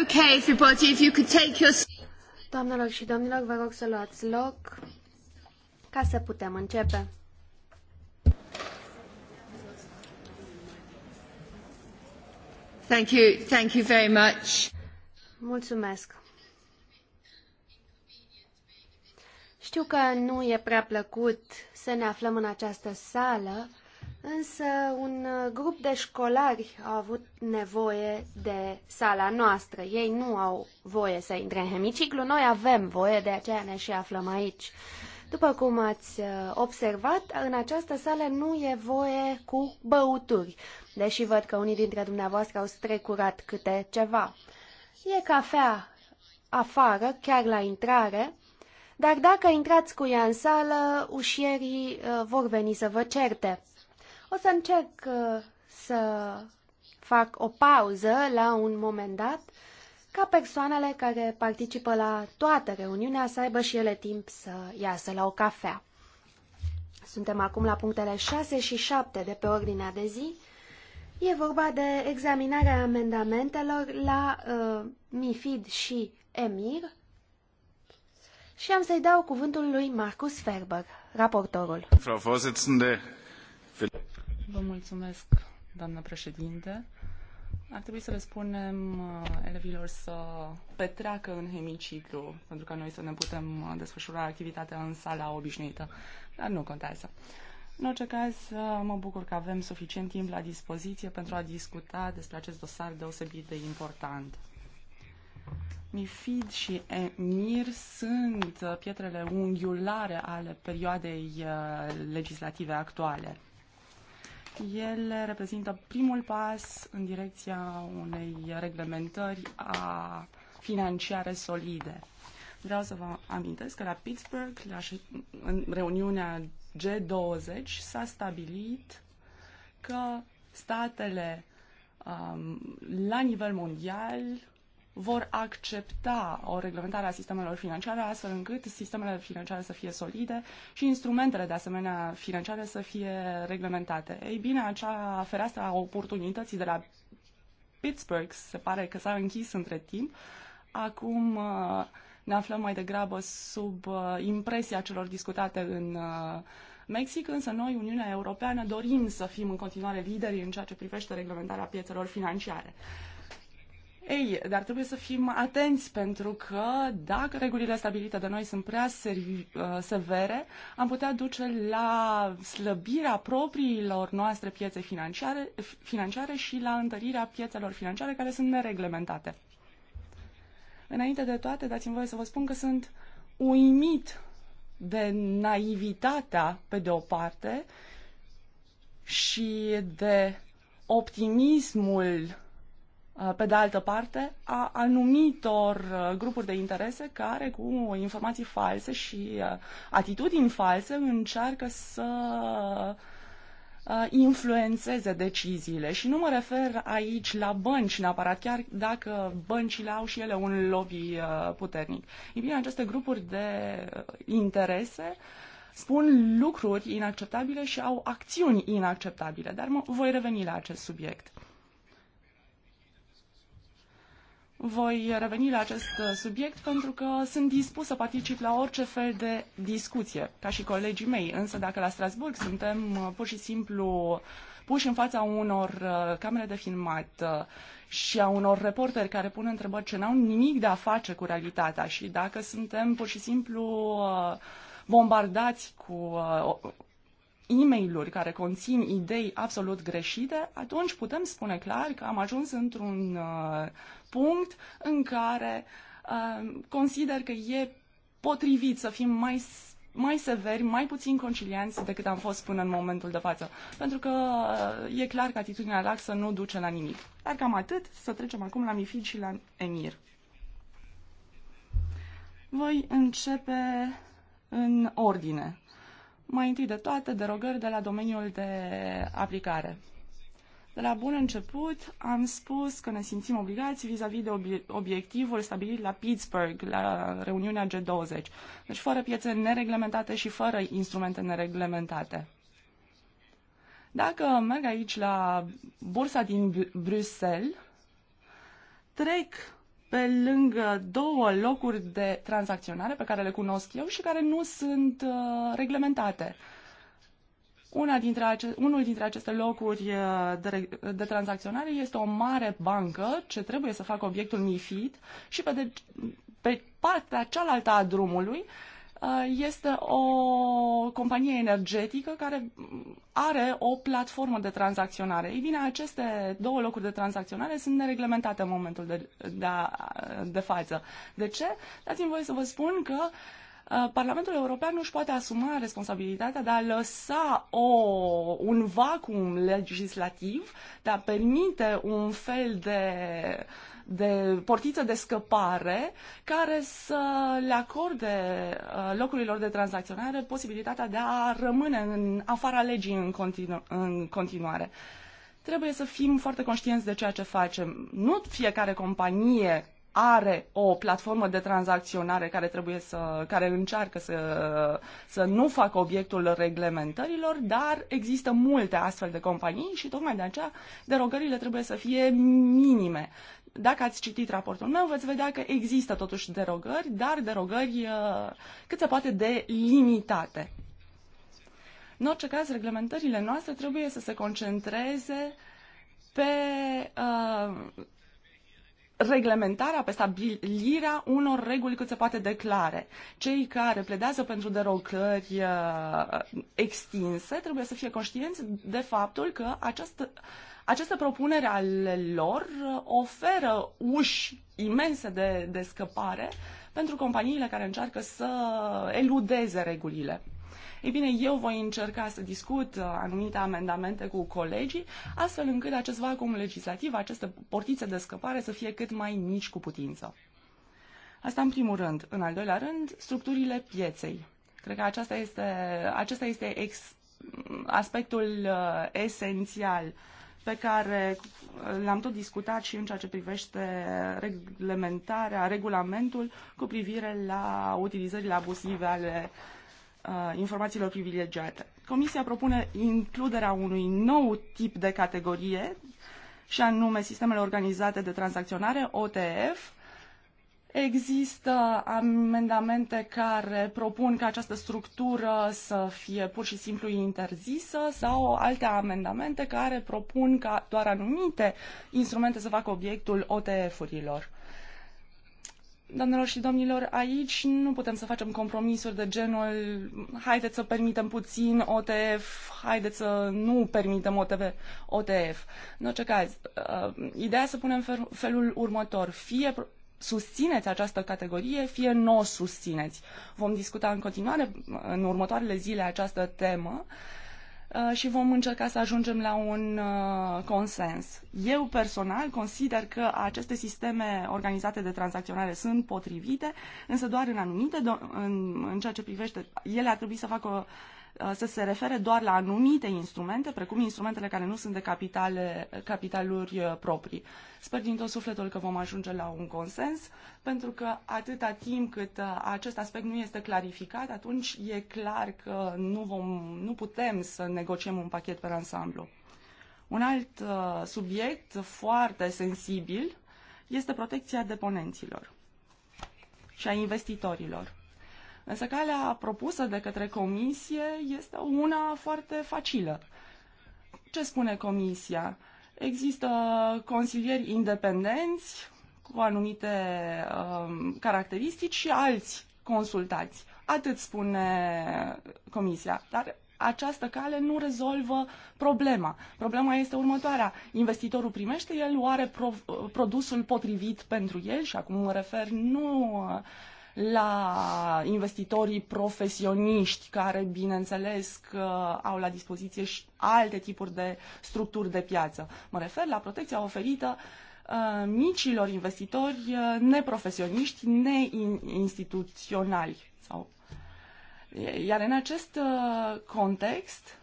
Okay, everybody, if you could take your... Doamnelor și domnilor, vă rog să luați loc ca să putem începe. Thank you, thank you very much. Mulțumesc. Știu că nu e prea plăcut să ne aflăm în această sală, însă un uh, grup de școlari au avut nevoie de sala noastră. Ei nu au voie să intre în hemiciclu, noi avem voie, de aceea ne și aflăm aici. După cum ați uh, observat, în această sală nu e voie cu băuturi, deși văd că unii dintre dumneavoastră au strecurat câte ceva. E cafea afară, chiar la intrare, dar dacă intrați cu ea în sală, ușierii uh, vor veni să vă certe. O să încerc uh, să fac o pauză la un moment dat ca persoanele care participă la toată reuniunea să aibă și ele timp să iasă la o cafea. Suntem acum la punctele 6 și 7 de pe ordinea de zi. E vorba de examinarea amendamentelor la uh, MIFID și EMIR și am să-i dau cuvântul lui Marcus Ferber, raportorul. Frau Vorsitzende, Vă mulțumesc, doamnă președinte. Ar trebui să le spunem uh, elevilor să petreacă în hemiciclu, pentru că noi să ne putem uh, desfășura activitatea în sala obișnuită. Dar nu contează. În orice caz, uh, mă bucur că avem suficient timp la dispoziție pentru a discuta despre acest dosar deosebit de important. MIFID și EMIR sunt pietrele unghiulare ale perioadei legislative actuale. Ele reprezintă primul pas în direcția unei reglementări a financiare solide. Vreau să vă amintesc că la Pittsburgh, la, în reuniunea G20, s-a stabilit că statele um, la nivel mondial vor accepta o reglementare a sistemelor financiare astfel încât sistemele financiare să fie solide și instrumentele de asemenea financiare să fie reglementate. Ei bine, acea fereastră a oportunității de la Pittsburgh se pare că s-a închis între timp. Acum uh, ne aflăm mai degrabă sub uh, impresia celor discutate în uh, Mexic, însă noi, Uniunea Europeană, dorim să fim în continuare lideri în ceea ce privește reglementarea piețelor financiare. Ei, dar trebuie să fim atenți pentru că dacă regulile stabilite de noi sunt prea uh, severe, am putea duce la slăbirea propriilor noastre piețe financiare, financiare și la întărirea piețelor financiare care sunt nereglementate. Înainte de toate, dați-mi voie să vă spun că sunt uimit de naivitatea, pe de o parte, și de optimismul Uh, pe de altă parte, a anumitor uh, grupuri de interese care cu informații false și uh, atitudini false încearcă să influențeze deciziile. Și nu mă refer aici la bănci neapărat, chiar dacă băncile au și ele un lobby puternic. Ei bine, aceste grupuri de interese spun lucruri inacceptabile și au acțiuni inacceptabile, dar mă, voi reveni la acest subiect. Voi reveni la acest uh, subiect pentru că sunt dispus să particip la orice fel de discuție, ca și colegii mei. Însă dacă la Strasburg suntem uh, pur și simplu puși în fața unor uh, camere de filmat și a unor reporteri care pun întrebări ce n-au nimic de a face cu realitatea și dacă suntem pur și simplu bombardați cu e mail care conțin idei absolut greșite, atunci putem spune clar că am ajuns într-un uh, punct în care uh, consider că e potrivit să fim mai mai severi, mai puțin concilianți decât am fost până în momentul de față. Pentru că uh, e clar că atitudinea laxă nu duce la nimic. Dar cam atât, să trecem acum la MIFID și la EMIR. Voi începe în ordine mai întâi de toate, derogări de la domeniul de aplicare. De la bun început am spus că ne simțim obligați vis-a-vis -vis de obiectivul stabilit la Pittsburgh, la reuniunea G20. Deci fără piețe nereglementate și fără instrumente nereglementate. Dacă merg aici la bursa din Bruxelles, trec pe lângă două locuri de tranzacționare pe care le cunosc eu și care nu sunt uh, reglementate. Una dintre ace- unul dintre aceste locuri uh, de, de tranzacționare este o mare bancă ce trebuie să facă obiectul MIFID și pe, de- pe partea cealaltă a drumului uh, Uh, este o companie energetică care are o platformă de tranzacționare. Ei bine, aceste două locuri de tranzacționare sunt nereglementate în momentul de, de, de față. De ce? Dați-mi voie să vă spun că uh, Parlamentul European nu își poate asuma responsabilitatea de a lăsa o, un vacuum legislativ, de a permite un fel de uh, de portiță de scăpare care să le acorde uh, locurilor de tranzacționare posibilitatea de a rămâne în afara legii în, continu- în continuare. Trebuie să fim foarte conștienți de ceea ce facem. Nu fiecare companie are o platformă de tranzacționare care trebuie să, care încearcă să, să nu facă obiectul reglementărilor, dar există multe astfel de companii și tocmai de aceea derogările trebuie să fie minime. Dacă ați citit raportul meu, veți vedea că există totuși derogări, dar derogări uh, cât se poate de limitate. În orice caz, reglementările noastre trebuie să se concentreze pe uh, reglementarea, pe stabilirea unor reguli cât se poate declare. Cei care pledează pentru derogări uh, extinse trebuie să fie conștienți de faptul că această, aceste propunere ale lor oferă uși imense de, de scăpare pentru companiile care încearcă să eludeze regulile. Ei bine, eu voi încerca să discut uh, anumite amendamente cu colegii, astfel încât acest vacuum legislativ, aceste portițe de scăpare să fie cât mai mici cu putință. Asta în primul rând. În al doilea rând, structurile pieței. Cred că aceasta este, acesta este ex, aspectul uh, esențial pe care uh, l-am tot discutat și în ceea ce privește reglementarea, regulamentul cu privire la utilizările abusive ale uh, Uh, informațiilor privilegiate. Comisia propune includerea unui nou tip de categorie, și anume sistemele organizate de tranzacționare, OTF. Există amendamente care propun ca această structură să fie pur și simplu interzisă sau alte amendamente care propun ca doar anumite instrumente să facă obiectul OTF-urilor. Doamnelor și domnilor, aici nu putem să facem compromisuri de genul haideți să permitem puțin OTF, haideți să nu permitem OTV, OTF. În orice caz, uh, ideea să punem felul următor. Fie susțineți această categorie, fie nu o susțineți. Vom discuta în continuare, în următoarele zile, această temă. Uh, și vom încerca să ajungem la un uh, consens. Eu personal consider că aceste sisteme organizate de tranzacționare sunt potrivite, însă doar în anumite, în, în ceea ce privește, ele ar trebui să facă Uh, să se refere doar la anumite instrumente, precum instrumentele care nu sunt de capitale, capitaluri uh, proprii. Sper din tot sufletul că vom ajunge la un consens, pentru că atâta timp cât uh, acest aspect nu este clarificat, atunci e clar că nu, vom, nu putem să negociem un pachet pe ansamblu. Un alt subiect foarte sensibil este protecția deponenților și a investitorilor. Însă calea propusă de către comisie este una foarte facilă. Ce spune comisia? Există consilieri independenți cu anumite um, caracteristici și alți consultați. Atât spune comisia. Dar această cale nu rezolvă problema. Problema este următoarea. Investitorul primește, el oare pro, produsul potrivit pentru el și acum mă refer nu la investitorii profesioniști care, bineînțeles, că au la dispoziție și alte tipuri de structuri de piață. Mă refer la protecția oferită uh, micilor investitori uh, neprofesioniști, neinstituționali. Sau... Iar în acest uh, context,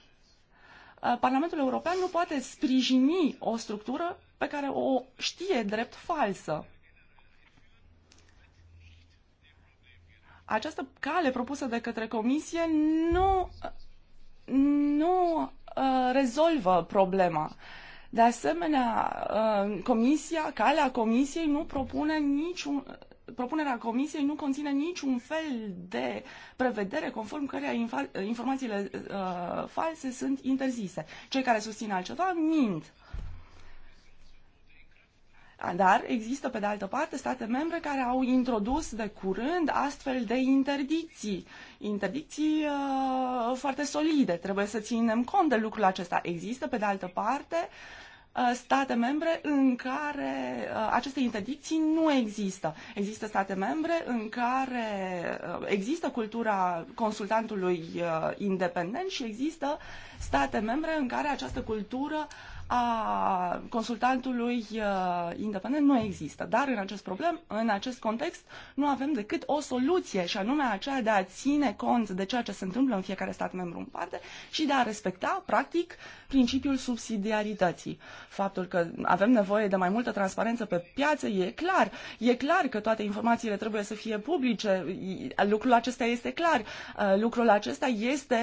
Parlamentul European nu poate sprijini o structură pe care o știe drept falsă. această cale propusă de către comisie nu, nu uh, rezolvă problema. De asemenea, uh, comisia, calea comisiei nu propune niciun, uh, propunerea comisiei nu conține niciun fel de prevedere conform căreia infa, informațiile uh, false sunt interzise. Cei care susțin altceva mint. Dar există, pe de altă parte, state membre care au introdus de curând astfel de interdicții. Interdicții uh, foarte solide. Trebuie să ținem cont de lucrul acesta. Există, pe de altă parte, uh, state membre în care uh, aceste interdicții nu există. Există state membre în care uh, există cultura consultantului uh, independent și există state membre în care această cultură uh, a consultantului uh, independent nu există. Dar în acest problem, în acest context, nu avem decât o soluție și anume aceea de a ține cont de ceea ce se întâmplă în fiecare stat membru în parte și de a respecta, practic, principiul subsidiarității. Faptul că avem nevoie de mai multă transparență pe piață e clar. E clar că toate informațiile trebuie să fie publice. Lucrul acesta este clar. Uh, lucrul acesta este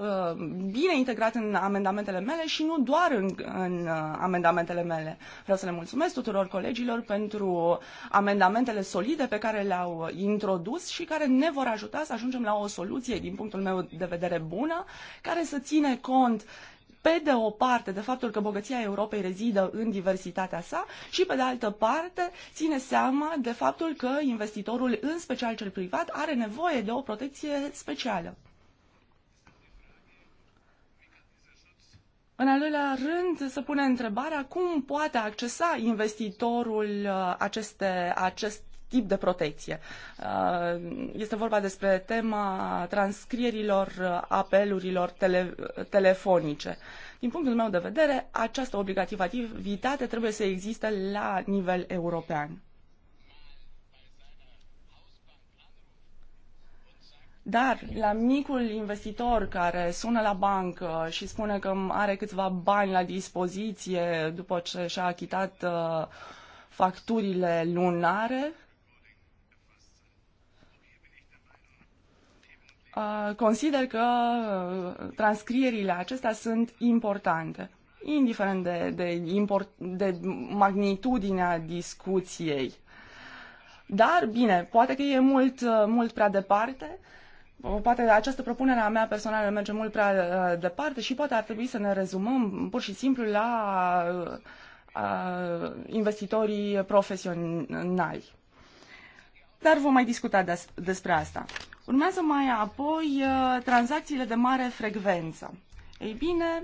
uh, bine integrat în amendamentele mele și nu doar în, în în uh, amendamentele mele. Vreau să le mulțumesc tuturor colegilor pentru amendamentele solide pe care le-au uh, introdus și care ne vor ajuta să ajungem la o soluție, din punctul meu de vedere, bună, care să ține cont pe de o parte de faptul că bogăția Europei rezidă în diversitatea sa și pe de altă parte ține seama de faptul că investitorul, în special cel privat, are nevoie de o protecție specială. În al doilea rând, se pune întrebarea cum poate accesa investitorul uh, aceste, acest tip de protecție. Uh, este vorba despre tema transcrierilor uh, apelurilor tele, telefonice. Din punctul meu de vedere, această obligativitate trebuie să existe la nivel european. Dar la micul investitor care sună la bancă și spune că are câțiva bani la dispoziție după ce și-a achitat uh, facturile lunare, uh, consider că uh, transcrierile acestea sunt importante, indiferent de, de, import, de magnitudinea discuției. Dar, bine, poate că e mult, mult prea departe, Poate această propunere a mea personală merge mult prea uh, departe și poate ar trebui să ne rezumăm pur și simplu la uh, uh, investitorii profesionali. Dar vom mai discuta des- despre asta. Urmează mai apoi tranzacțiile de mare frecvență. Ei bine,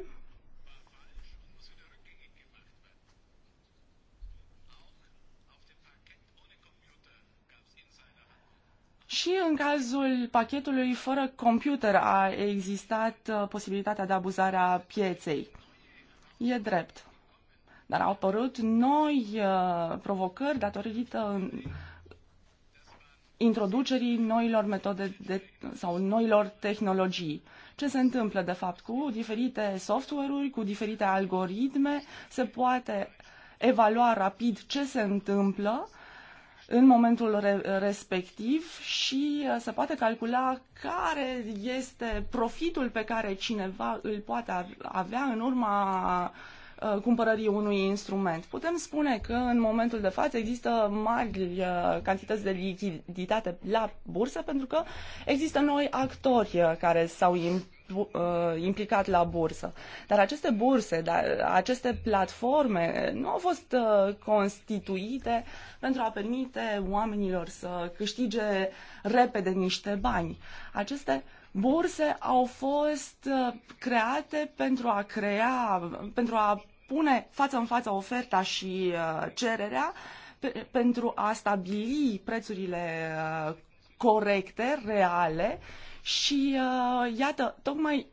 Și în cazul pachetului fără computer a existat uh, posibilitatea de abuzare a pieței. E drept. Dar au apărut noi uh, provocări datorită um, introducerii noilor metode de, sau noilor tehnologii. Ce se întâmplă, de fapt, cu diferite software-uri, cu diferite algoritme? Se poate evalua rapid ce se întâmplă în momentul re- respectiv și uh, se poate calcula care este profitul pe care cineva îl poate avea în urma uh, cumpărării unui instrument. Putem spune că în momentul de față există mari uh, cantități de lichiditate la bursă pentru că există noi actori care s-au Uh, implicat la bursă. Dar aceste burse, dar aceste platforme uh, nu au fost uh, constituite pentru a permite oamenilor să câștige repede niște bani. Aceste burse au fost create pentru a crea, pentru a pune față în față oferta și cererea pentru a stabili prețurile corecte, reale și uh, iată, tocmai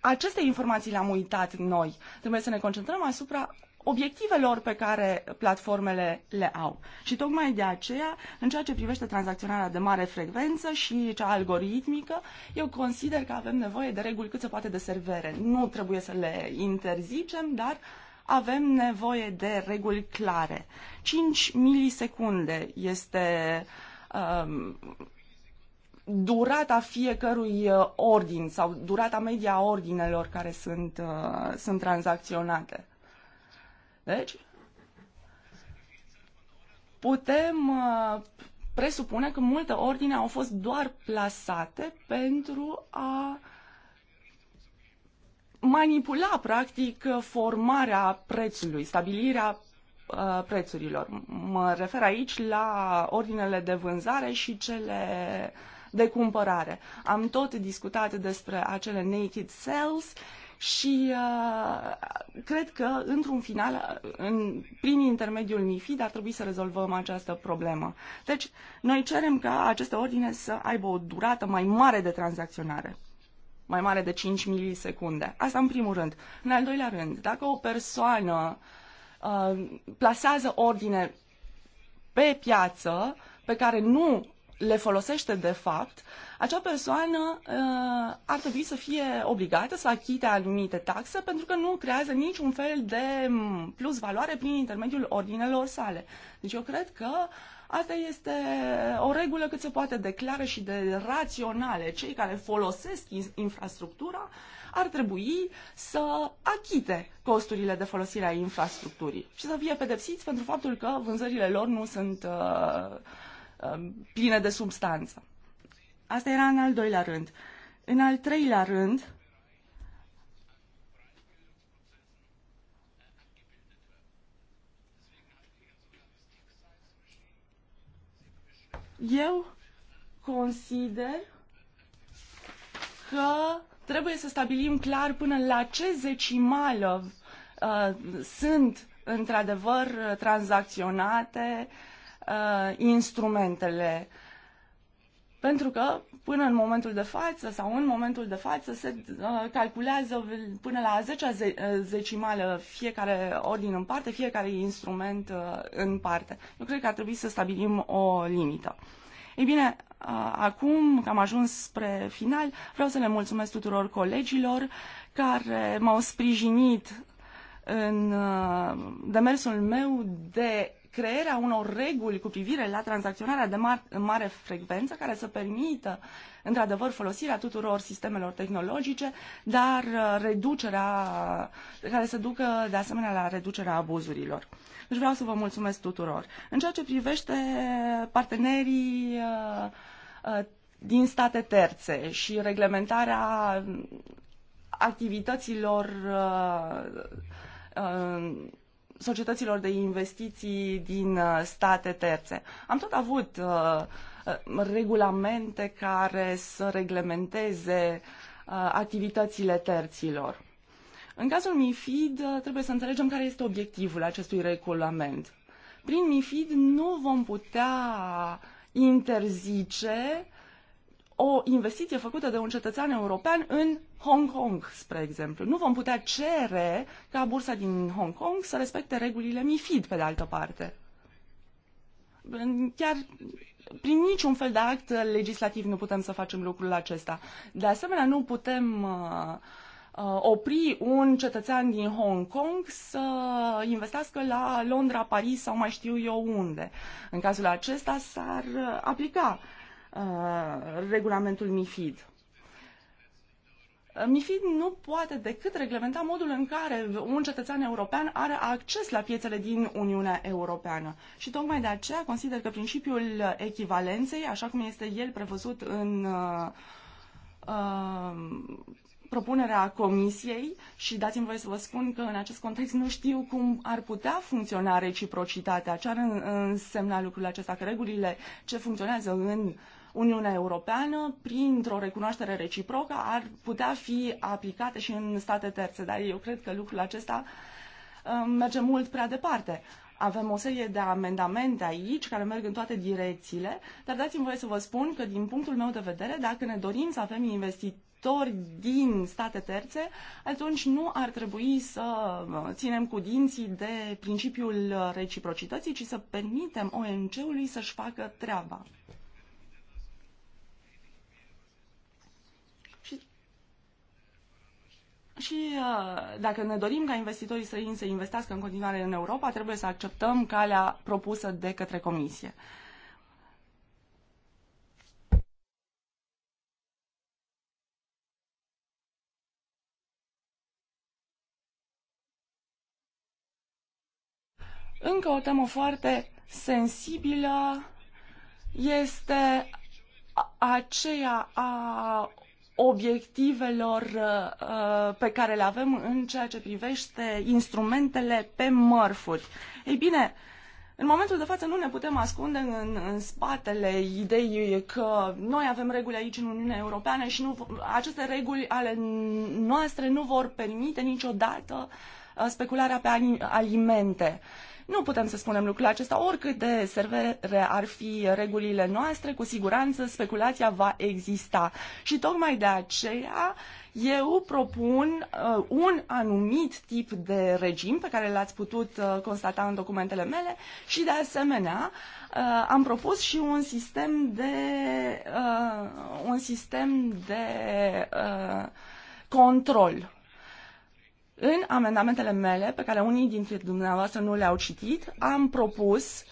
aceste informații le-am uitat noi. Trebuie să ne concentrăm asupra obiectivelor pe care platformele le au. Și tocmai de aceea, în ceea ce privește tranzacționarea de mare frecvență și cea algoritmică, eu consider că avem nevoie de reguli cât se poate de servere. Nu trebuie să le interzicem, dar avem nevoie de reguli clare. 5 milisecunde este um, durata fiecărui uh, ordin sau durata media a ordinelor care sunt, uh, sunt tranzacționate. Deci, putem uh, presupune că multe ordine au fost doar plasate pentru a manipula, practic, formarea prețului, stabilirea uh, prețurilor. Mă refer aici la ordinele de vânzare și cele uh, de cumpărare. Am tot discutat despre acele naked sales și uh, cred că, într-un final, în, prin intermediul MIFID, ar trebui să rezolvăm această problemă. Deci, noi cerem ca aceste ordine să aibă o durată mai mare de tranzacționare mai mare de 5 milisecunde. Asta în primul rând. În al doilea rând, dacă o persoană uh, plasează ordine pe piață pe care nu le folosește de fapt, acea persoană uh, ar trebui să fie obligată să achite anumite taxe pentru că nu creează niciun fel de mm, plus valoare prin intermediul ordinelor sale. Deci eu cred că asta este o regulă cât se poate de clară și de raționale. Cei care folosesc infrastructura ar trebui să achite costurile de folosire a infrastructurii și să fie pedepsiți pentru faptul că vânzările lor nu sunt uh, Um, pline de substanță. Asta era în al doilea rând. În al treilea rând, eu consider că trebuie să stabilim clar până la ce zecimală uh, sunt într-adevăr uh, tranzacționate uh, uh, instrumentele. Pentru că până în momentul de față sau în momentul de față se uh, calculează până la 10 uh, zecimale fiecare ordin în parte, fiecare instrument uh, în parte. Eu cred că ar trebui să stabilim o limită. Ei bine, uh, acum că am ajuns spre final, vreau să le mulțumesc tuturor colegilor care m-au sprijinit în uh, demersul meu de crearea unor reguli cu privire la tranzacționarea de mar- mare frecvență care să permită, într-adevăr, folosirea tuturor sistemelor tehnologice, dar uh, reducerea, care să ducă, de asemenea, la reducerea abuzurilor. Deci vreau să vă mulțumesc tuturor. În ceea ce privește partenerii uh, uh, din state terțe și reglementarea activităților societăților de investiții din uh, state terțe. Am tot avut uh, uh, regulamente care să reglementeze activitățile terților. În cazul MIFID trebuie să înțelegem care este obiectivul acestui regulament. Prin MIFID nu vom putea interzice o investiție făcută de un cetățean european în Hong Kong, spre exemplu. Nu vom putea cere ca bursa din Hong Kong să respecte regulile MIFID, pe de altă parte. Chiar prin niciun fel de act legislativ nu putem să facem lucrul acesta. De asemenea, nu putem uh, uh, opri un cetățean din Hong Kong să investească la Londra, Paris sau mai știu eu unde. În cazul acesta s-ar aplica Uh, regulamentul MIFID. Uh, MIFID nu poate decât reglementa modul în care un cetățean european are acces la piețele din Uniunea Europeană. Și tocmai de aceea consider că principiul echivalenței, așa cum este el prevăzut în uh, um, propunerea comisiei și dați-mi voie să vă spun că în acest context nu știu cum ar putea funcționa reciprocitatea. Ce ar însemna lucrurile acesta? Că regulile ce funcționează în uh, Uniunea Europeană, printr-o recunoaștere reciprocă, ar putea fi aplicate și în state terțe, dar eu cred că lucrul acesta uh, merge mult prea departe. Avem o serie de amendamente aici care merg în toate direcțiile, dar dați-mi voie să vă spun că, din punctul meu de vedere, dacă ne dorim să avem investiții din state terțe, atunci nu ar trebui să uh, ținem cu dinții de principiul uh, reciprocității, ci să permitem ong ului să-și facă treaba. Și uh, dacă ne dorim ca investitorii străini să investească în continuare în Europa, trebuie să acceptăm calea propusă de către Comisie. Încă o temă foarte sensibilă este aceea a obiectivelor uh, uh, pe care le avem în ceea ce privește instrumentele pe mărfuri. Ei bine, în momentul de față nu ne putem ascunde în, în spatele ideii că noi avem reguli aici în Uniunea Europeană și nu, aceste reguli ale noastre nu vor permite niciodată uh, specularea pe alimente. Uh, nu putem să spunem lucrul acesta, oricât de servere ar fi regulile noastre, cu siguranță speculația va exista. Și tocmai de aceea eu propun uh, un anumit tip de regim pe care l-ați putut uh, constata în documentele mele și de asemenea uh, am propus și un sistem de uh, un sistem de uh, control în amendamentele mele, pe care unii dintre dumneavoastră nu le-au citit, am propus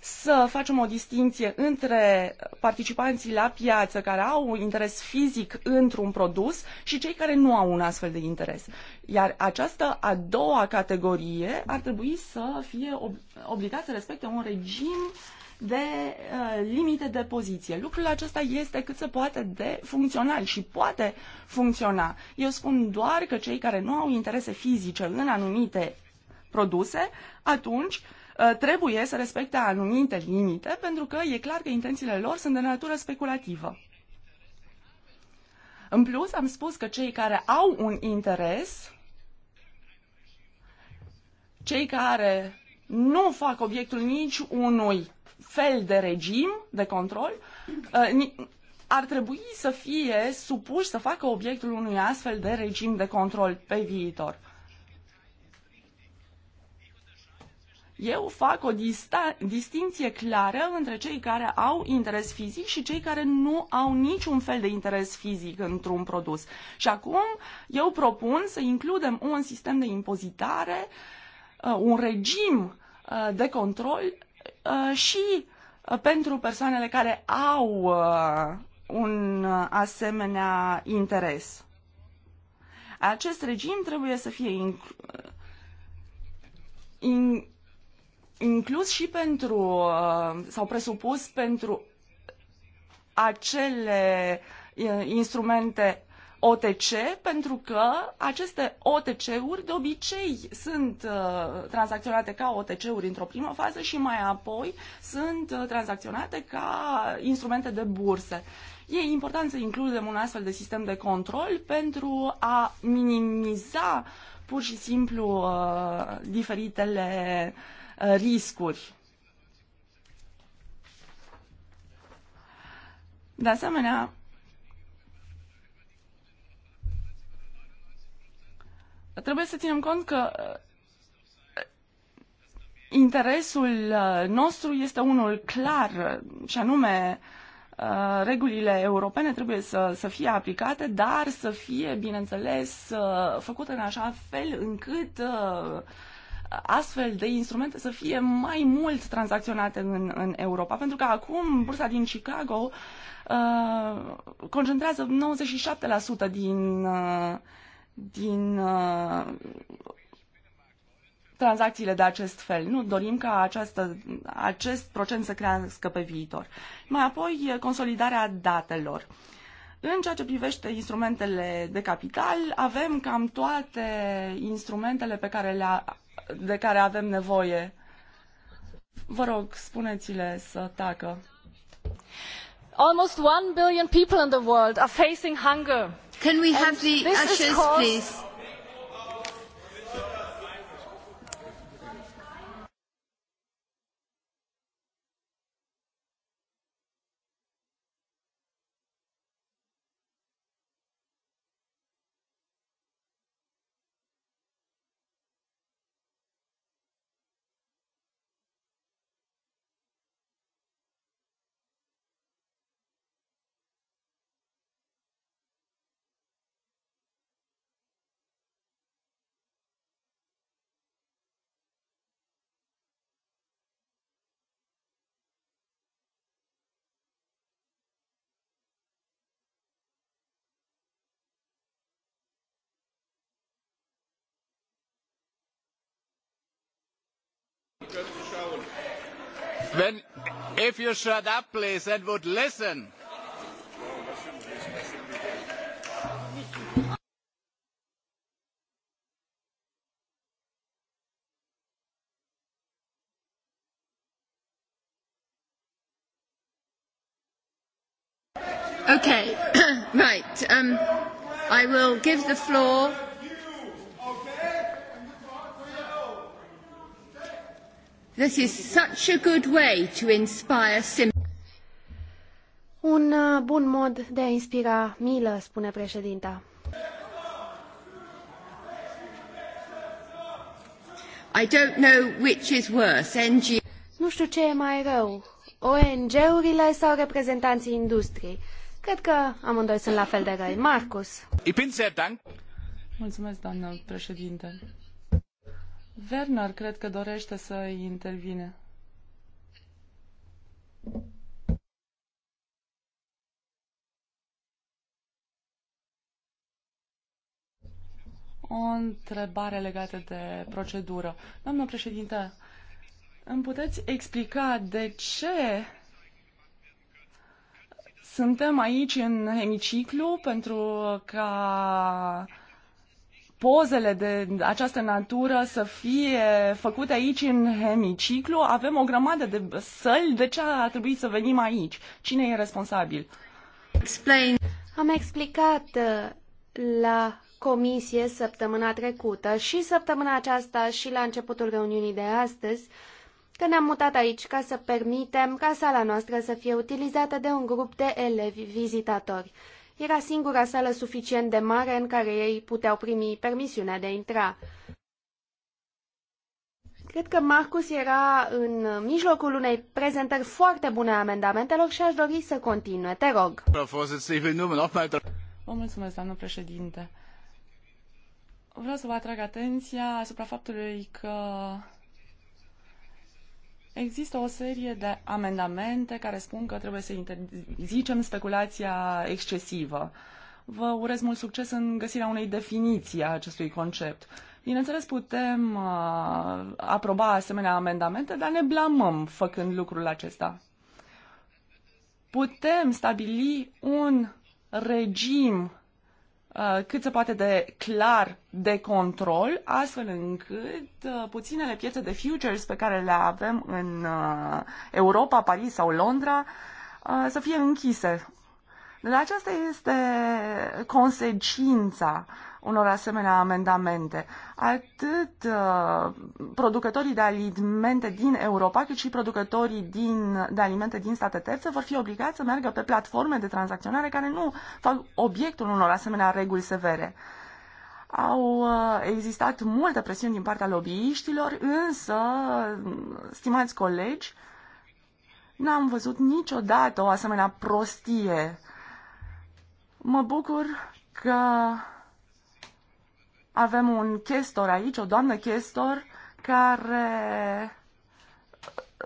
să facem o distinție între participanții la piață care au un interes fizic într-un produs și cei care nu au un astfel de interes. Iar această a doua categorie ar trebui să fie obligat obligată să respecte un regim uh, de uh, limite de poziție. Lucrul acesta este cât se poate de funcțional și poate funcționa. Eu spun doar că cei care nu au interese fizice în anumite produse, atunci uh, trebuie să respecte anumite limite, pentru că e clar că intențiile lor sunt de natură speculativă. În plus, am spus că cei care au un interes, cei care nu fac obiectul nici unui fel de regim de control uh, ar trebui să fie supuși să facă obiectul unui astfel de regim de control pe viitor. Eu fac o distinție clară între cei care au interes fizic și cei care nu au niciun fel de interes fizic într-un produs. Și acum eu propun să includem un sistem de impozitare, uh, un regim uh, de control Uh, și uh, pentru persoanele care au uh, un asemenea interes. Acest regim trebuie să fie in- inclus și pentru sau presupus pentru acele instrumente OTC pentru că aceste OTC-uri de obicei sunt uh, tranzacționate ca OTC-uri într-o primă fază și mai apoi sunt uh, tranzacționate ca instrumente de burse. E important să includem un astfel de sistem de control pentru a minimiza pur și simplu uh, diferitele uh, riscuri. De asemenea, trebuie să ținem cont că uh, interesul uh, nostru este unul clar și anume uh, regulile europene trebuie să, să fie aplicate, dar să fie, bineînțeles, făcute în așa fel încât astfel de instrumente să fie mai mult tranzacționate în, în Europa. Pentru că acum bursa din Chicago uh, concentrează 97% din uh, din uh, tranzacțiile de acest fel. Nu dorim ca această, acest procent să crească pe viitor. Mai apoi, consolidarea datelor. În ceea ce privește instrumentele de capital, avem cam toate instrumentele pe care le de care avem nevoie. Vă rog, spuneți-le să tacă. Almost 1 billion people in the world are facing hunger. Can we have and the ushers, please? When, if you shut up, please, and would listen. Okay, right. Um, I will give the floor This is such a good way to inspire Un uh, bun mod de a inspira milă, spune președinta. I don't know which is worse, NG... Nu știu ce e mai rău, ONG-urile sau reprezentanții industriei. Cred că amândoi sunt la fel de răi. Marcus. Mulțumesc, doamnă președinte. Werner cred că dorește să intervine. O întrebare legată de procedură. Doamnă președinte, îmi puteți explica de ce suntem aici în hemiciclu pentru ca pozele de această natură să fie făcute aici în hemiciclu. Avem o grămadă de săli, de ce ar trebui să venim aici? Cine e responsabil? Explain. Am explicat uh, la comisie săptămâna trecută și săptămâna aceasta și la începutul reuniunii de astăzi că ne-am mutat aici ca să permitem ca sala noastră să fie utilizată de un grup de elevi vizitatori. Era singura sală suficient de mare în care ei puteau primi permisiunea de a intra. Cred că Marcus era în mijlocul unei prezentări foarte bune a amendamentelor și aș dori să continue. Te rog. Vă mulțumesc, doamnă președinte. Vreau să vă atrag atenția asupra faptului că Există o serie de amendamente care spun că trebuie să interzicem speculația excesivă. Vă urez mult succes în găsirea unei definiții a acestui concept. Bineînțeles, putem uh, aproba asemenea amendamente, dar ne blamăm făcând lucrul acesta. Putem stabili un regim Uh, cât se poate de clar de control, astfel încât uh, puținele piețe de futures pe care le avem în uh, Europa, Paris sau Londra să fie închise. Deci aceasta este consecința uh, unor asemenea amendamente. Atât uh, producătorii de alimente din Europa, cât și producătorii din, de alimente din state terțe vor fi obligați să meargă pe platforme de tranzacționare care nu fac obiectul unor asemenea reguli severe. Au uh, existat multe presiuni din partea lobbyiștilor, însă, stimați colegi, n-am văzut niciodată o asemenea prostie. Mă bucur că avem un chestor aici, o doamnă chestor, care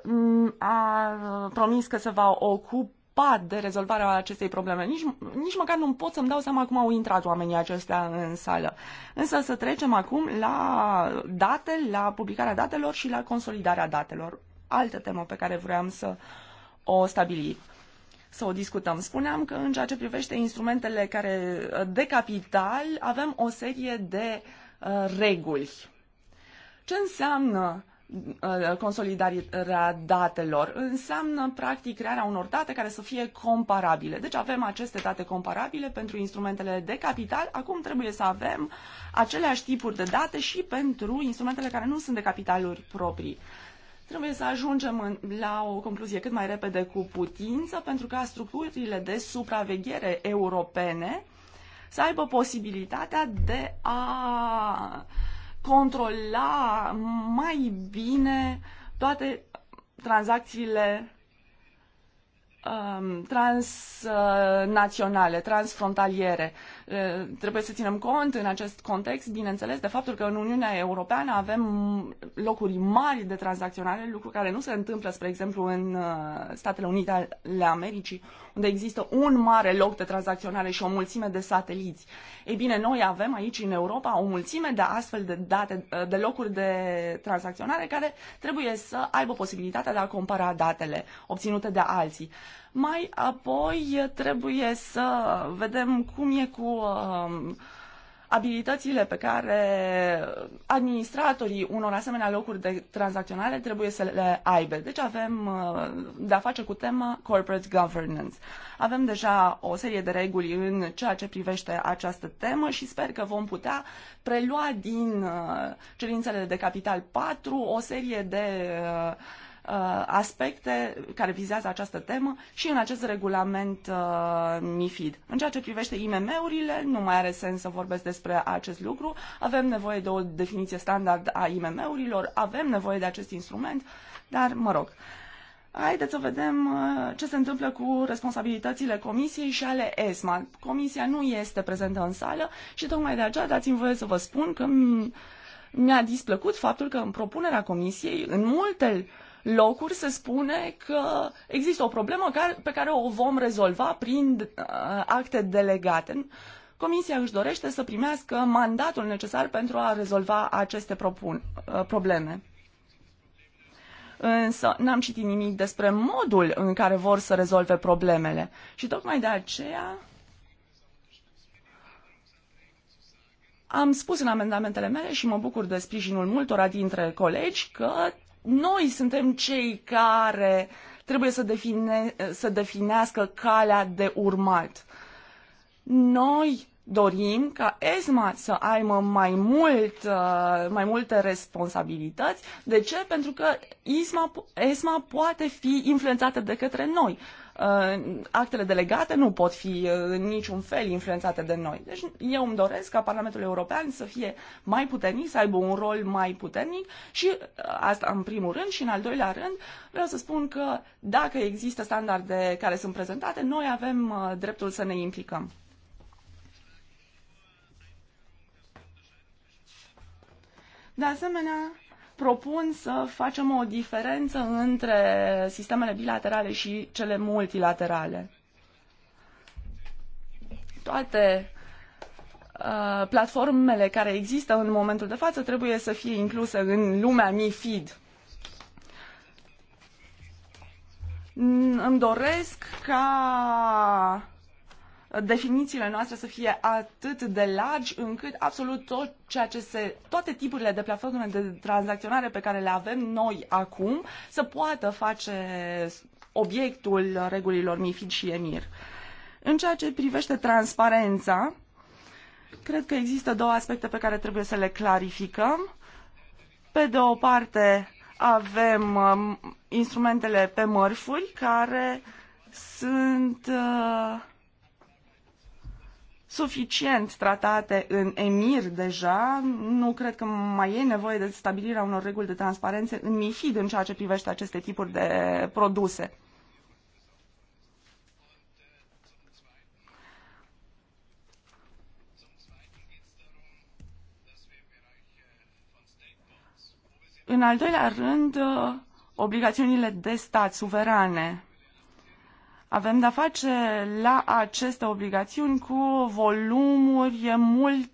mm, a uh, promis că se va ocupa de rezolvarea acestei probleme. Nici, nici măcar nu pot să-mi dau seama cum au intrat oamenii aceștia în sală. Însă să trecem acum la date, la publicarea datelor și la consolidarea datelor. Altă temă pe care vreau să o stabilim să o discutăm. Spuneam că în ceea ce privește instrumentele care de capital avem o serie de uh, reguli. Ce înseamnă uh, consolidarea datelor înseamnă practic crearea unor date care să fie comparabile. Deci avem aceste date comparabile pentru instrumentele de capital, acum trebuie să avem aceleași tipuri de date și pentru instrumentele care nu sunt de capitaluri proprii. Uh, Trebuie să ajungem în, la o concluzie cât mai repede cu putință, pentru ca structurile de supraveghere europene să aibă posibilitatea de a controla mai bine toate tranzacțiile um, transnaționale, transfrontaliere. Uh, Eh, trebuie să ținem cont în acest context, bineînțeles, de faptul că în Uniunea Europeană avem locuri mari de tranzacționare, lucru care nu se întâmplă, spre exemplu, în eh, Statele Unite ale Americii, unde există un mare loc de tranzacționare și o mulțime de sateliți. Ei bine, noi avem aici în Europa o mulțime de astfel de date, eh, de locuri de tranzacționare care trebuie să aibă posibilitatea de a compara datele obținute de alții. Mai apoi trebuie să vedem cum e cu um, abilitățile pe care administratorii unor asemenea locuri de tranzacționare trebuie să le aibă. Deci avem uh, de-a face cu tema corporate governance. Avem deja o serie de reguli în ceea ce privește această temă și sper că vom putea prelua din uh, cerințele de capital 4 o serie de uh, Uh, aspecte care vizează această temă și în acest regulament uh, MIFID. În ceea ce privește IMM-urile, nu mai are sens să vorbesc despre acest lucru. Avem nevoie de o definiție standard a IMM-urilor, avem nevoie de acest instrument, dar mă rog. Haideți să vedem uh, ce se întâmplă cu responsabilitățile Comisiei și ale ESMA. Comisia nu este prezentă în sală și tocmai de aceea dați-mi voie să vă spun că mi-a displăcut faptul că în propunerea Comisiei, în multe uh, locuri se spune că există o problemă care, pe care o vom rezolva prin uh, acte delegate. Comisia își dorește să primească mandatul necesar pentru a rezolva aceste propun, uh, probleme. Însă n-am citit nimic despre modul în care vor să rezolve problemele. Și tocmai de aceea am spus în amendamentele mele și mă bucur de sprijinul multora dintre colegi că noi suntem cei care trebuie să, define, să definească calea de urmat. Noi dorim ca ESMA să aibă mai, mult, uh, mai multe responsabilități. De ce? Pentru că ESMA, ESMA poate fi influențată de către noi. Uh, actele delegate nu pot fi uh, în niciun fel influențate de noi. Deci eu îmi doresc ca Parlamentul European să fie mai puternic, să aibă un rol mai puternic și uh, asta în primul rând și în al doilea rând vreau să spun că dacă există standarde care sunt prezentate, noi avem dreptul să ne implicăm. De asemenea, propun să facem o diferență între sistemele bilaterale și cele multilaterale. Toate uh, platformele care există în momentul de față trebuie să fie incluse în lumea MIFID. Îmi doresc ca definițiile noastre să fie atât de largi încât absolut tot ceea ce se, toate tipurile de platforme de tranzacționare pe care le avem noi acum să poată face obiectul regulilor MIFID și EMIR. În ceea ce privește transparența, cred că există două aspecte pe care trebuie să le clarificăm. Pe de o parte, avem um, instrumentele pe mărfuri care sunt uh, suficient tratate în EMIR deja. Nu cred că mai e nevoie de stabilirea unor reguli de transparență în MIFID în ceea ce privește aceste tipuri de produse. În al doilea rând, obligațiunile de stat suverane avem de-a face la aceste obligațiuni cu volumuri mult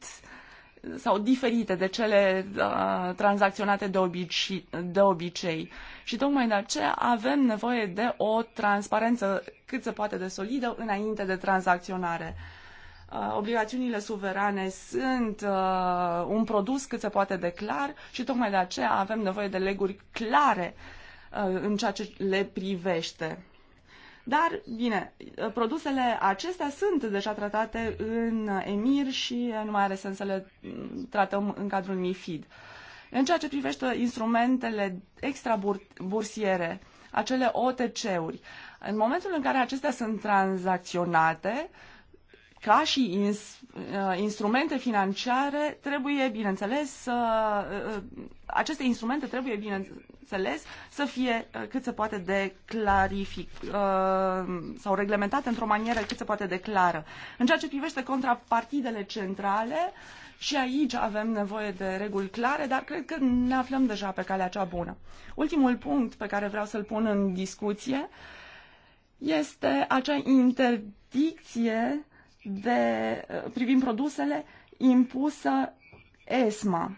sau diferite de cele uh, tranzacționate de obici, de obicei. Și tocmai de aceea avem nevoie de o transparență cât se poate de solidă înainte de tranzacționare. Uh, obligațiunile suverane sunt uh, un produs cât se poate de clar și tocmai de aceea avem nevoie de leguri clare uh, în ceea ce le privește. Dar, bine, produsele acestea sunt deja tratate în EMIR și nu mai are sens să le mm, tratăm în cadrul MIFID. În ceea ce privește instrumentele extrabursiere, acele OTC-uri, în momentul în care acestea sunt tranzacționate, uh, ca și ins, uh, instrumente financiare, trebuie, bineînțeles, uh, uh, aceste instrumente trebuie, bineînțeles, să fie cât se poate de clarific sau reglementate într-o manieră cât se poate de clară. În ceea ce privește contrapartidele centrale, și aici avem nevoie de reguli clare, dar cred că ne aflăm deja pe calea cea bună. Ultimul punct pe care vreau să-l pun în discuție este acea interdicție de, privind produsele impusă ESMA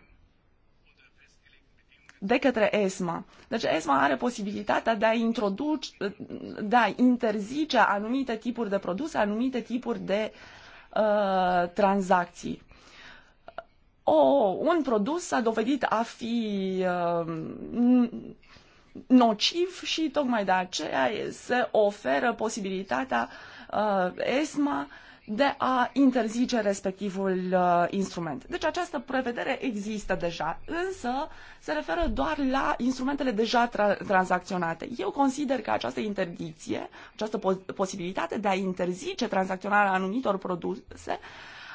de către ESMA. Deci ESMA are posibilitatea de a introduce, de a interzice anumite tipuri de produse, anumite tipuri de uh, tranzacții. O, un produs s-a dovedit a fi uh, nociv și tocmai de aceea se oferă posibilitatea uh, ESMA de a interzice respectivul uh, instrument. Deci această prevedere există deja, însă se referă doar la instrumentele deja tra- tranzacționate. Eu consider că această interdicție, această po- posibilitate de a interzice tranzacționarea anumitor produse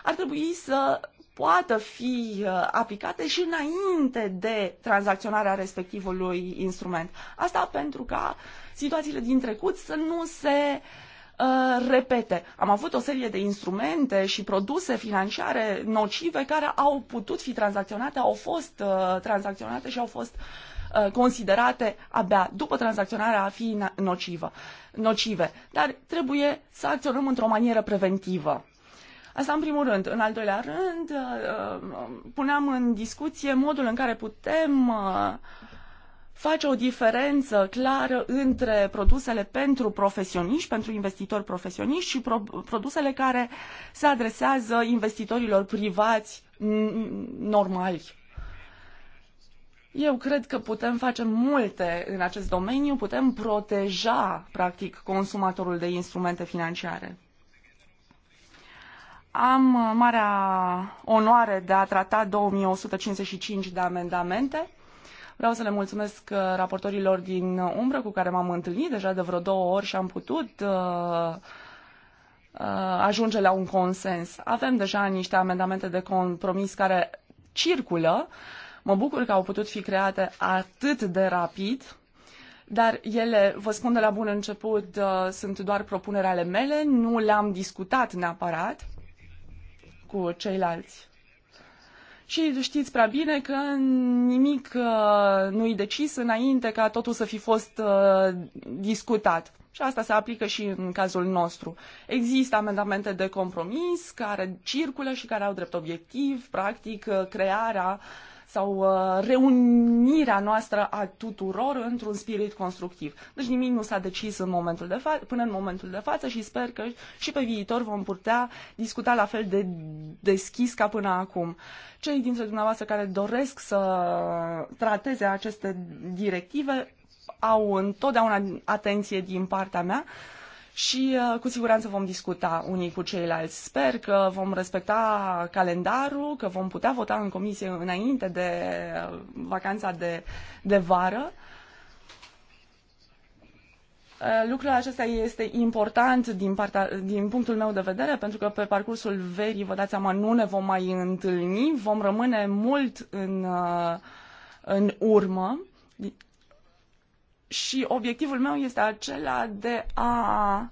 ar trebui să poată fi uh, aplicate și înainte de tranzacționarea respectivului instrument. Asta pentru ca situațiile din trecut să nu se uh, Uh, repete. Am avut o serie de instrumente și produse financiare nocive care au putut fi tranzacționate, au fost uh, tranzacționate și au fost uh, considerate abia după tranzacționarea a fi nocivă, nocive. Dar trebuie să acționăm într-o manieră preventivă. Asta în primul rând. În al doilea rând, uh, uh, puneam în discuție modul în care putem face o diferență clară între produsele pentru profesioniști, pentru investitori profesioniști și pro produsele care se adresează investitorilor privați normali. Eu cred că putem face multe în acest domeniu, putem proteja, practic, consumatorul de instrumente financiare. Am marea onoare de a trata 2155 de amendamente Vreau să le mulțumesc uh, raportorilor din umbră cu care m-am întâlnit deja de vreo două ori și am putut uh, uh, ajunge la un consens. Avem deja niște amendamente de compromis care circulă. Mă bucur că au putut fi create atât de rapid dar ele, vă spun de la bun început, sunt doar propuneri ale mele, nu le-am discutat neapărat cu ceilalți și știți prea bine că nimic uh, nu-i decis înainte ca totul să fi fost uh, discutat. Și asta se aplică și în cazul nostru. Există amendamente de compromis care circulă și care au drept obiectiv, practic, uh, crearea uh, sau uh, reunirea noastră a tuturor într-un spirit constructiv. Deci nimic nu s-a decis în momentul de fa- până în momentul de față și sper că și pe viitor vom putea discuta la fel de deschis ca până acum. Cei dintre dumneavoastră care doresc să trateze aceste directive au întotdeauna atenție din partea mea. Uh, și uh, cu siguranță vom discuta unii cu ceilalți. Sper că vom respecta calendarul, că vom putea vota în comisie înainte de uh, vacanța de, de vară. Uh, lucrul acesta este important din, partea, din punctul meu de vedere, pentru că pe parcursul verii, vă dați seama, nu ne vom mai întâlni, vom rămâne mult în, în urmă și obiectivul meu este acela de a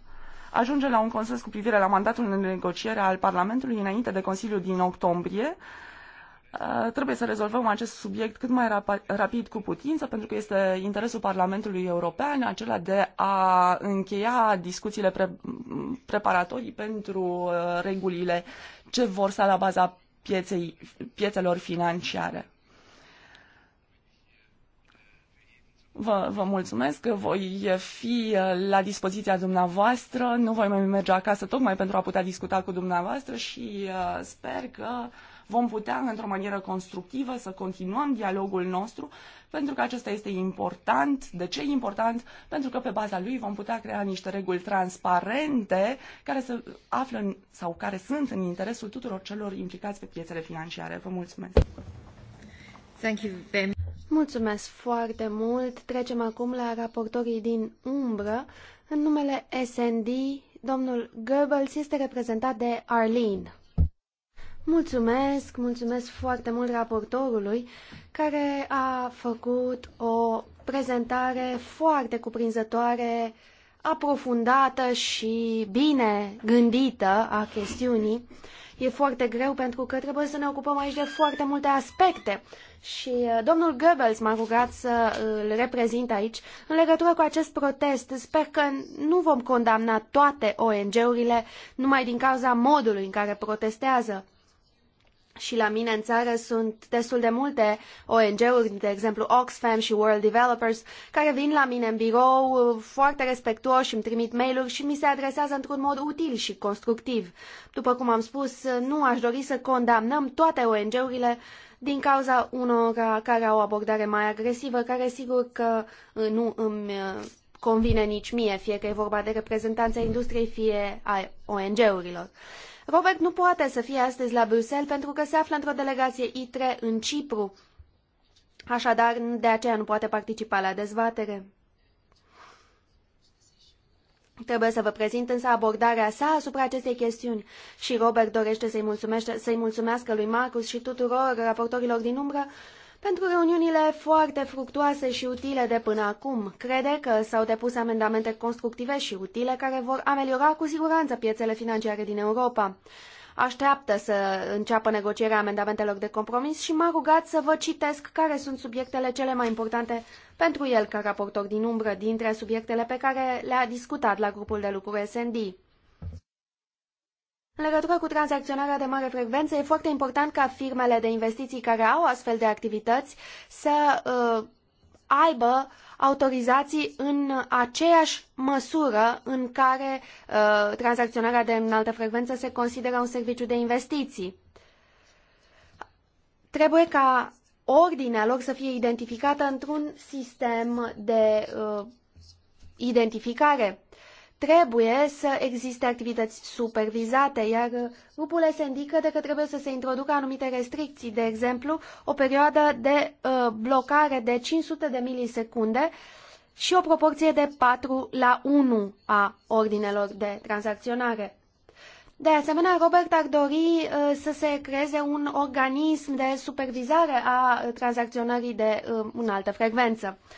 ajunge la un consens cu privire la mandatul de negociere al Parlamentului înainte de Consiliul din octombrie. Uh, trebuie să rezolvăm acest subiect cât mai rap rapid cu putință, pentru că este interesul Parlamentului European acela de a încheia discuțiile pre- preparatorii pentru uh, regulile ce vor sta la baza pieței, piețelor financiare. Vă, vă mulțumesc că voi fi uh, la dispoziția dumneavoastră, nu voi mai merge acasă tocmai pentru a putea discuta cu dumneavoastră și uh, sper că vom putea, într-o manieră constructivă, să continuăm dialogul nostru, pentru că acesta este important. De ce important? Pentru că pe baza lui vom putea crea niște reguli transparente care se află în, sau care sunt în interesul tuturor celor implicați pe piețele financiare. Vă mulțumesc! Thank you very much. Mulțumesc foarte mult. Trecem acum la raportorii din umbră. În numele SND, domnul Goebbels este reprezentat de Arlene. Mulțumesc, mulțumesc foarte mult raportorului care a făcut o prezentare foarte cuprinzătoare, aprofundată și bine gândită a chestiunii E foarte greu pentru că trebuie să ne ocupăm aici de foarte multe aspecte. Și uh, domnul Goebbels m-a rugat să îl reprezint aici în legătură cu acest protest. Sper că nu vom condamna toate ONG-urile numai din cauza modului în care protestează și la mine în țară sunt destul de multe ONG-uri, de exemplu Oxfam și World Developers, care vin la mine în birou foarte respectuoși, îmi trimit mail-uri și mi se adresează într-un mod util și constructiv. După cum am spus, nu aș dori să condamnăm toate ONG-urile din cauza unora care au o abordare mai agresivă, care sigur că uh, nu îmi uh, convine nici mie, fie că e vorba de reprezentanța industriei, fie ai ONG-urilor. Robert nu poate să fie astăzi la Bruxelles pentru că se află într-o delegație ITRE în Cipru. Așadar, de aceea nu poate participa la dezbatere. Trebuie să vă prezint însă abordarea sa asupra acestei chestiuni și Robert dorește să-i mulțumească, să mulțumească lui Marcus și tuturor raportorilor din umbră pentru reuniunile foarte fructuoase și utile de până acum. Crede că s-au depus amendamente constructive și utile care vor ameliora cu siguranță piețele financiare din Europa. Așteaptă să înceapă negocierea amendamentelor de compromis și m-a rugat să vă citesc care sunt subiectele cele mai importante pentru el ca raportor din umbră dintre subiectele pe care le-a discutat la grupul de lucru SND. În legătură cu tranzacționarea de mare frecvență, e foarte important ca firmele de investiții care au astfel de activități să uh, aibă autorizații în aceeași măsură în care uh, tranzacționarea de înaltă frecvență se consideră un serviciu de investiții. Trebuie ca ordinea lor să fie identificată într-un sistem de uh, identificare. Trebuie să existe activități supervizate, iar grupurile se indică de că trebuie să se introducă anumite restricții, de exemplu, o perioadă de uh, blocare de 500 de milisecunde și o proporție de 4 la 1 a ordinelor de tranzacționare. De asemenea, Robert ar dori uh, să se creeze un organism de supervizare a tranzacționării de uh, înaltă frecvență. Uh,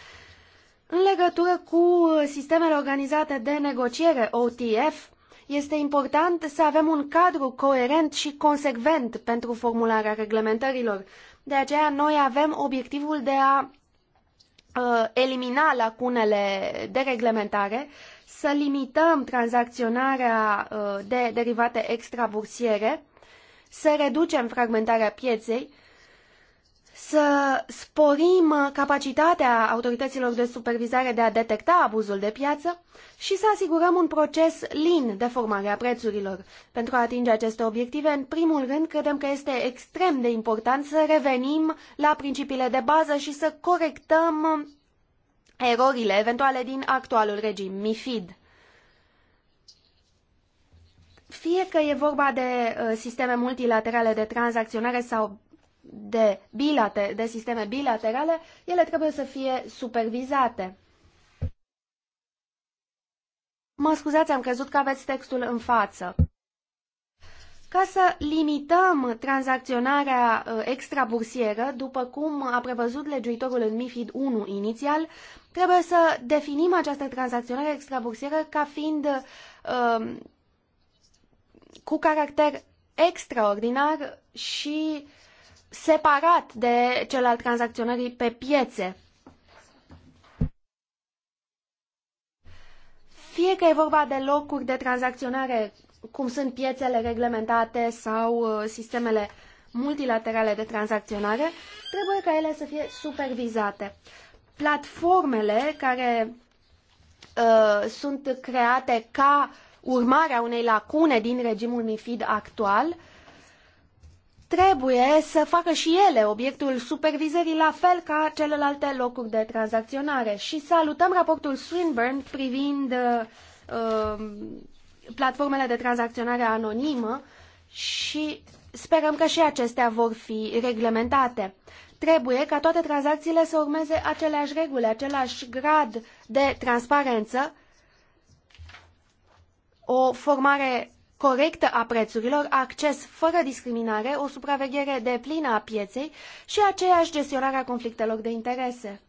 în legătură cu sistemele organizate de negociere OTF, este important să avem un cadru coerent și consecvent pentru formularea reglementărilor. De aceea noi avem obiectivul de a ă, elimina lacunele de reglementare, să limităm tranzacționarea ă, de derivate extrabursiere, să reducem fragmentarea pieței să sporim uh, capacitatea autorităților de supervizare de a detecta abuzul de piață și să asigurăm un proces lin de formare a prețurilor. Pentru a atinge aceste obiective, în primul rând, credem că este extrem de important să revenim la principiile de bază și să corectăm erorile eventuale din actualul regim MIFID fie că e vorba de uh, sisteme multilaterale de tranzacționare sau de, bilate, de sisteme bilaterale, ele trebuie să fie supervizate. Mă scuzați, am crezut că aveți textul în față. Ca să limităm tranzacționarea uh, extrabursieră, după cum a prevăzut legiuitorul în MIFID 1 inițial, trebuie să definim această tranzacționare extrabursieră ca fiind um, cu caracter extraordinar și separat de cel al tranzacționării pe piețe. Fie că e vorba de locuri de tranzacționare, cum sunt piețele reglementate sau uh, sistemele multilaterale de tranzacționare, trebuie ca ele să fie supervizate. Platformele care uh, sunt create ca urmare a unei lacune din regimul MIFID actual trebuie să facă și ele obiectul supervizării la fel ca celelalte locuri de tranzacționare. Și salutăm raportul Swinburne privind uh, platformele de tranzacționare anonimă și sperăm că și acestea vor fi reglementate. Trebuie ca toate tranzacțiile să urmeze aceleași reguli, același grad de transparență, o formare corectă a prețurilor, acces fără discriminare, o supraveghere deplină a pieței și aceeași gestionare a conflictelor de interese.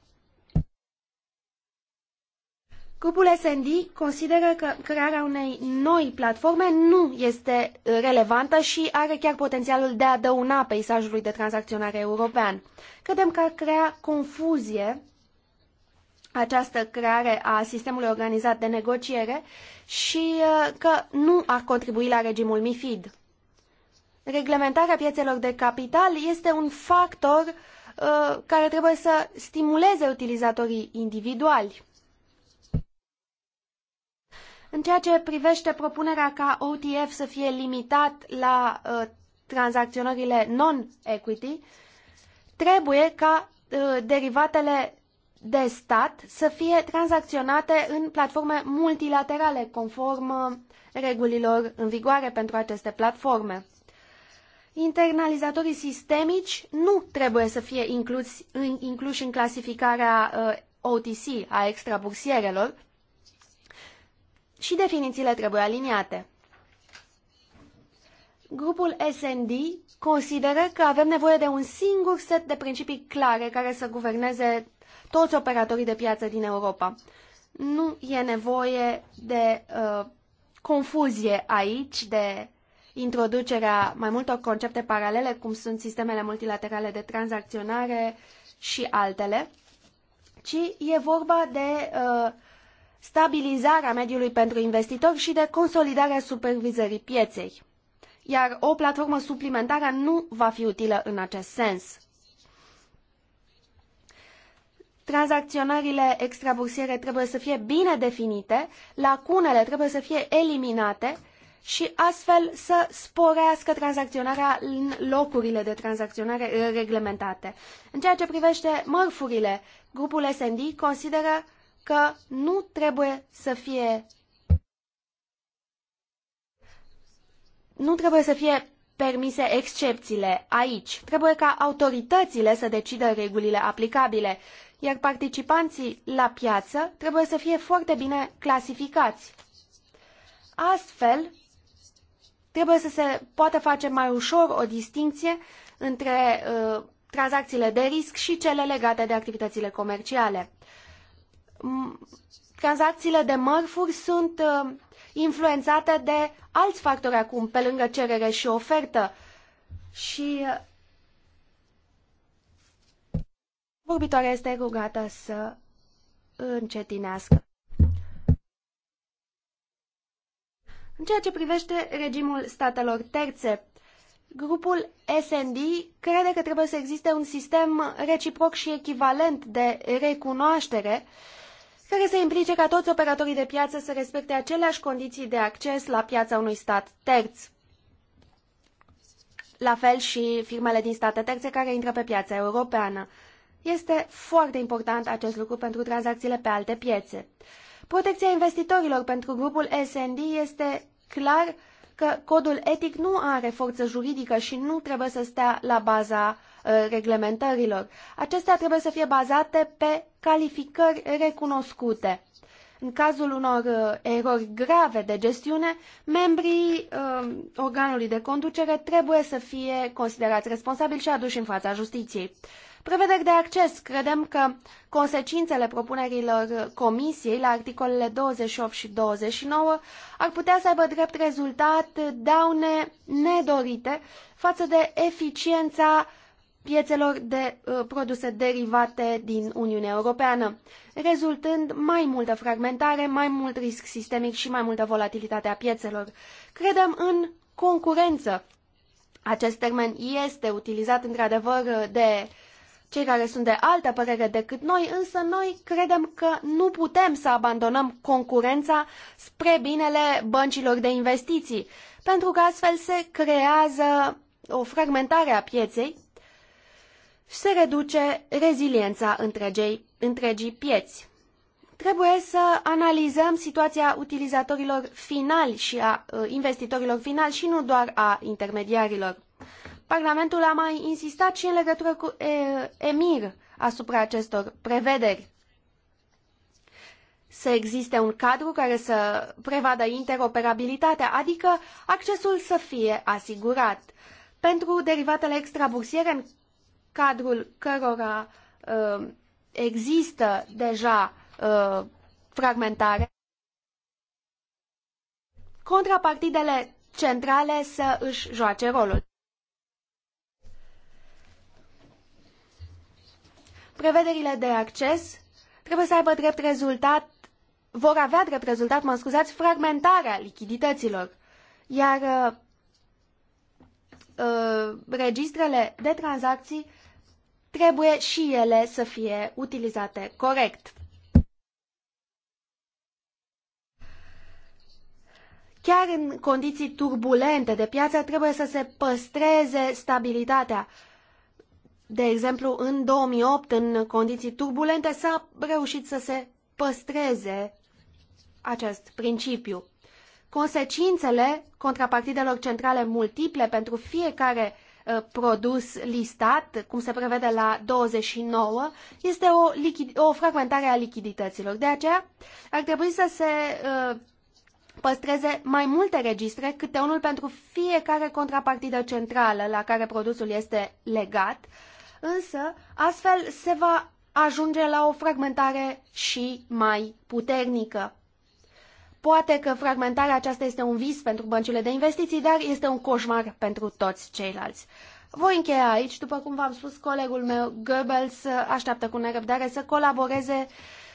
Grupul S&D consideră că crearea unei noi platforme nu este uh, relevantă și are chiar potențialul de a dăuna peisajului de tranzacționare european. Credem că ar crea confuzie această creare a sistemului organizat de negociere și uh, că nu ar contribui la regimul MIFID. Reglementarea piețelor de capital este un factor uh, care trebuie să stimuleze utilizatorii individuali. În ceea ce privește propunerea ca OTF să fie limitat la uh, tranzacționările non-equity, trebuie ca uh, derivatele de stat să fie tranzacționate în platforme multilaterale, conform uh, regulilor în vigoare pentru aceste platforme. Internalizatorii sistemici nu trebuie să fie incluși în, incluși în clasificarea uh, OTC a extrabursierelor și definițiile trebuie aliniate. Grupul SND consideră că avem nevoie de un singur set de principii clare care să guverneze toți operatorii de piață din Europa. Nu e nevoie de uh, confuzie aici, de introducerea mai multor concepte paralele, cum sunt sistemele multilaterale de tranzacționare și altele, ci e vorba de uh, stabilizarea mediului pentru investitori și de consolidarea supervizării pieței. Iar o platformă suplimentară nu va fi utilă în acest sens. Tranzacționările extrabursiere trebuie să fie bine definite, lacunele trebuie să fie eliminate și astfel să sporească tranzacționarea în locurile de tranzacționare eh, reglementate. În ceea ce privește mărfurile, grupul S&D consideră că nu trebuie să fie nu trebuie să fie permise excepțiile aici. Trebuie ca autoritățile să decidă regulile aplicabile iar participanții la piață trebuie să fie foarte bine clasificați. Astfel, trebuie să se poată face mai ușor o distinție între uh, tranzacțiile de risc și cele legate de activitățile comerciale. Tranzacțiile de mărfuri sunt uh, influențate de alți factori acum, pe lângă cerere și ofertă. Și uh, Vorbitoarea este rugată să încetinească. În ceea ce privește regimul statelor terțe, grupul SND crede că trebuie să existe un sistem reciproc și echivalent de recunoaștere care să implice ca toți operatorii de piață să respecte aceleași condiții de acces la piața unui stat terț. La fel și firmele din state terțe care intră pe piața europeană. Este foarte important acest lucru pentru tranzacțiile pe alte piețe. Protecția investitorilor pentru grupul S&D este clar că codul etic nu are forță juridică și nu trebuie să stea la baza uh, reglementărilor. Acestea trebuie să fie bazate pe calificări recunoscute. În cazul unor uh, erori grave de gestiune, membrii uh, organului de conducere trebuie să fie considerați responsabili și aduși în fața justiției. Uh, Prevederi de acces. Credem că consecințele propunerilor comisiei la articolele 28 și 29 ar putea să aibă drept rezultat daune nedorite față de eficiența piețelor de uh, produse derivate din Uniunea Europeană, rezultând mai multă fragmentare, mai mult risc sistemic și mai multă volatilitate a piețelor. Credem în concurență. Acest termen este utilizat într-adevăr de cei care sunt de altă părere decât noi, însă noi credem că nu putem să abandonăm concurența spre binele băncilor de investiții, pentru că astfel se creează o fragmentare a pieței și se reduce reziliența întregei, întregii pieți. Trebuie să analizăm situația utilizatorilor finali și a uh, investitorilor finali și nu doar a intermediarilor. Parlamentul a mai insistat și în legătură cu EMIR asupra acestor prevederi. Să existe un cadru care să prevadă interoperabilitatea, adică accesul să fie asigurat. Pentru derivatele extrabursiere, în cadrul cărora uh, există deja uh, fragmentare, contrapartidele centrale să își joace rolul. Prevederile de acces trebuie să aibă drept rezultat, vor avea drept rezultat, mă scuzați, fragmentarea lichidităților. Iar uh, uh, registrele de tranzacții trebuie și ele să fie utilizate corect. Chiar în condiții turbulente de piață trebuie să se păstreze stabilitatea de exemplu, în 2008, în condiții turbulente, s-a reușit să se păstreze acest principiu. Consecințele contrapartidelor centrale multiple pentru fiecare uh, produs listat, cum se prevede la 29, este o, lichid- o fragmentare a lichidităților. De aceea ar trebui să se uh, păstreze mai multe registre, câte unul pentru fiecare contrapartidă centrală la care produsul este legat, însă astfel se va ajunge la o fragmentare și mai puternică. Poate că fragmentarea aceasta este un vis pentru băncile de investiții, dar este un coșmar pentru toți ceilalți. Voi încheia aici, după cum v-am spus, colegul meu Goebbels așteaptă cu nerăbdare să colaboreze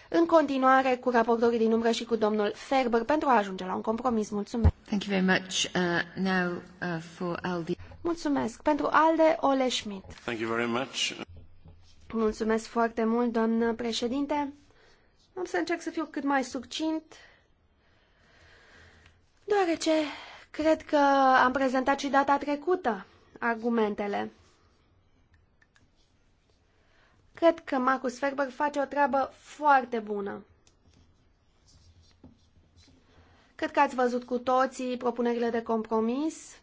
în continuare cu raportorii din umbră și cu domnul Ferber pentru a ajunge la un compromis. Mulțumesc! Thank you very much. Uh, now, uh, for Mulțumesc. Pentru ALDE, Ole Schmidt. Thank you very much. Mulțumesc foarte mult, doamnă președinte. Am să încerc să fiu cât mai succint, deoarece cred că am prezentat și data trecută argumentele. Cred că Marcus Ferber face o treabă foarte bună. Cred că ați văzut cu toții propunerile de compromis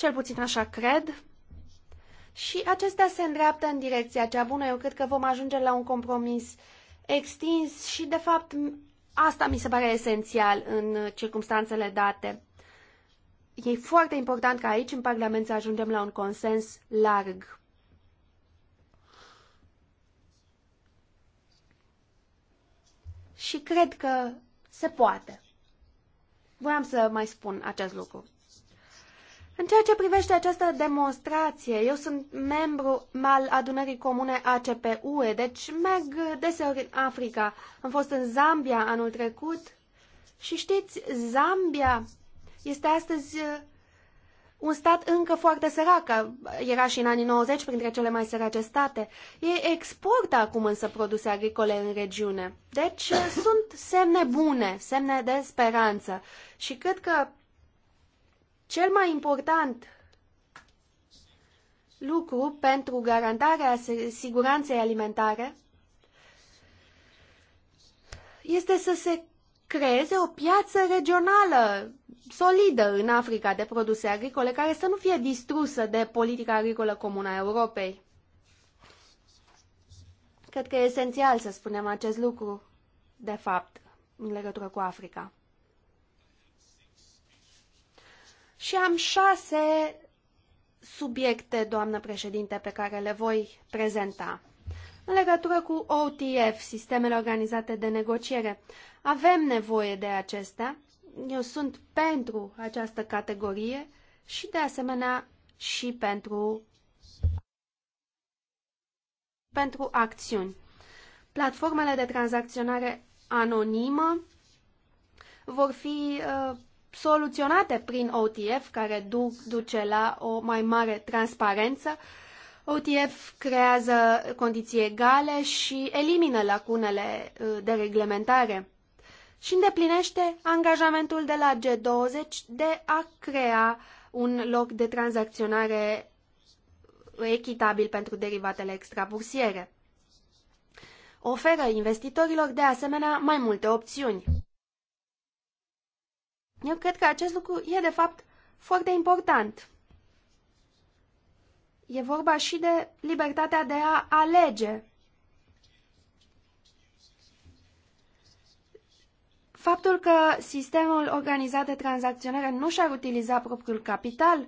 Cel puțin așa cred. Și acestea se îndreaptă în direcția cea bună. Eu cred că vom ajunge la un compromis extins și, de fapt, asta mi se pare esențial în circunstanțele date. E foarte important ca aici, în Parlament, să ajungem la un consens larg. Și cred că se poate. Voiam să mai spun acest lucru. În ceea ce privește această demonstrație, eu sunt membru al adunării comune ACP-UE, deci merg deseori în Africa. Am fost în Zambia anul trecut și știți, Zambia este astăzi uh, un stat încă foarte sărac, era și în anii 90 printre cele mai sărace state. Ei exportă acum însă produse agricole în regiune. Deci uh, sunt semne bune, semne de speranță. Și cred că cel mai important lucru pentru garantarea siguranței alimentare este să se creeze o piață regională solidă în Africa de produse agricole care să nu fie distrusă de politica agricolă comună a Europei. Cred că e esențial să spunem acest lucru, de fapt, în legătură cu Africa. Și am șase subiecte, doamnă președinte, pe care le voi prezenta. În legătură cu OTF, sistemele organizate de negociere, avem nevoie de acestea. Eu sunt pentru această categorie și, de asemenea, și pentru, pentru acțiuni. Platformele de tranzacționare anonimă vor fi uh, soluționate prin OTF, care duc, duce la o mai mare transparență. OTF creează condiții egale și elimină lacunele uh, de reglementare și îndeplinește angajamentul de la G20 de a crea un loc de tranzacționare echitabil pentru derivatele extrabursiere. Oferă investitorilor de asemenea mai multe opțiuni. Eu cred că acest lucru e, de fapt, foarte important. E vorba și de libertatea de a alege. Faptul că sistemul organizat de tranzacționare nu și-ar utiliza propriul capital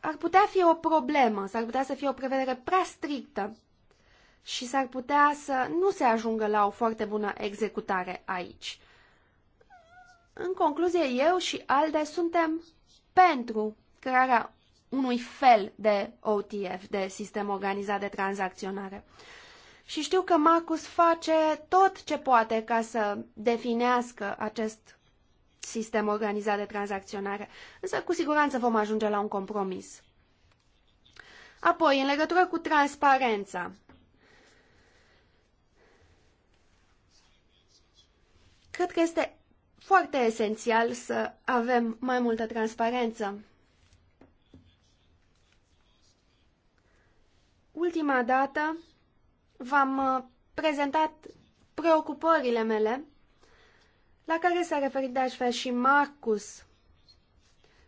ar putea fi o problemă, s-ar putea să fie o prevedere prea strictă și s-ar putea să nu se ajungă la o foarte bună executare aici. În concluzie, eu și ALDE suntem pentru crearea unui fel de OTF, de sistem organizat de tranzacționare. Și știu că Marcus face tot ce poate ca să definească acest sistem organizat de tranzacționare, însă cu siguranță vom ajunge la un compromis. Apoi, în legătură cu transparența, cred că este foarte esențial să avem mai multă transparență. Ultima dată v-am uh, prezentat preocupările mele, la care s-a referit de altfel și Marcus.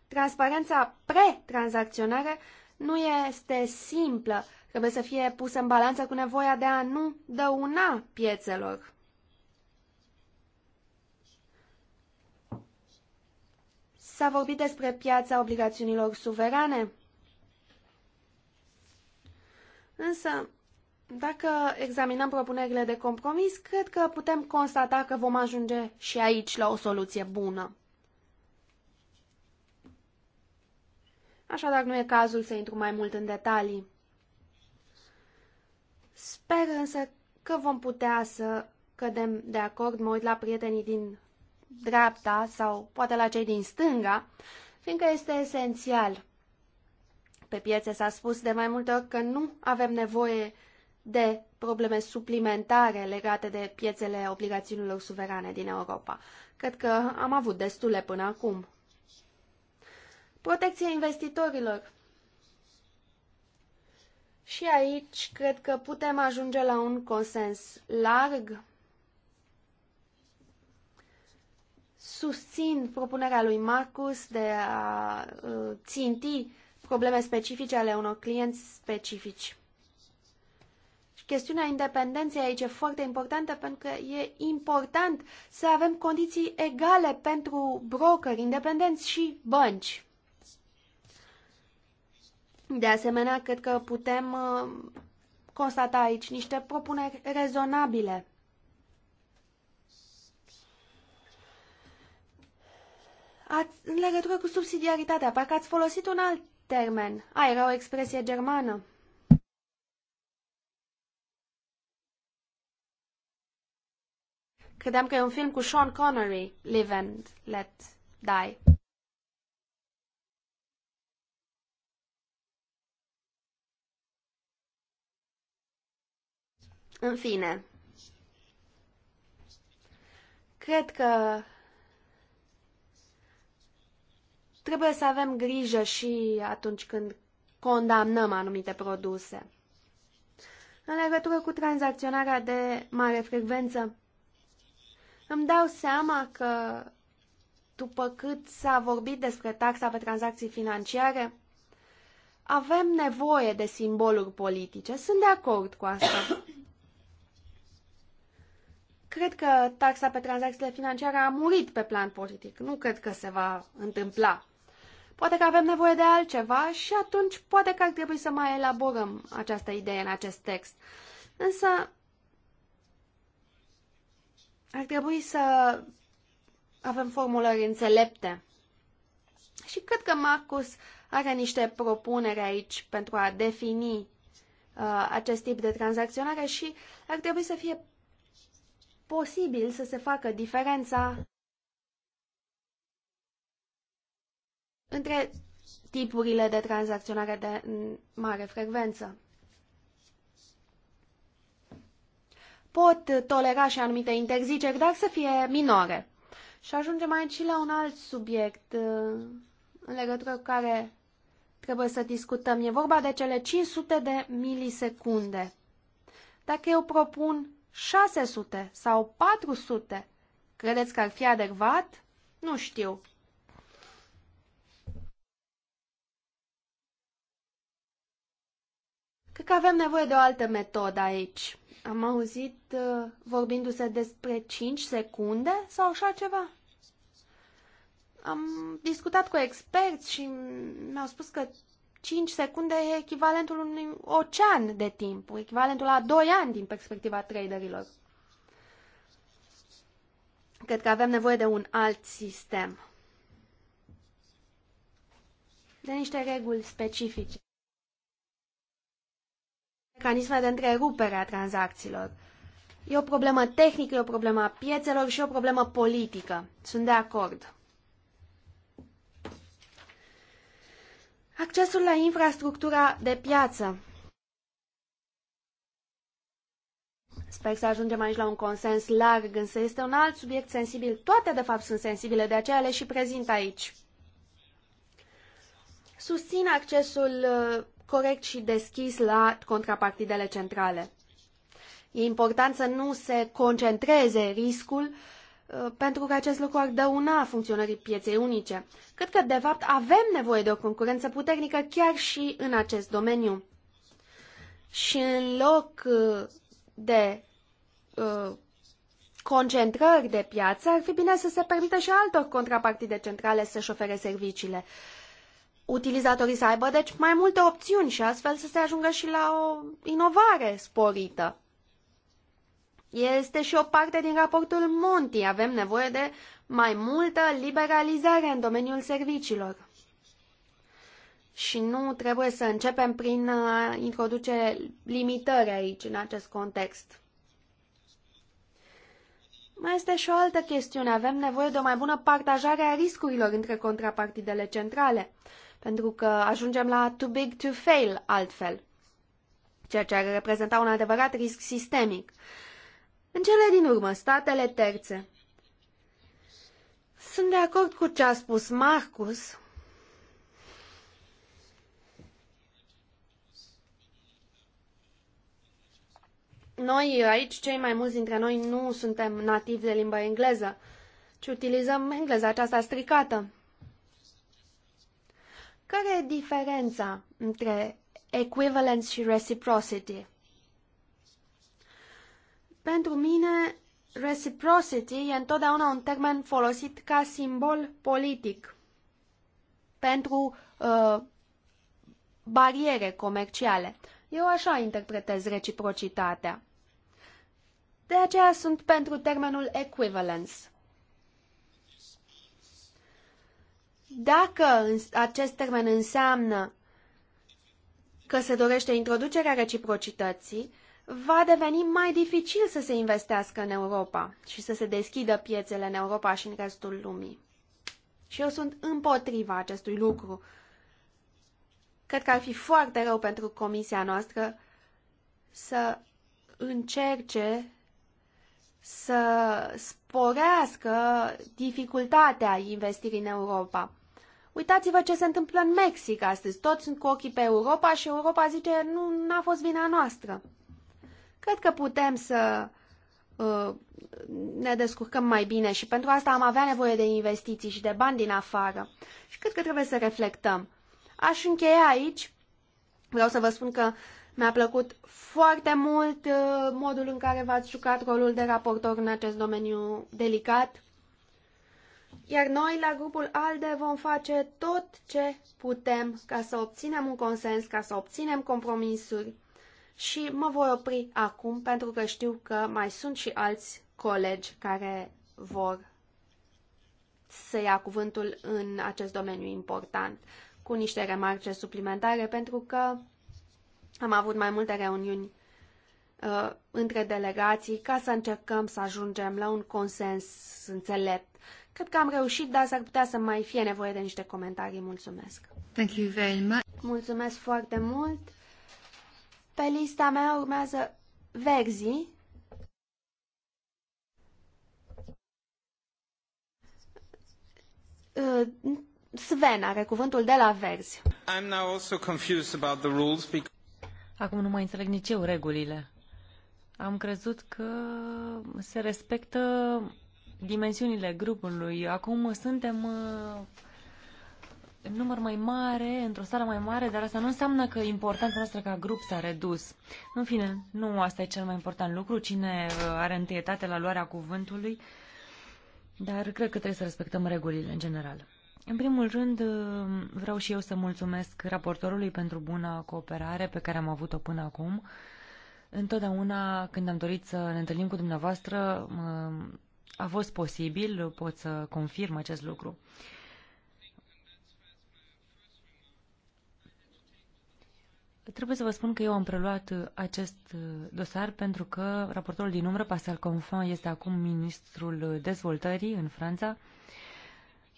Transparența pre-tranzacționare nu este simplă, trebuie să fie pusă în balanță cu nevoia de a nu dăuna piețelor. S-a vorbit despre piața obligațiunilor suverane. Însă, dacă examinăm propunerile de compromis, cred că putem constata că vom ajunge și aici la o soluție bună. Așadar, nu e cazul să intru mai mult în detalii. Sper însă că vom putea să cădem de acord. Mă uit la prietenii din dreapta sau poate la cei din stânga, fiindcă este esențial. Pe piețe s-a spus de mai multe ori că nu avem nevoie de probleme suplimentare legate de piețele obligațiunilor suverane din Europa. Cred că am avut destule până acum. Protecția investitorilor. Și aici cred că putem ajunge la un consens larg susțin propunerea lui Marcus de a uh, ținti probleme specifice ale unor clienți specifici. Și chestiunea independenței aici e foarte importantă pentru că e important să avem condiții egale pentru brokeri independenți și bănci. De asemenea, cred că putem uh, constata aici niște propuneri rezonabile Ați, în legătură cu subsidiaritatea, parcă ați folosit un alt termen. A, era o expresie germană. Credeam că e un film cu Sean Connery, Live and Let Die. În fine, cred că Trebuie să avem grijă și atunci când condamnăm anumite produse. În legătură cu tranzacționarea de mare frecvență, îmi dau seama că după cât s-a vorbit despre taxa pe tranzacții financiare, avem nevoie de simboluri politice. Sunt de acord cu asta. Cred că taxa pe tranzacțiile financiare a murit pe plan politic. Nu cred că se va întâmpla. Poate că avem nevoie de altceva și atunci poate că ar trebui să mai elaborăm această idee în acest text. Însă ar trebui să avem formulări înțelepte. Și cred că Marcus are niște propuneri aici pentru a defini uh, acest tip de tranzacționare și ar trebui să fie posibil să se facă diferența între tipurile de tranzacționare de mare frecvență. Pot tolera și anumite interziceri, dar să fie minore. Și ajungem aici și la un alt subiect uh, în legătură cu care trebuie să discutăm. E vorba de cele 500 de milisecunde. Dacă eu propun 600 sau 400, credeți că ar fi adecvat? Nu știu. Cred că avem nevoie de o altă metodă aici. Am auzit uh, vorbindu-se despre 5 secunde sau așa ceva? Am discutat cu experți și mi-au spus că 5 secunde e echivalentul unui ocean de timp, echivalentul a 2 ani din perspectiva traderilor. Cred că avem nevoie de un alt sistem, de niște reguli specifice mecanisme de întrerupere a tranzacțiilor. E o problemă tehnică, e o problemă a piețelor și e o problemă politică. Sunt de acord. Accesul la infrastructura de piață. Sper să ajungem aici la un consens larg, însă este un alt subiect sensibil. Toate, de fapt, sunt sensibile, de aceea le și prezint aici. Susțin accesul corect și deschis la contrapartidele centrale. E important să nu se concentreze riscul uh, pentru că acest lucru ar dăuna funcționării pieței unice. Cred că, de fapt, avem nevoie de o concurență puternică chiar și în acest domeniu. Și în loc uh, de uh, concentrări de piață, ar fi bine să se permită și altor contrapartide centrale să-și ofere serviciile. Uh, utilizatorii să aibă, deci, mai multe opțiuni și astfel să se ajungă și la o inovare sporită. Este și o parte din raportul Monti. Avem nevoie de mai multă liberalizare în domeniul serviciilor. Și nu trebuie să începem prin a introduce limitări aici, în acest context. Mai este și o altă chestiune. Avem nevoie de o mai bună partajare a riscurilor între contrapartidele centrale pentru că ajungem la too big to fail altfel, ceea ce ar reprezenta un adevărat risc sistemic. În cele din urmă, statele terțe. Sunt de acord cu ce a spus Marcus. Noi aici, cei mai mulți dintre noi, nu suntem nativi de limba engleză, ci utilizăm engleza aceasta stricată. Care e diferența între equivalence și reciprocity? Pentru mine, reciprocity e întotdeauna un termen folosit ca simbol politic pentru uh, bariere comerciale. Eu așa interpretez reciprocitatea. De aceea sunt pentru termenul equivalence. Dacă acest termen înseamnă că se dorește introducerea reciprocității, va deveni mai dificil să se investească în Europa și să se deschidă piețele în Europa și în restul lumii. Și eu sunt împotriva acestui lucru. Cred că ar fi foarte rău pentru comisia noastră să încerce să sporească dificultatea investirii în Europa. Uitați-vă ce se întâmplă în Mexic astăzi. Toți sunt cu ochii pe Europa și Europa zice nu a fost vina noastră. Cred că putem să uh, ne descurcăm mai bine și pentru asta am avea nevoie de investiții și de bani din afară. Și cred că trebuie să reflectăm. Aș încheia aici. Vreau să vă spun că mi-a plăcut foarte mult uh, modul în care v-ați jucat rolul de raportor în acest domeniu delicat iar noi, la grupul ALDE, vom face tot ce putem ca să obținem un consens, ca să obținem compromisuri. Și mă voi opri acum, pentru că știu că mai sunt și alți colegi care vor să ia cuvântul în acest domeniu important, cu niște remarce suplimentare, pentru că am avut mai multe reuniuni uh, între delegații ca să încercăm să ajungem la un consens înțelept. Cred că am reușit, dar s-ar putea să mai fie nevoie de niște comentarii. Mulțumesc! Thank you very much. Mulțumesc foarte mult! Pe lista mea urmează Verzi. Uh, Sven are cuvântul de la Verzi. I'm now also confused about the rules because... Acum nu mai înțeleg nici eu regulile. Am crezut că se respectă dimensiunile grupului. Acum suntem uh, în număr mai mare, într-o sală mai mare, dar asta nu înseamnă că importanța noastră ca grup s-a redus. În fine, nu asta e cel mai important lucru, cine uh, are întâietate la luarea cuvântului, dar cred că trebuie să respectăm regulile în general. În primul rând, uh, vreau și eu să mulțumesc raportorului pentru buna cooperare pe care am avut-o până acum. Întotdeauna, când am dorit să ne întâlnim cu dumneavoastră, a fost posibil, pot să confirm acest lucru. Trebuie să vă spun că eu am preluat acest dosar pentru că raportorul din umbră, Pascal Confant, este acum ministrul dezvoltării în Franța.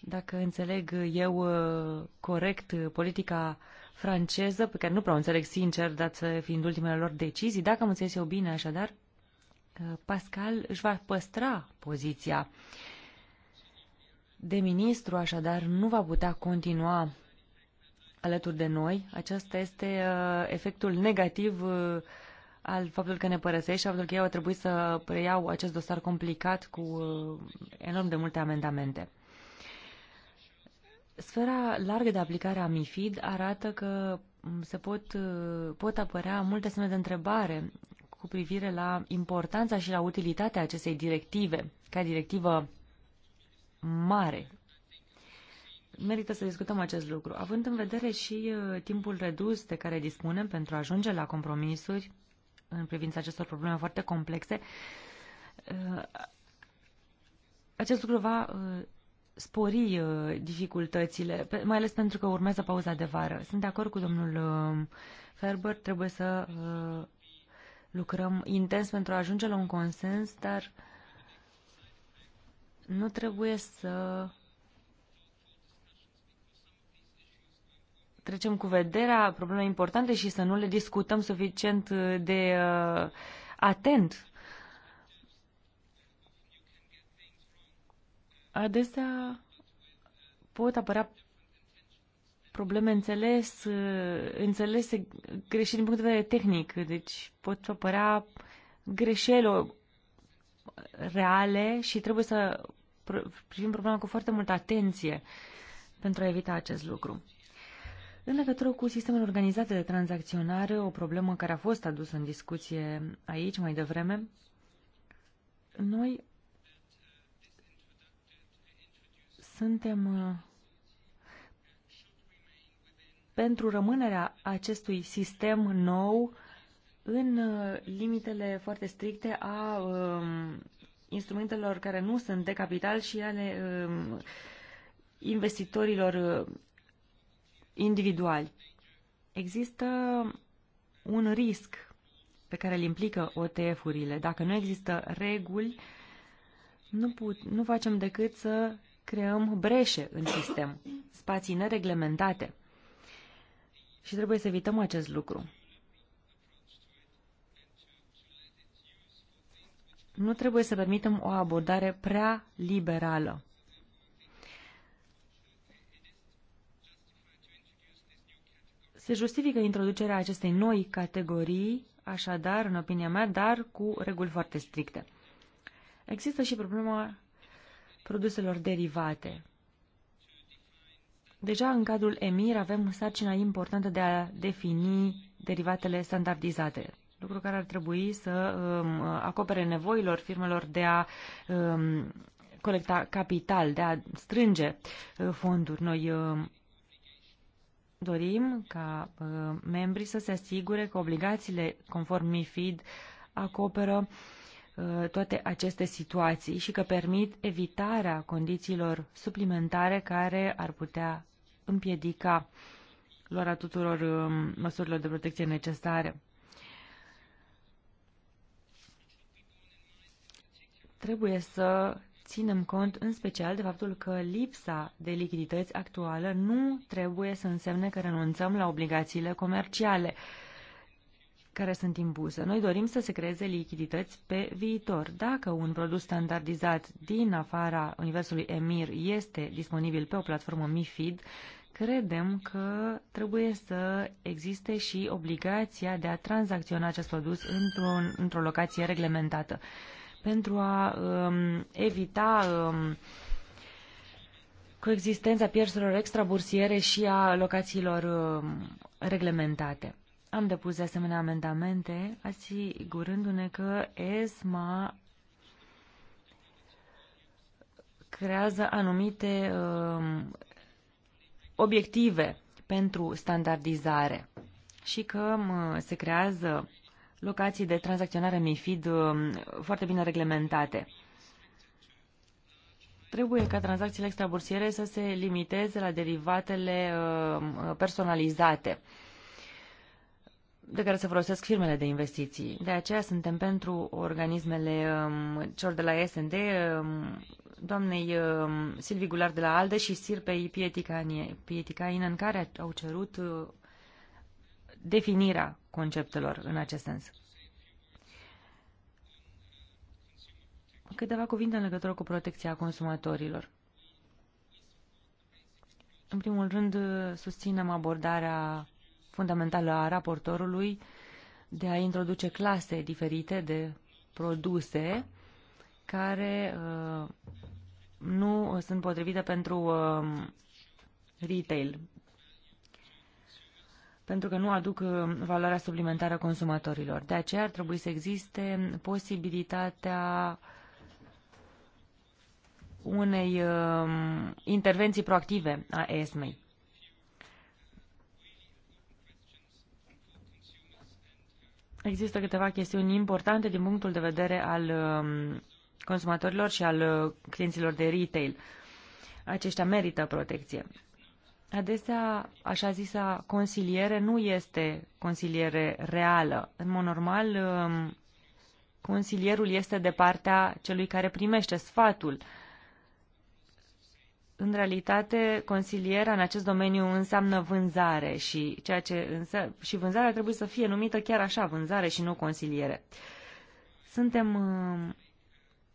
Dacă înțeleg eu uh, corect politica franceză, pe care nu prea o înțeleg sincer, dat fiind ultimele lor decizii, dacă am înțeles eu bine așadar, Pascal își va păstra poziția de ministru, așadar nu va putea continua alături de noi. Acesta este uh, efectul negativ uh, al faptului că ne părăsește și faptul că eu au trebuit să preiau acest dosar complicat cu uh, enorm de multe amendamente. Sfera largă de aplicare a MIFID arată că mm, se pot, pot apărea multe semne de întrebare cu privire la importanța și la utilitatea acestei directive ca directivă mare. Merită să discutăm acest lucru, având în vedere și uh, timpul redus de care dispunem pentru a ajunge la compromisuri în privința acestor probleme foarte complexe. Uh, acest lucru va uh, spori dificultățile, mai ales pentru că urmează pauza de vară. Sunt de acord cu domnul Ferber, trebuie să lucrăm intens pentru a ajunge la un consens, dar nu trebuie să trecem cu vederea probleme importante și să nu le discutăm suficient de uh, atent. Adesea pot apărea probleme înțeles, uh, înțelese greșit din punct de vedere tehnic, deci pot apărea greșeli uh, reale și trebuie să privim problema cu foarte multă atenție pentru a evita acest lucru. În legătură cu sistemele organizate de tranzacționare, o problemă care a fost adusă în discuție aici mai devreme, noi suntem uh, pentru rămânerea acestui sistem nou în uh, limitele foarte stricte a um, instrumentelor care nu sunt de capital și ale um, investitorilor uh, individuali. Există un risc pe care îl implică OTF-urile. Dacă nu există reguli, nu, put, nu facem decât să creăm breșe în sistem, spații nereglementate. Și trebuie să evităm acest lucru. Nu trebuie să permitem o abordare prea liberală. Se justifică introducerea acestei noi categorii, așadar, în opinia mea, dar cu reguli foarte stricte. Există și problema produselor derivate. Deja în cadrul EMIR avem sarcina importantă de a defini derivatele standardizate, lucru care ar trebui să um, acopere nevoilor firmelor de a um, colecta capital, de a strânge uh, fonduri. Noi uh, dorim ca uh, membrii să se asigure că obligațiile conform MIFID acoperă uh, toate aceste situații și că permit evitarea condițiilor suplimentare care ar putea împiedica luarea tuturor um, măsurilor de protecție necesare. Trebuie să ținem cont în special de faptul că lipsa de lichidități actuală nu trebuie să însemne că renunțăm la obligațiile comerciale care sunt impuse. Noi dorim să se creeze lichidități pe viitor. Dacă un produs standardizat din afara universului EMIR este disponibil pe o platformă MIFID, Credem că trebuie să existe și obligația de a tranzacționa acest produs într-o, într locație reglementată pentru a um, evita um, coexistența pierselor extrabursiere și a locațiilor um, reglementate. Am depus de asemenea amendamente, asigurându-ne că ESMA creează anumite uh, obiective pentru standardizare și că se creează locații de tranzacționare MIFID foarte bine reglementate. Trebuie ca tranzacțiile extrabursiere să se limiteze la derivatele personalizate de care se folosesc firmele de investiții. De aceea suntem pentru organismele celor de la SND doamnei uh, Silvi Gular de la ALDE și Sirpei Pieticainen, care au cerut uh, definirea conceptelor în acest sens. Câteva cuvinte în legătură cu protecția consumatorilor. În primul rând, uh, susținem abordarea fundamentală a raportorului de a introduce clase diferite de produse care nu uh, sunt potrivite pentru um, retail, pentru că nu aduc uh, valoarea suplimentară consumatorilor. De aceea ar trebui să existe posibilitatea unei um, intervenții proactive a ESMEI. Există câteva chestiuni importante din punctul de vedere al um, consumatorilor și al uh, clienților de retail. Aceștia merită protecție. Adesea, așa zisa, consiliere nu este consiliere reală. În mod normal, um, consilierul este de partea celui care primește sfatul. În realitate, consiliera în acest domeniu înseamnă vânzare și ceea ce însă, și vânzarea trebuie să fie numită chiar așa, vânzare și nu consiliere. Suntem um,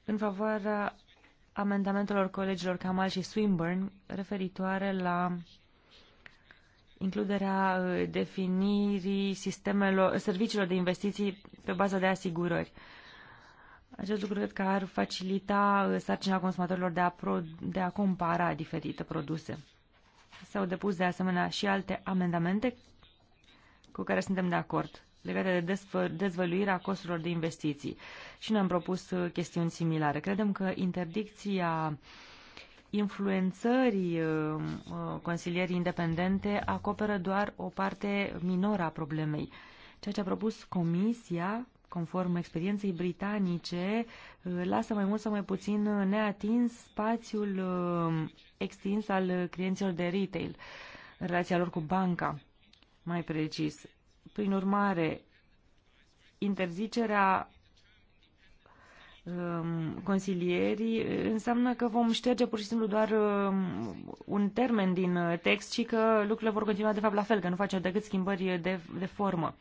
în favoarea amendamentelor colegilor Kamal și Swinburne referitoare la includerea uh, definirii sistemelor, serviciilor de investiții pe bază de asigurări. Acest lucru cred că ar facilita uh, sarcina consumatorilor de a, pro, de a compara diferite produse. S-au depus de asemenea și alte amendamente cu care suntem de acord legate de dezvăluirea costurilor de investiții. Și ne-am propus uh, chestiuni similare. Credem că interdicția influențării uh, uh, consilierii independente acoperă doar o parte minoră a problemei. Ceea ce a propus Comisia conform experienței britanice, lasă mai mult sau mai puțin neatins spațiul extins al clienților de retail, în relația lor cu banca, mai precis. Prin urmare, interzicerea um, consilierii înseamnă că vom șterge pur și simplu doar um, un termen din uh, text și că lucrurile vor continua de fapt la fel, că nu facem decât schimbări de, de formă.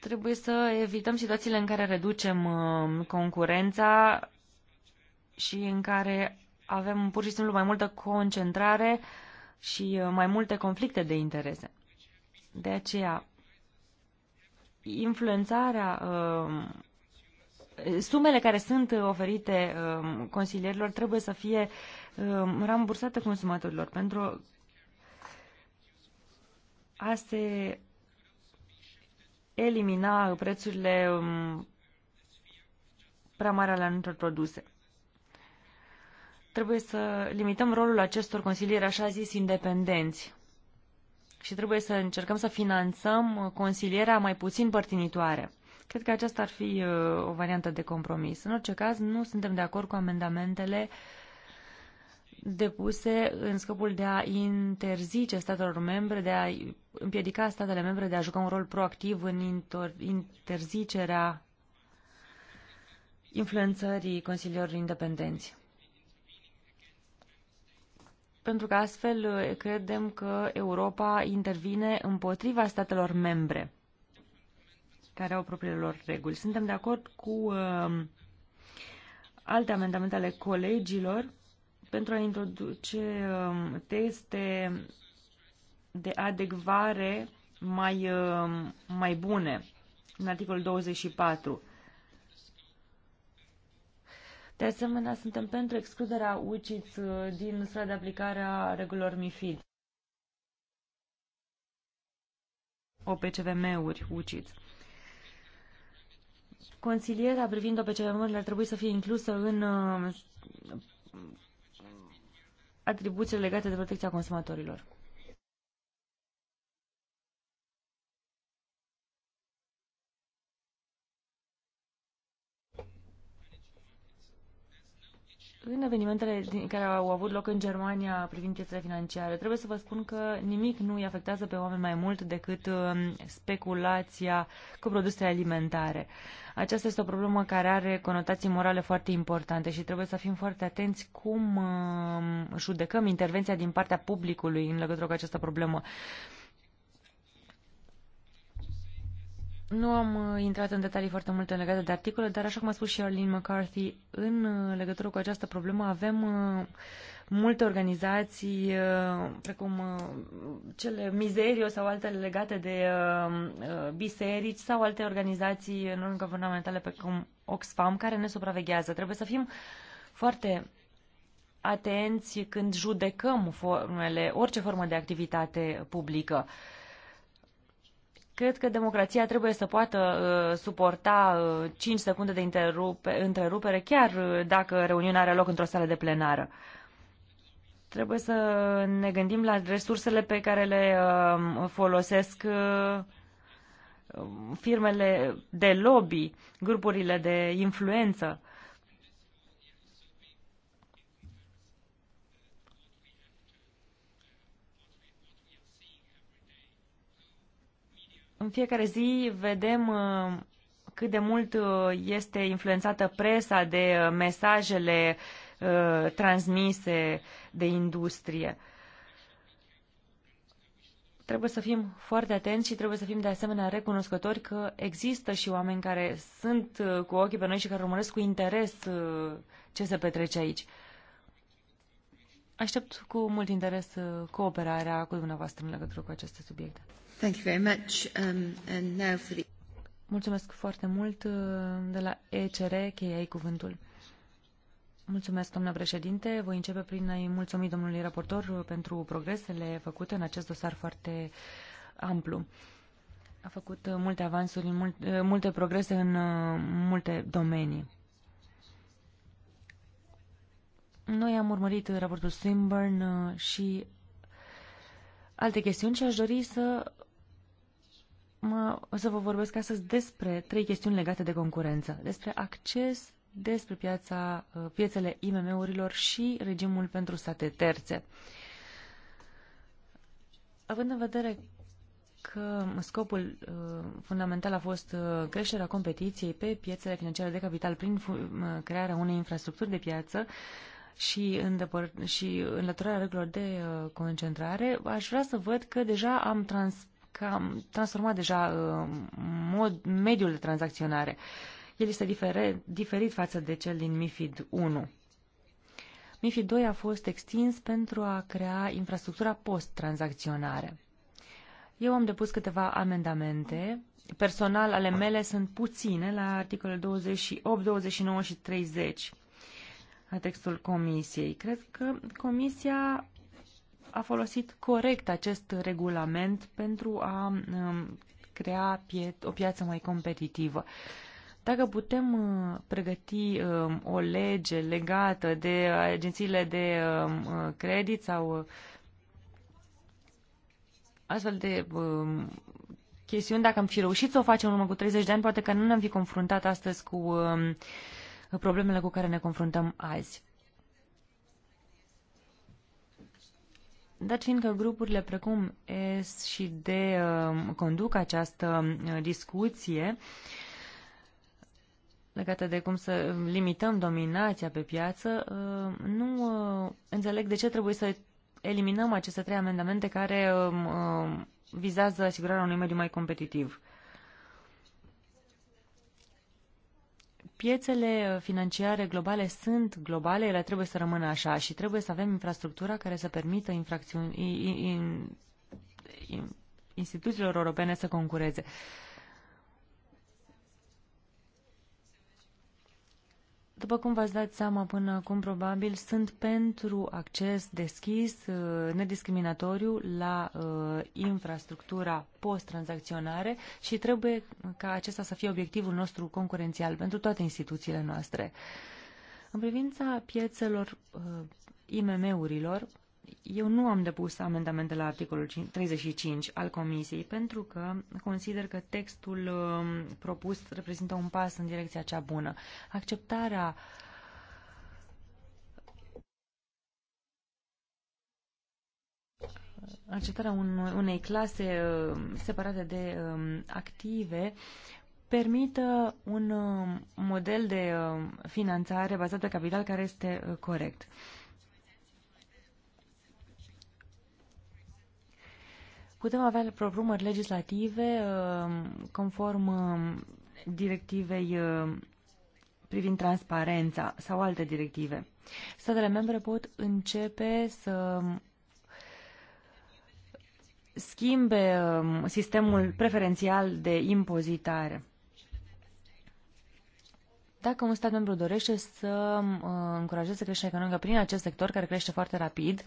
Trebuie să evităm situațiile în care reducem um, concurența și în care avem pur și simplu mai multă concentrare uh, și uh, mai multe conflicte de interese. De aceea, influențarea, um, sumele care sunt uh, oferite um, consilierilor trebuie să fie um, rambursate consumatorilor pentru a se elimina prețurile prea mari ale anumitor produse. Trebuie să limităm rolul acestor consilieri așa zis independenți și trebuie să încercăm să finanțăm uh, consilierea mai puțin părtinitoare. Cred că aceasta ar fi uh, o variantă de compromis. În orice caz, nu suntem de acord cu amendamentele depuse în scopul de a interzice statelor membre, de a împiedica statele membre de a juca un rol proactiv în interzicerea influențării consilierilor independenți pentru că astfel uh, credem că Europa intervine împotriva statelor membre care au propriile lor reguli. Suntem de acord cu uh, alte amendamente ale colegilor pentru a introduce uh, teste de adecvare mai, uh, mai bune în articolul 24. De asemenea, suntem pentru excluderea UCIT uh, din strada de aplicare a regulilor MIFID. OPCVM-uri, UCIT. Consilierea privind OPCVM-urile ar trebui să fie inclusă în uh, atribuțiile legate de protecția consumatorilor. În evenimentele care au avut loc în Germania privind piețele financiare, trebuie să vă spun că nimic nu îi afectează pe oameni mai mult decât um, speculația cu produsele alimentare. Aceasta este o problemă care are conotații morale foarte importante și trebuie să fim foarte atenți cum um, judecăm intervenția din partea publicului în legătură cu această problemă. Nu am uh, intrat în detalii foarte multe legate de articole, dar așa cum a spus și Arlene McCarthy, în uh, legătură cu această problemă avem uh, multe organizații, precum cele Mizerio sau altele legate de biserici sau alte organizații non-guvernamentale precum Oxfam, care ne supraveghează. Trebuie să fim foarte atenți când judecăm formele, orice formă de activitate publică. Uh, Cred că democrația trebuie să poată uh, suporta uh, 5 secunde de interupe, întrerupere, chiar uh, dacă reuniunea are loc într-o sală de plenară. Trebuie să ne gândim la resursele pe care le uh, folosesc uh, firmele de lobby, grupurile de influență. Uh, În fiecare zi vedem uh, cât de mult uh, este influențată presa de uh, mesajele transmise de industrie. Trebuie să fim foarte atenți și trebuie să fim de asemenea recunoscători că există și oameni care sunt cu ochii pe noi și care urmăresc cu interes ce se petrece aici. Aștept cu mult interes cooperarea cu dumneavoastră în legătură cu aceste subiecte. Um, Mulțumesc foarte mult uh, de la ECR, cheiai cuvântul. Mulțumesc, doamnă președinte. Voi începe prin a-i mulțumi domnului raportor uh, pentru progresele făcute în acest dosar foarte amplu. A făcut uh, multe avansuri, multe, multe progrese în multe domenii. Noi am urmărit raportul Swinburne și alte chestiuni și aș dori să mă, o să vă vorbesc astăzi despre trei chestiuni legate de concurență, despre acces, despre piața, uh, piețele IMM-urilor și regimul pentru state terțe. Având în vedere că scopul uh, fundamental a fost uh, creșterea competiției pe piețele financiare de capital prin uh, crearea unei infrastructuri de piață și, îndepăr- și înlăturarea regulilor de uh, concentrare, aș vrea să văd că deja am trans- că am transformat deja uh, mod, mediul de tranzacționare. El este diferit, diferit față de cel din MIFID 1. MIFID 2 a fost extins pentru a crea infrastructura post-tranzacționare. Eu am depus câteva amendamente. Personal, ale mele sunt puține la articolele 28, 29 și 30 a textul comisiei. Cred că comisia a folosit corect acest regulament pentru a um, crea o piață mai competitivă. Dacă putem uh, pregăti um, o lege legată de agențiile de um, uh, credit sau uh, astfel de chestiuni, dacă am fi reușit să o facem în urmă cu 30 de ani, poate că nu ne-am fi confruntat astăzi cu problemele cu care ne confruntăm azi. Dat fiindcă grupurile precum S și D um, conduc această um, discuție legată de cum să limităm dominația pe piață, um, nu uh, înțeleg de ce trebuie să eliminăm aceste trei amendamente care vizează asigurarea unui mediu mai competitiv. Piețele uh, financiare globale sunt globale, ele trebuie să rămână așa și trebuie să avem infrastructura care să permită infracțiuni, in, in, in, instituțiilor europene să concureze. Uh, După cum v-ați dat seama până acum, probabil, sunt pentru acces deschis, uh, nediscriminatoriu la uh, infrastructura post-tranzacționare și trebuie ca acesta să fie obiectivul nostru concurențial pentru toate instituțiile noastre. În privința piețelor uh, IMM-urilor, eu nu am depus amendamente la articolul 35 al Comisiei pentru că consider că textul um, propus reprezintă un pas în direcția cea bună. Acceptarea acceptarea unei clase um, separate de um, active permită un model de finanțare bazat pe capital care este uh, corect. Putem avea propuneri legislative uh, conform uh, directivei uh, privind transparența sau alte directive. Statele membre pot începe să schimbe sistemul preferențial de impozitare. Dacă un stat membru dorește să uh, încurajeze creșterea economică prin acest sector, care crește foarte rapid,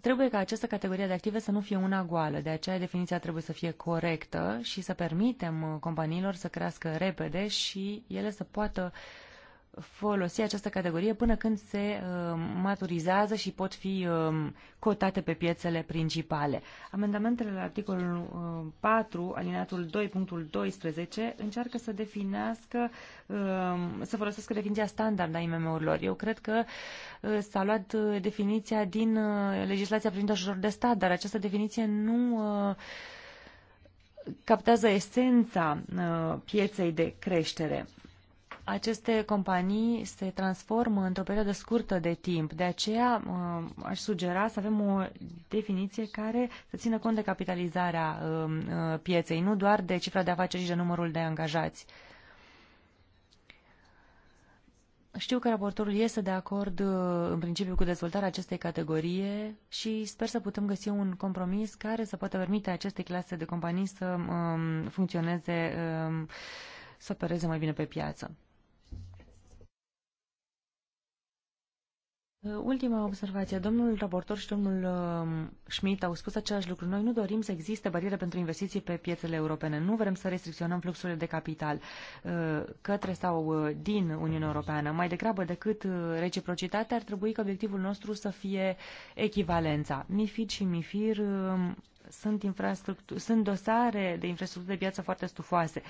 trebuie ca această categorie de active să nu fie una goală. De aceea definiția trebuie să fie corectă și să permitem uh, companiilor să crească repede și ele să poată uh, folosi această categorie până când se uh, maturizează și pot fi uh, cotate pe piețele principale. Amendamentele la articolul 4, uh, alineatul 2.12, încearcă să definească, să folosească definiția standard a IMM-urilor. Eu cred că s-a luat definiția din legislația privind ajutorul de stat, dar această definiție nu captează esența pieței de creștere aceste companii se transformă într-o perioadă scurtă de timp. De aceea uh, aș sugera să avem o definiție care să țină cont de capitalizarea um, uh, pieței, nu doar de cifra de afaceri și de numărul de angajați. Știu că raportorul este de acord uh, în principiu cu dezvoltarea acestei categorie și sper să putem găsi un compromis care să poată permite aceste clase de companii să um, funcționeze, um, să opereze mai bine pe piață. Uh, ultima observație. Domnul raportor și domnul um, Schmidt au spus același lucru. Noi nu dorim să existe bariere pentru investiții pe piețele europene. Nu vrem să restricționăm fluxurile de capital uh, către sau uh, din Uniunea Europeană. Mai degrabă decât reciprocitatea, ar trebui ca obiectivul nostru să fie echivalența. MIFID și MIFIR um, sunt, sunt dosare de infrastructură de piață foarte stufoase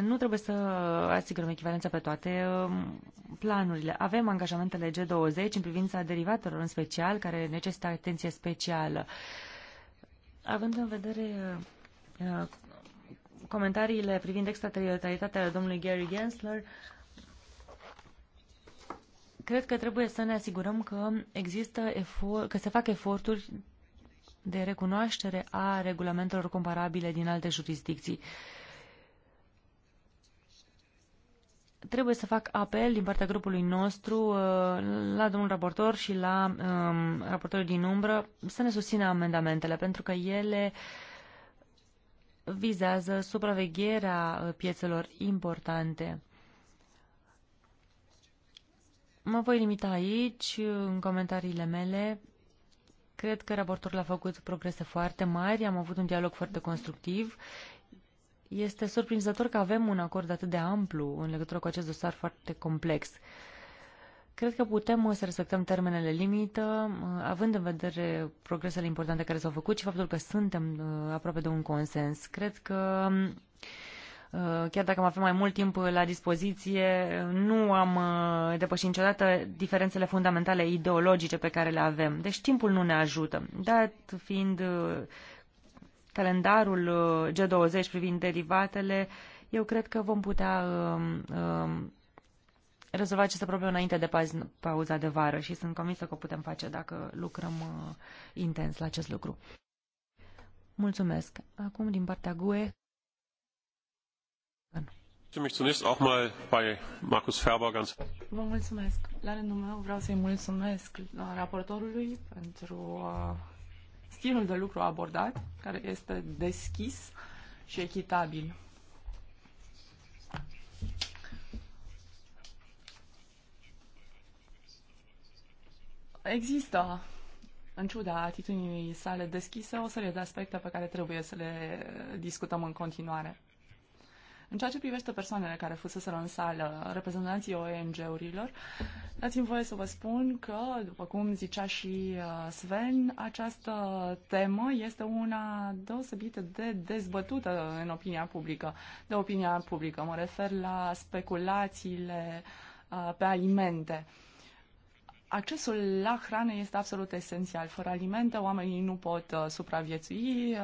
nu trebuie să asigurăm echivalența pe toate um, planurile. Avem angajamentele G20 în privința derivatelor în special, care necesită atenție specială. Având în vedere uh, comentariile privind extraterritorialitatea domnului Gary Gensler, cred că trebuie să ne asigurăm că există efort, că se fac eforturi de recunoaștere a regulamentelor comparabile din alte jurisdicții. Uh, trebuie să fac apel din partea grupului nostru uh, la domnul raportor și la um, raportorii din umbră să ne susțină amendamentele, pentru că ele vizează supravegherea uh, piețelor importante. Mă voi limita aici, uh, în comentariile mele. Cred că raportorul a făcut progrese foarte mari, am avut un dialog foarte constructiv este surprinzător că avem un acord atât de amplu în legătură cu acest dosar foarte complex. Cred că putem uh, să respectăm termenele limită, uh, având în vedere progresele importante care s-au făcut și faptul că suntem uh, aproape de un consens. Cred că um, chiar dacă am avea mai mult timp la dispoziție, nu am depășit niciodată diferențele fundamentale ideologice pe care le avem. Deci timpul nu ne ajută. Dat fiind calendarul uh, G20 privind derivatele, eu cred că vom putea um, um, rezolva aceste probleme înainte de pauza de vară și sunt convinsă că o putem face dacă lucrăm uh, intens la acest lucru. Mulțumesc. Acum, din partea GUE. Vă mulțumesc. La rândul meu vreau să-i mulțumesc raportorului pentru uh, stilul de lucru abordat, care este deschis și echitabil. Există, în ciuda atitudinii sale deschise, o serie de aspecte pe care trebuie să le discutăm în continuare. În ceea ce privește persoanele care fusese în sală, reprezentanții ONG-urilor, dați-mi voie să vă spun că, după cum zicea și uh, Sven, această temă este una deosebită de dezbătută în opinia publică. De opinia publică mă refer la speculațiile uh, pe alimente. Accesul la hrană este absolut esențial. Fără alimente, oamenii nu pot uh, supraviețui.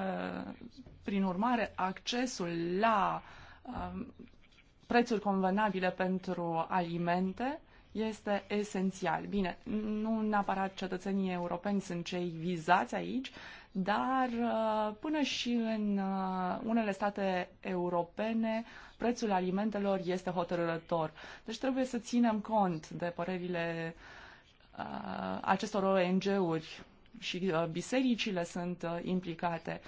Prin urmare, accesul la uh, Um, prețuri convenabile pentru alimente este esențial. Bine, nu neapărat cetățenii europeni sunt cei vizați aici, dar uh, până și în uh, unele state europene prețul alimentelor este hotărător. Deci trebuie să ținem cont de părerile uh, acestor ONG-uri și bisericile sunt implicate.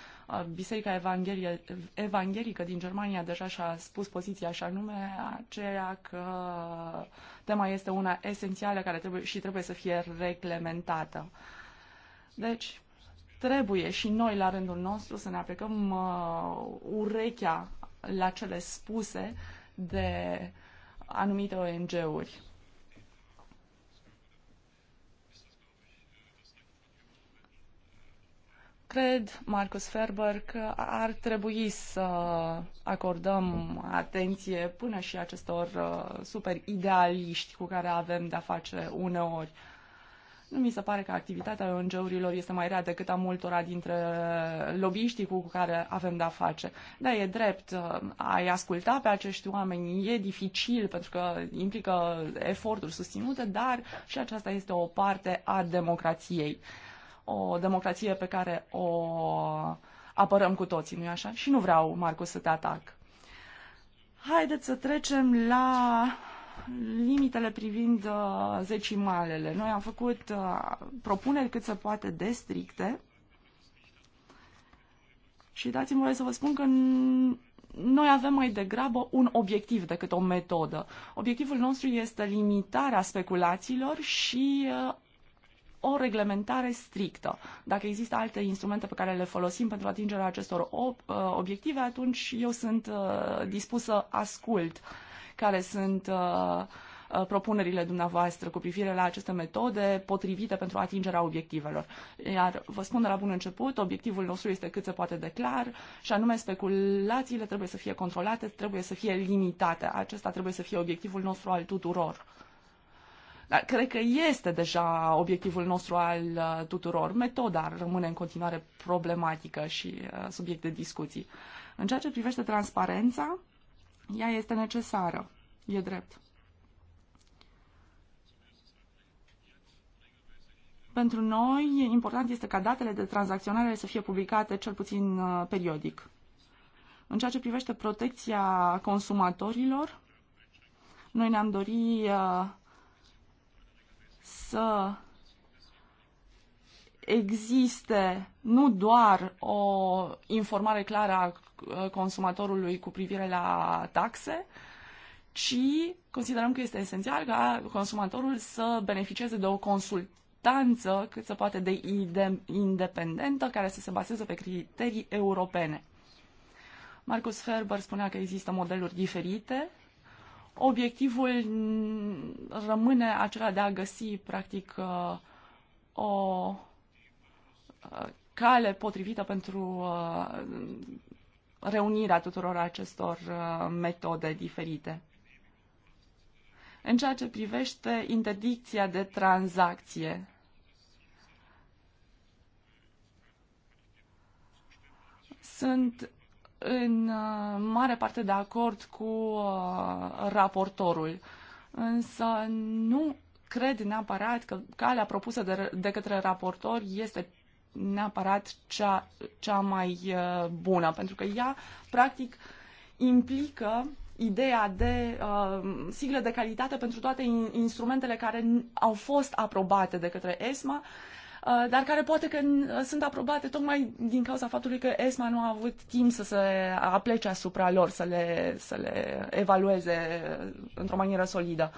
Biserica Evanghelie, Evanghelică din Germania deja și-a spus poziția și anume aceea că tema este una esențială care trebuie și trebuie să fie reglementată. Deci, trebuie și noi la rândul nostru să ne aplicăm uh, urechea la cele spuse de anumite ONG-uri. Cred, Marcus Ferber, că ar trebui să acordăm atenție până și acestor uh, super idealiști cu care avem de-a face uneori. Nu mi se pare că activitatea ONG-urilor este mai rea decât a multora dintre lobbyiștii cu care avem de-a face. Da, e drept, uh, ai asculta pe acești oameni e dificil pentru că implică eforturi susținute, dar și aceasta este o parte a democrației o democrație pe care o apărăm cu toții, nu-i așa? Și nu vreau, Marcus, să te atac. Haideți să trecem la limitele privind uh, zecimalele. Noi am făcut uh, propuneri cât se poate de stricte și dați-mi voie să vă spun că noi avem mai degrabă un obiectiv decât o metodă. Obiectivul nostru este limitarea speculațiilor și uh, o reglementare strictă. Dacă există alte instrumente pe care le folosim pentru atingerea acestor uh, obiective, atunci eu sunt uh, dispus să ascult care sunt uh, propunerile dumneavoastră cu privire la aceste metode potrivite pentru atingerea obiectivelor. Iar vă spun de la bun început, obiectivul nostru este cât se poate de clar și anume speculațiile trebuie să fie controlate, trebuie să fie limitate. Acesta trebuie să fie obiectivul nostru al tuturor. Dar cred că este deja obiectivul nostru al uh, tuturor. Metoda rămâne în continuare problematică și uh, subiect de discuții. În ceea ce privește transparența, ea este necesară. E drept. Pentru noi, important este ca datele de tranzacționare să fie publicate cel puțin uh, periodic. În ceea ce privește protecția consumatorilor, noi ne-am dorit să existe nu doar o informare clară a uh, consumatorului cu privire la taxe, ci considerăm că este esențial ca consumatorul să beneficieze de o consultanță cât se poate de independentă care să se bazeze pe criterii europene. Marcus Ferber spunea că există modeluri diferite obiectivul rămâne acela de a găsi, practic, uh, o uh, cale potrivită pentru uh, reunirea tuturor acestor metode diferite. În ceea ce privește interdicția de tranzacție, sunt în uh, mare parte de acord cu uh, raportorul, însă nu cred neapărat că calea propusă de, de către raportor este neapărat cea, cea mai uh, bună, pentru că ea, practic, implică ideea de uh, sigle de calitate pentru toate in- instrumentele care au fost aprobate de către ESMA, Uh, dar care poate că uh, sunt aprobate tocmai din cauza faptului că ESMA nu a avut timp să se aplece asupra lor, să le, să le evalueze într-o manieră solidă.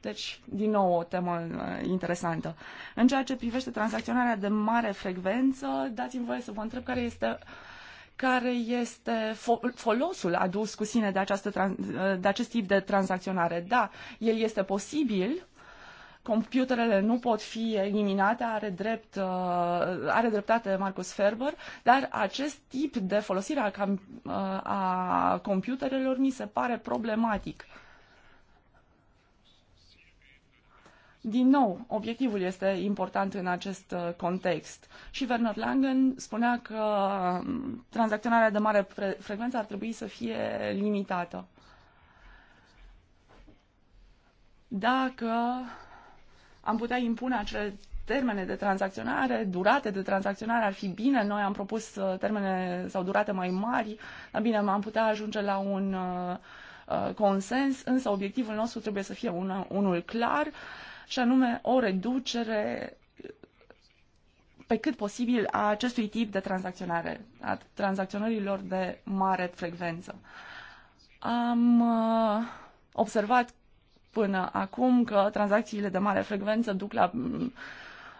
Deci, din nou, o temă uh, interesantă. În ceea ce privește tranzacționarea de mare frecvență, dați-mi voie să vă întreb care este care este fo- folosul adus cu sine de, această de acest tip de tranzacționare. Da, el este posibil, computerele nu pot fi eliminate, are, drept, uh, are dreptate Marcus Ferber, dar acest tip de folosire a, cam, uh, a computerelor mi se pare problematic. Din nou, obiectivul este important în acest uh, context. Și Werner Langen spunea că um, tranzacționarea de mare frecvență ar trebui să fie limitată. Dacă am putea impune acele termene de tranzacționare, durate de tranzacționare ar fi bine. Noi am propus uh, termene sau durate mai mari. Dar bine, am putea ajunge la un uh, uh, consens, însă obiectivul nostru trebuie să fie una, unul clar și anume o reducere pe cât posibil a acestui tip de tranzacționare, a tranzacționărilor de mare frecvență. Am observat până acum că tranzacțiile de mare frecvență duc la mm,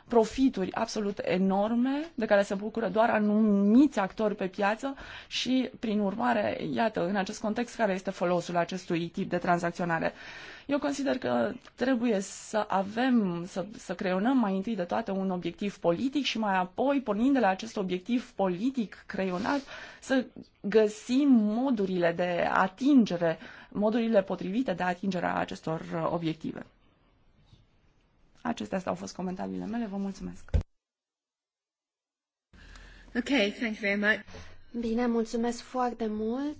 profituri absolut enorme de care se bucură doar anumiți actori pe piață și, prin urmare, iată, în acest context, care este folosul acestui tip de tranzacționare. Eu consider că trebuie să avem, să, să creionăm mai întâi de toate un obiectiv politic și mai apoi, pornind de la acest obiectiv politic creionat, să găsim modurile de atingere modurile potrivite de atingerea acestor uh, obiective. Acestea au fost comentariile mele. Vă mulțumesc. Ok, thank you very much. Bine, mulțumesc foarte mult.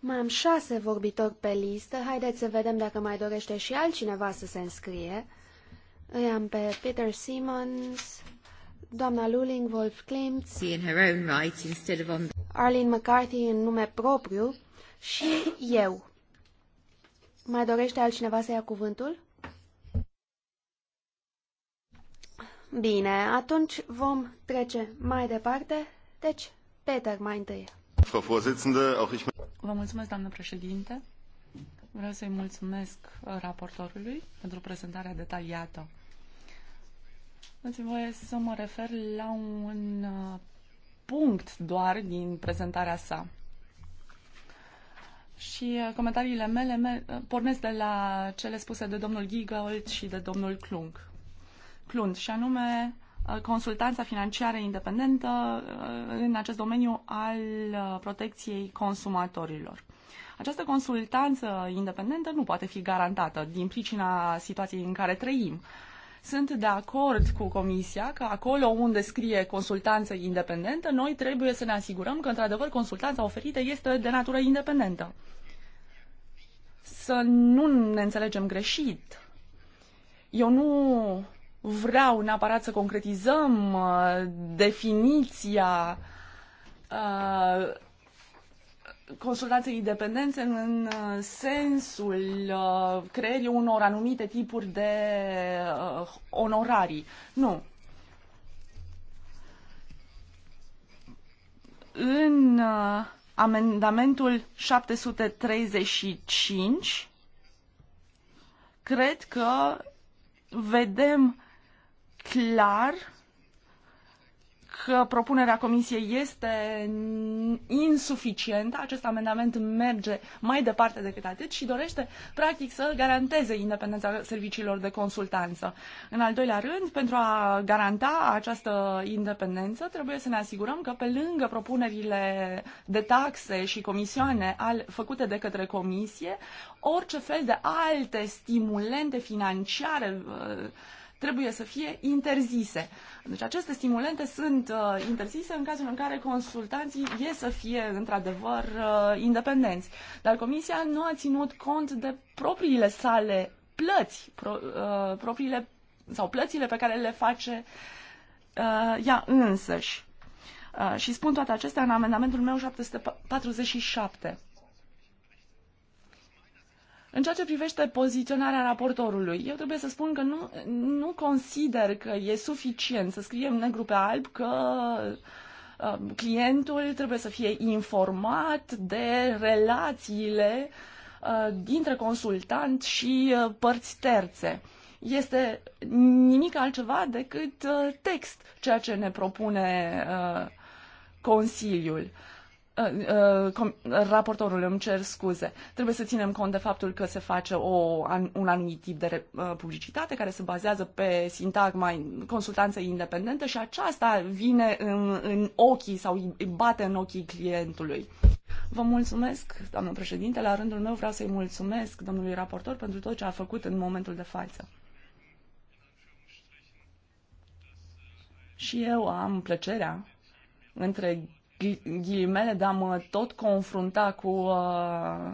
Mai am șase vorbitori pe listă. Haideți să vedem dacă mai dorește și altcineva să se înscrie. Îi am pe Peter Simmons, doamna Luling, Wolf Klimt, right, Arlene McCarthy în nume propriu, și eu. Mai dorește altcineva să ia cuvântul? Bine, atunci vom trece mai departe. Deci, Peter mai întâi. Vă mulțumesc, doamnă președinte. Vreau să-i mulțumesc raportorului pentru prezentarea detaliată. Dați voie să mă refer la un uh, punct doar din prezentarea sa și uh, comentariile mele uh, pornesc de la cele spuse de domnul Giegold și de domnul Klung. Clund, și anume uh, consultanța financiară independentă în acest domeniu al protecției consumatorilor. Această consultanță independentă nu poate fi garantată din pricina situației în care trăim. Sunt de acord cu Comisia că acolo unde scrie consultanță independentă, noi trebuie să ne asigurăm că, într-adevăr, consultanța oferită este de natură independentă. Să nu ne înțelegem greșit. Eu nu vreau neapărat să concretizăm uh, definiția uh, consultanțe independențe în uh, sensul uh, creierii unor anumite tipuri de uh, onorarii. Nu. În amendamentul 735 cred că vedem clar uh, că propunerea comisiei este insuficientă, acest amendament merge mai departe decât atât și dorește, practic, să garanteze independența serviciilor de consultanță. În al doilea rând, pentru a garanta această independență, trebuie să ne asigurăm că, pe lângă propunerile de taxe și comisioane al, făcute de către comisie, orice fel de alte stimulente financiare uh, trebuie să fie interzise. Deci aceste stimulente sunt uh, interzise în cazul în care consultanții e să fie într-adevăr uh, independenți. Dar Comisia nu a ținut cont de propriile sale plăți, pro, uh, propriile sau plățile pe care le face uh, ea însăși. Uh, și spun toate acestea în amendamentul meu 747. În ceea ce privește poziționarea raportorului, eu trebuie să spun că nu, nu consider că e suficient să scriem negru pe alb că uh, clientul trebuie să fie informat de relațiile uh, dintre consultant și uh, părți terțe. Este nimic altceva decât uh, text, ceea ce ne propune Consiliul. Uh, Uh, raportorul îmi cer scuze. Trebuie să ținem cont de faptul că se face o, un anumit tip de uh, publicitate care se bazează pe sintagma consultanță independentă și aceasta vine în, în ochii sau îi bate în ochii clientului. Vă mulțumesc, doamnă președinte. La rândul meu vreau să-i mulțumesc domnului raportor pentru tot ce a făcut în momentul de față. Și eu am plăcerea între ghilimele de a mă tot confrunta cu uh,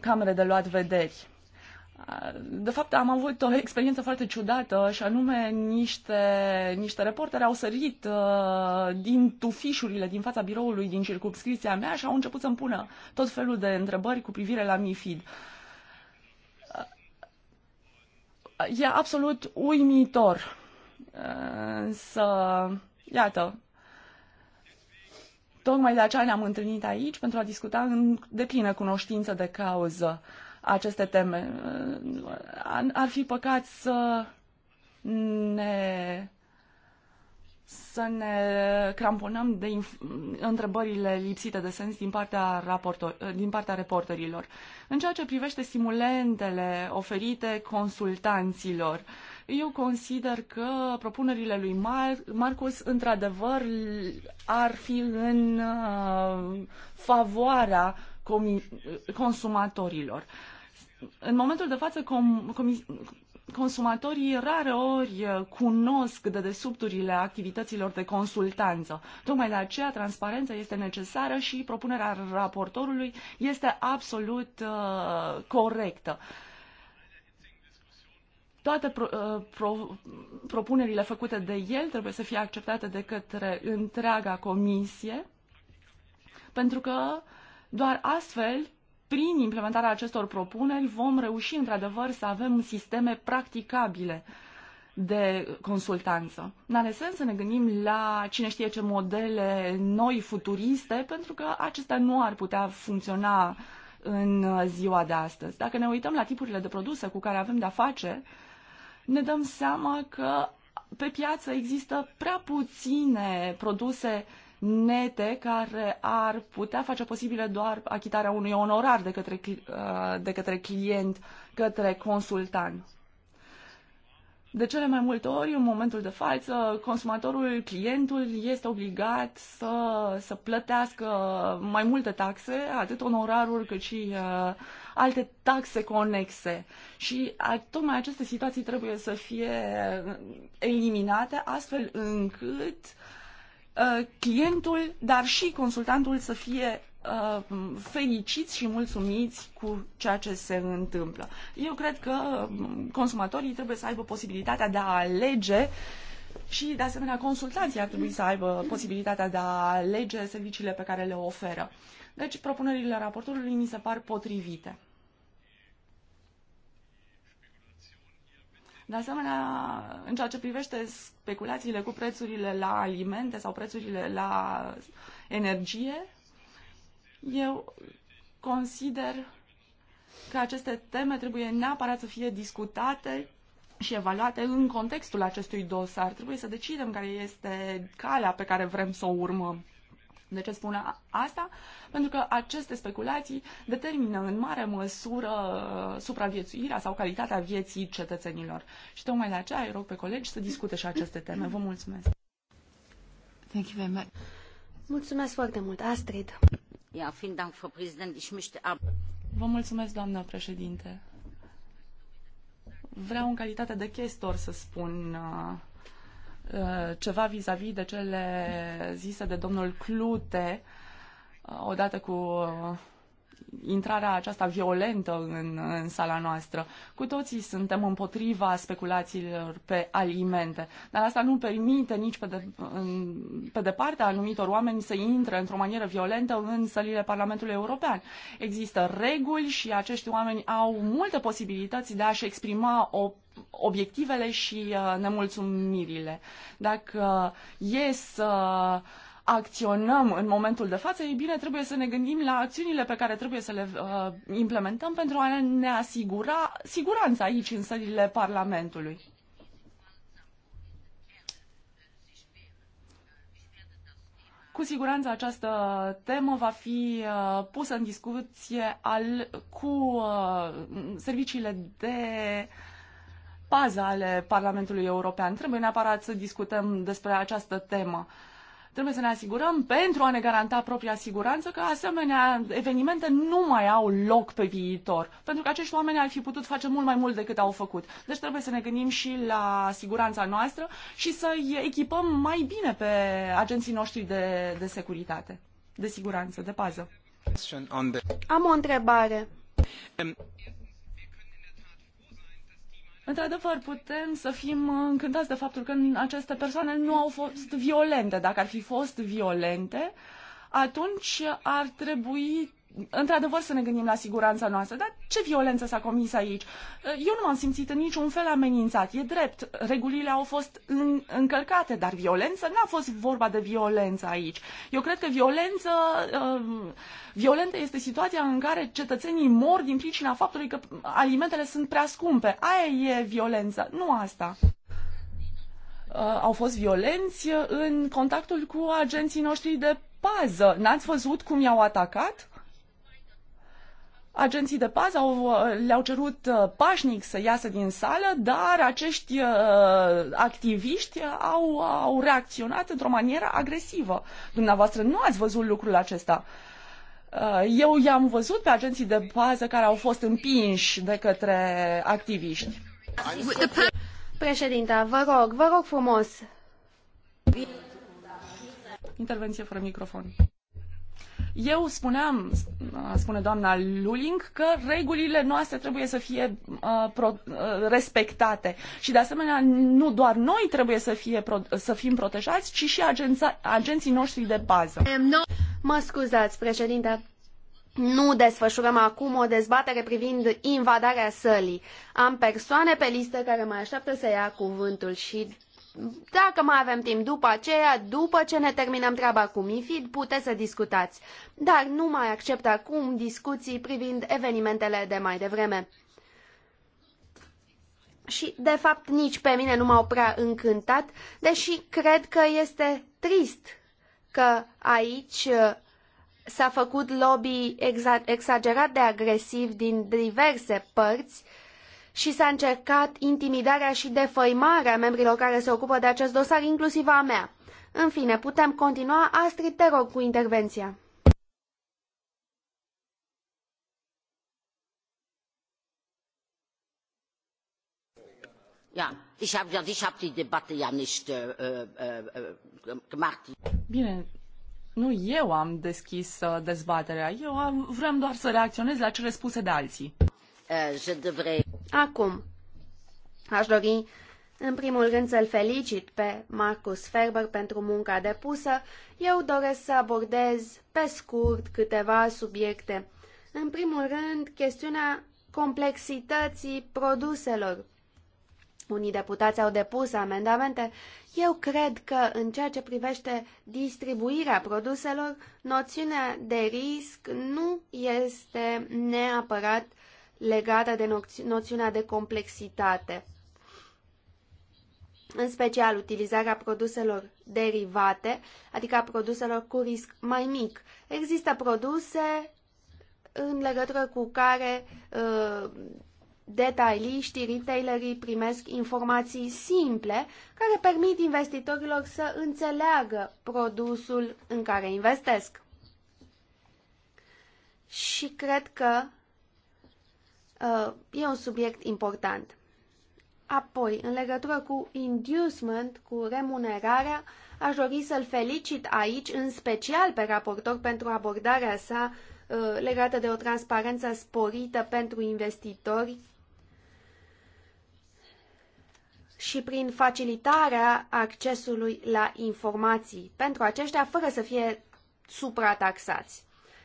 camere de luat vederi. Uh, de fapt, am avut o experiență foarte ciudată și anume niște, niște reporteri au sărit uh, din tufișurile din fața biroului din circumscripția mea și au început să-mi pună tot felul de întrebări cu privire la MIFID. Uh, e absolut uimitor uh, să... Iată, Tocmai de aceea ne-am întâlnit aici pentru a discuta în deplină cunoștință de cauză aceste teme. Ar fi păcat să ne să ne cramponăm de întrebările lipsite de sens din partea, din partea reporterilor. În ceea ce privește simulentele oferite consultanților, uh, eu consider că propunerile lui Mar- Marcus, într-adevăr, ar fi în uh, favoarea consumatorilor. În momentul de față, com- com- consumatorii rareori cunosc de desubturile activităților de consultanță. Tocmai de aceea transparența este necesară și propunerea raportorului este absolut uh, corectă. Uh, toate pro, uh, pro, propunerile făcute de el trebuie să fie acceptate de către întreaga comisie, pentru că doar astfel, prin implementarea acestor propuneri, vom reuși într-adevăr să avem sisteme practicabile de consultanță. În are sens să ne gândim la cine știe ce modele noi, futuriste, pentru că acestea nu ar putea funcționa în ziua de astăzi. Dacă ne uităm la tipurile de produse cu care avem de-a face, uh, ne dăm seama că pe piață există prea puține produse nete care ar putea face posibilă doar achitarea unui onorar de către, uh, de către client, către consultant. De cele mai multe ori, în momentul de față, consumatorul, clientul este obligat să, să plătească mai multe taxe, atât onorarul cât și uh, alte taxe conexe. Și a, tocmai aceste situații trebuie să fie uh, eliminate astfel încât uh, clientul, dar și consultantul să fie uh, fericiți și mulțumiți cu ceea ce se întâmplă. Eu cred că um, consumatorii trebuie să aibă posibilitatea de a alege și, de asemenea, consultanții ar trebui să aibă posibilitatea de a alege serviciile pe care le oferă. Deci, propunerile raportului mi se par potrivite. De asemenea, în ceea ce privește speculațiile cu prețurile la alimente sau prețurile la energie, eu consider că aceste teme trebuie neapărat să fie discutate și evaluate în contextul acestui dosar. Trebuie să decidem care este calea pe care vrem să o urmăm. De ce spun asta? Pentru că aceste speculații determină în mare măsură uh, supraviețuirea sau calitatea vieții cetățenilor. Și tocmai de aceea îi rog pe colegi să discute și aceste teme. Vă mulțumesc! Thank you very much. Mulțumesc foarte mult, Astrid. Ja, vielen Dank, Frau Präsident. Ich möchte Vă mulțumesc, doamnă președinte. Vreau în calitate de chestor să spun uh, Uh, ceva vis-a-vis -vis de cele zise de domnul Clute uh, odată cu uh, intrarea aceasta violentă în, în sala noastră. Cu toții suntem împotriva speculațiilor pe alimente, dar asta nu permite nici pe, de, în, pe departe anumitor oameni să intre într-o manieră violentă în sălile Parlamentului European. Există reguli și acești oameni au multe posibilități de a-și exprima o obiectivele și uh, nemulțumirile. Dacă uh, e să uh, acționăm în momentul de față, ei bine, trebuie să ne gândim la acțiunile pe care trebuie să le uh, implementăm pentru a ne asigura siguranța aici, în sările Parlamentului. Cu siguranță această temă va fi uh, pusă în discuție al, cu uh, serviciile de bază ale Parlamentului European. Trebuie neapărat să discutăm despre această temă. Trebuie să ne asigurăm pentru a ne garanta propria siguranță că asemenea evenimente nu mai au loc pe viitor, pentru că acești oameni ar fi putut face mult mai mult decât au făcut. Deci trebuie să ne gândim și la siguranța noastră și să echipăm mai bine pe agenții noștri de, de securitate, de siguranță, de pază. Am o întrebare. Într-adevăr, putem să fim uh, încântați de faptul că aceste persoane nu au fost violente. Dacă ar fi fost violente, atunci ar trebui într-adevăr să ne gândim la siguranța noastră, dar ce violență s-a comis aici? Eu nu m-am simțit în niciun fel amenințat. E drept, regulile au fost în, încălcate, dar violență? N-a fost vorba de violență aici. Eu cred că violență, uh, violentă este situația în care cetățenii mor din pricina faptului că alimentele sunt prea scumpe. Aia e violență, nu asta uh, au fost violenți în contactul cu agenții noștri de pază. N-ați văzut cum i-au atacat? Agenții de pază au, uh, le-au cerut uh, pașnic să iasă din sală, dar acești uh, activiști au, au reacționat într-o manieră agresivă. Dumneavoastră nu ați văzut lucrul acesta. Eu i-am văzut pe agenții de pază care au fost împinși de către activiști. Președinte, vă rog, vă rog frumos. Intervenție fără microfon. Eu spuneam, spune doamna Luling, că regulile noastre trebuie să fie uh, pro, uh, respectate și de asemenea nu doar noi trebuie să, fie pro, să fim protejați, ci și agența, agenții noștri de bază. Mă scuzați, președinte, nu desfășurăm acum o dezbatere privind invadarea sălii. Am persoane pe listă care mai așteaptă să ia cuvântul și dacă mai avem timp după aceea, după ce ne terminăm treaba cu MIFID, puteți să discutați. Dar nu mai accept acum discuții privind evenimentele de mai devreme. Și, de fapt, nici pe mine nu m-au prea încântat, deși cred că este trist că aici uh, s-a făcut lobby exagerat de agresiv din diverse părți și s-a încercat intimidarea și defăimarea membrilor care se ocupă de acest dosar, inclusiv a mea. În fine, putem continua. Astrid, te rog cu intervenția. Bine, nu eu am deschis uh, dezbaterea. Eu am, vreau doar să reacționez la cele spuse de alții. Uh, Acum, aș dori în primul rând să-l felicit pe Marcus Ferber pentru munca depusă. Eu doresc să abordez pe scurt câteva subiecte. În primul rând, chestiunea complexității produselor. Unii deputați au depus amendamente. Eu cred că, în ceea ce privește distribuirea produselor, noțiunea de risc nu este neapărat uh, legată de noți noțiunea de complexitate, în special utilizarea produselor derivate, adică a produselor cu risc mai mic. Există produse în legătură cu care uh, detailiștii, retailerii primesc informații simple care permit investitorilor să înțeleagă produsul în care investesc. Și cred că Uh, e un subiect important. Apoi, în legătură cu inducement, cu remunerarea, aș dori să-l felicit aici, în special pe raportor, pentru abordarea sa uh, legată de o transparență sporită pentru investitori și prin facilitarea accesului la informații pentru aceștia fără să fie suprataxați.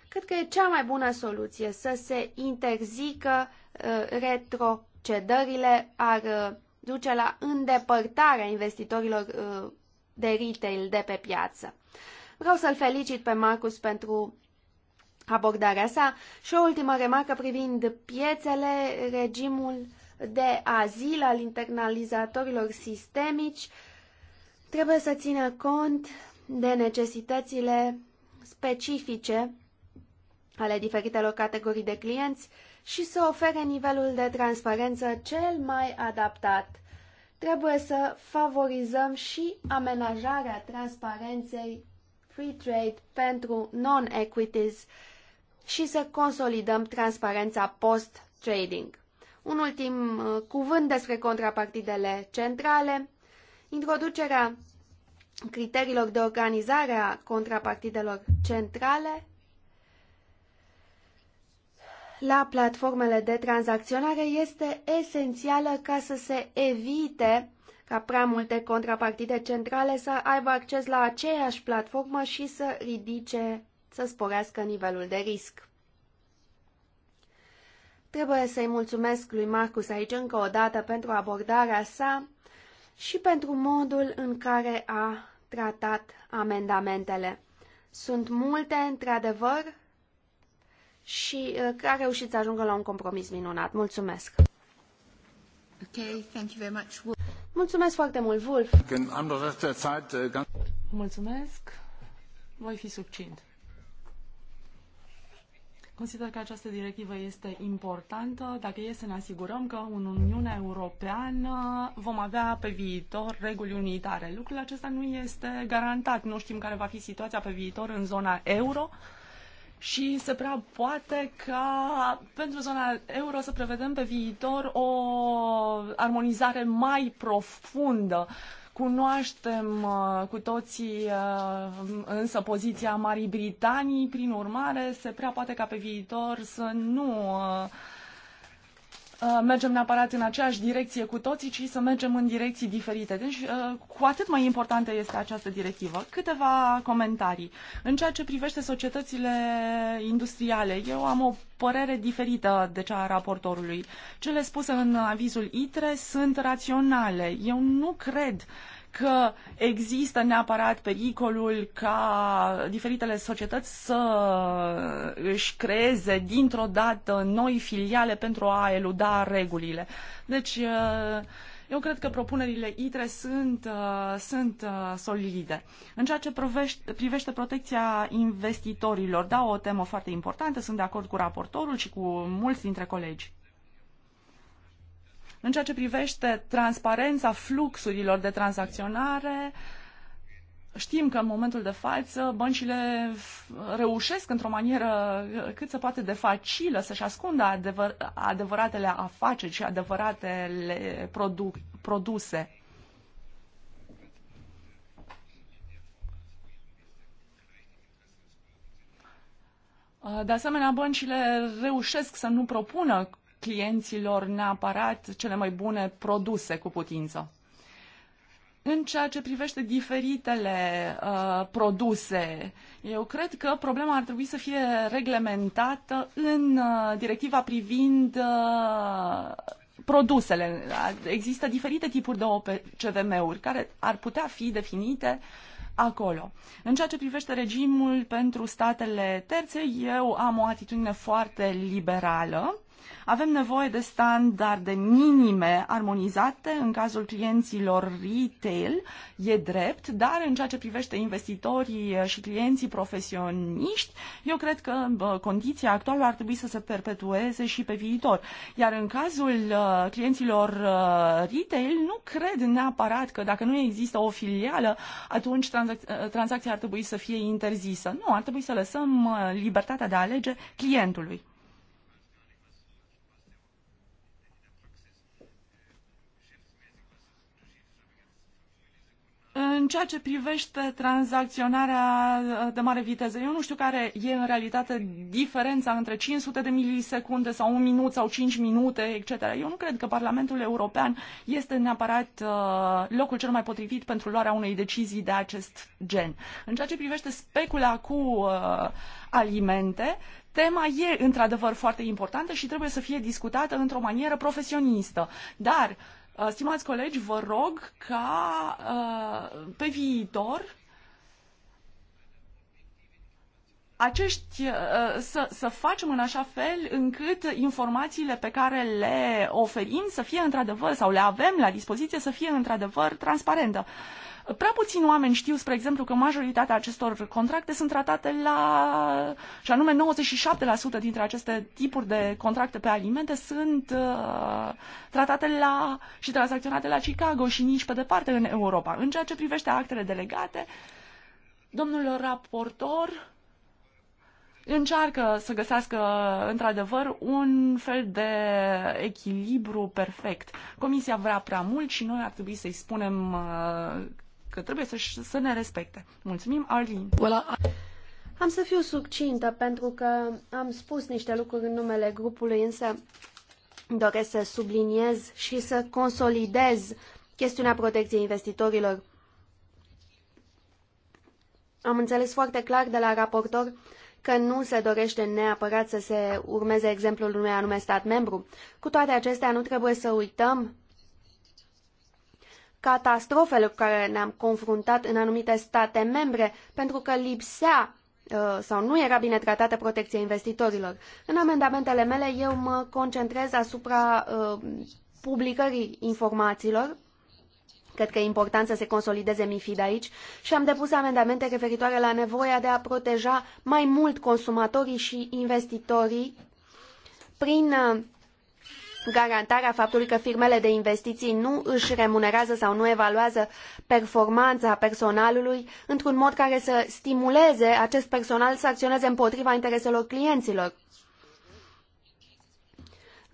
Cred că e cea mai bună soluție să se interzică uh, retrocedările ar uh, duce la îndepărtarea investitorilor uh, de retail de pe piață. Vreau să-l felicit pe Marcus pentru abordarea sa și o ultimă remarcă privind piețele, regimul de azil al internalizatorilor sistemici trebuie să țină cont de necesitățile specifice ale diferitelor categorii de clienți și să ofere nivelul de transparență cel mai adaptat. Trebuie să favorizăm și amenajarea transparenței free trade pentru non-equities și să consolidăm transparența post-trading. Un ultim uh, cuvânt despre contrapartidele centrale. Introducerea criteriilor de organizare a contrapartidelor centrale la platformele de tranzacționare este esențială ca să se evite ca prea multe contrapartide centrale să aibă acces la aceeași platformă și să ridice, să sporească nivelul de risc. Trebuie să-i mulțumesc lui Marcus aici încă o dată pentru abordarea sa și pentru modul în care a tratat amendamentele. Sunt multe, într-adevăr, și uh, că a reușit să ajungă la un compromis minunat. Mulțumesc! Okay, thank you very much. Mulțumesc foarte mult, Wolf! Uh, Mulțumesc! Voi fi succint. Consider că această directivă este importantă dacă e să ne asigurăm că în Uniunea Europeană vom avea pe viitor reguli unitare. Lucrul acesta nu este garantat. Nu știm care va fi situația pe viitor în zona euro, și se prea poate ca pentru zona euro să prevedem pe viitor o armonizare mai profundă. Cunoaștem uh, cu toții uh, însă poziția Marii Britanii, prin urmare se prea poate ca pe viitor să nu uh, Uh, mergem neapărat în aceeași direcție cu toții, ci să mergem în direcții diferite. Deci, uh, cu atât mai importantă este această directivă. Câteva comentarii. În ceea ce privește societățile industriale, eu am o părere diferită de cea a raportorului. Cele spuse în avizul ITRE sunt raționale. Eu nu cred că există neapărat pericolul ca diferitele societăți să își creeze dintr-o dată noi filiale pentru a eluda regulile. Deci, uh, eu cred că propunerile ITRE sunt, uh, sunt uh, solide. În ceea ce privește, privește protecția investitorilor, da, o temă foarte importantă, sunt de acord cu raportorul și cu mulți dintre colegi. În ceea ce privește transparența fluxurilor de tranzacționare, știm că în momentul de față băncile reușesc într-o manieră uh, cât se poate de facilă să-și ascundă adevăr- adevăratele afaceri și adevăratele produ- produse. Uh, de asemenea, băncile reușesc să nu propună clienților neapărat cele mai bune produse cu putință. În ceea ce privește diferitele uh, produse, eu cred că problema ar trebui să fie reglementată în uh, directiva privind uh, produsele. Există diferite tipuri de cvm uri care ar putea fi definite acolo. În ceea ce privește regimul pentru statele terțe, eu am o atitudine foarte liberală avem nevoie de standarde minime armonizate în cazul clienților retail, e drept, dar în ceea ce privește investitorii și clienții profesioniști, eu cred că condiția actuală ar trebui să se perpetueze și pe viitor. Iar în cazul uh, clienților uh, retail, nu cred neapărat că dacă nu există o filială, atunci tranzac- uh, tranzacția ar trebui să fie interzisă. Nu, ar trebui să lăsăm libertatea de a alege clientului. În ceea ce privește tranzacționarea uh, de mare viteză, eu nu știu care e în realitate diferența între 500 de milisecunde sau un minut sau 5 minute, etc. Eu nu cred că Parlamentul European este neapărat uh, locul cel mai potrivit pentru luarea unei decizii de acest gen. În ceea ce privește specula cu uh, alimente, tema e într-adevăr foarte importantă și trebuie să fie discutată într-o manieră profesionistă. Dar Uh, stimați colegi, vă rog ca uh, pe viitor acești, uh, să, să facem în așa fel încât informațiile pe care le oferim să fie într-adevăr sau le avem la dispoziție să fie într-adevăr transparentă. Prea puțini oameni știu, spre exemplu, că majoritatea acestor contracte sunt tratate la, și anume 97% dintre aceste tipuri de contracte pe alimente sunt uh, tratate la și transacționate la Chicago și nici pe departe în Europa. În ceea ce privește actele delegate, domnul raportor încearcă să găsească, într-adevăr, un fel de echilibru perfect. Comisia vrea prea mult și noi ar trebui să-i spunem uh, că trebuie să, să ne respecte. Mulțumim, Arlene! Am să fiu succintă pentru că am spus niște lucruri în numele grupului, însă doresc să subliniez și să consolidez chestiunea protecției investitorilor. Am înțeles foarte clar de la raportor că nu se dorește neapărat să se urmeze exemplul unui anume stat membru. Cu toate acestea, nu trebuie să uităm catastrofele cu care ne-am confruntat în anumite state membre, pentru că lipsea uh, sau nu era bine tratată protecția investitorilor. În amendamentele mele eu mă concentrez asupra uh, publicării informațiilor. Cred că e important să se consolideze MIFID aici și am depus amendamente referitoare la nevoia de a proteja mai mult consumatorii și investitorii prin uh, garantarea faptului că firmele de investiții nu își remunerează sau nu evaluează performanța personalului într-un mod care să stimuleze acest personal să acționeze împotriva intereselor clienților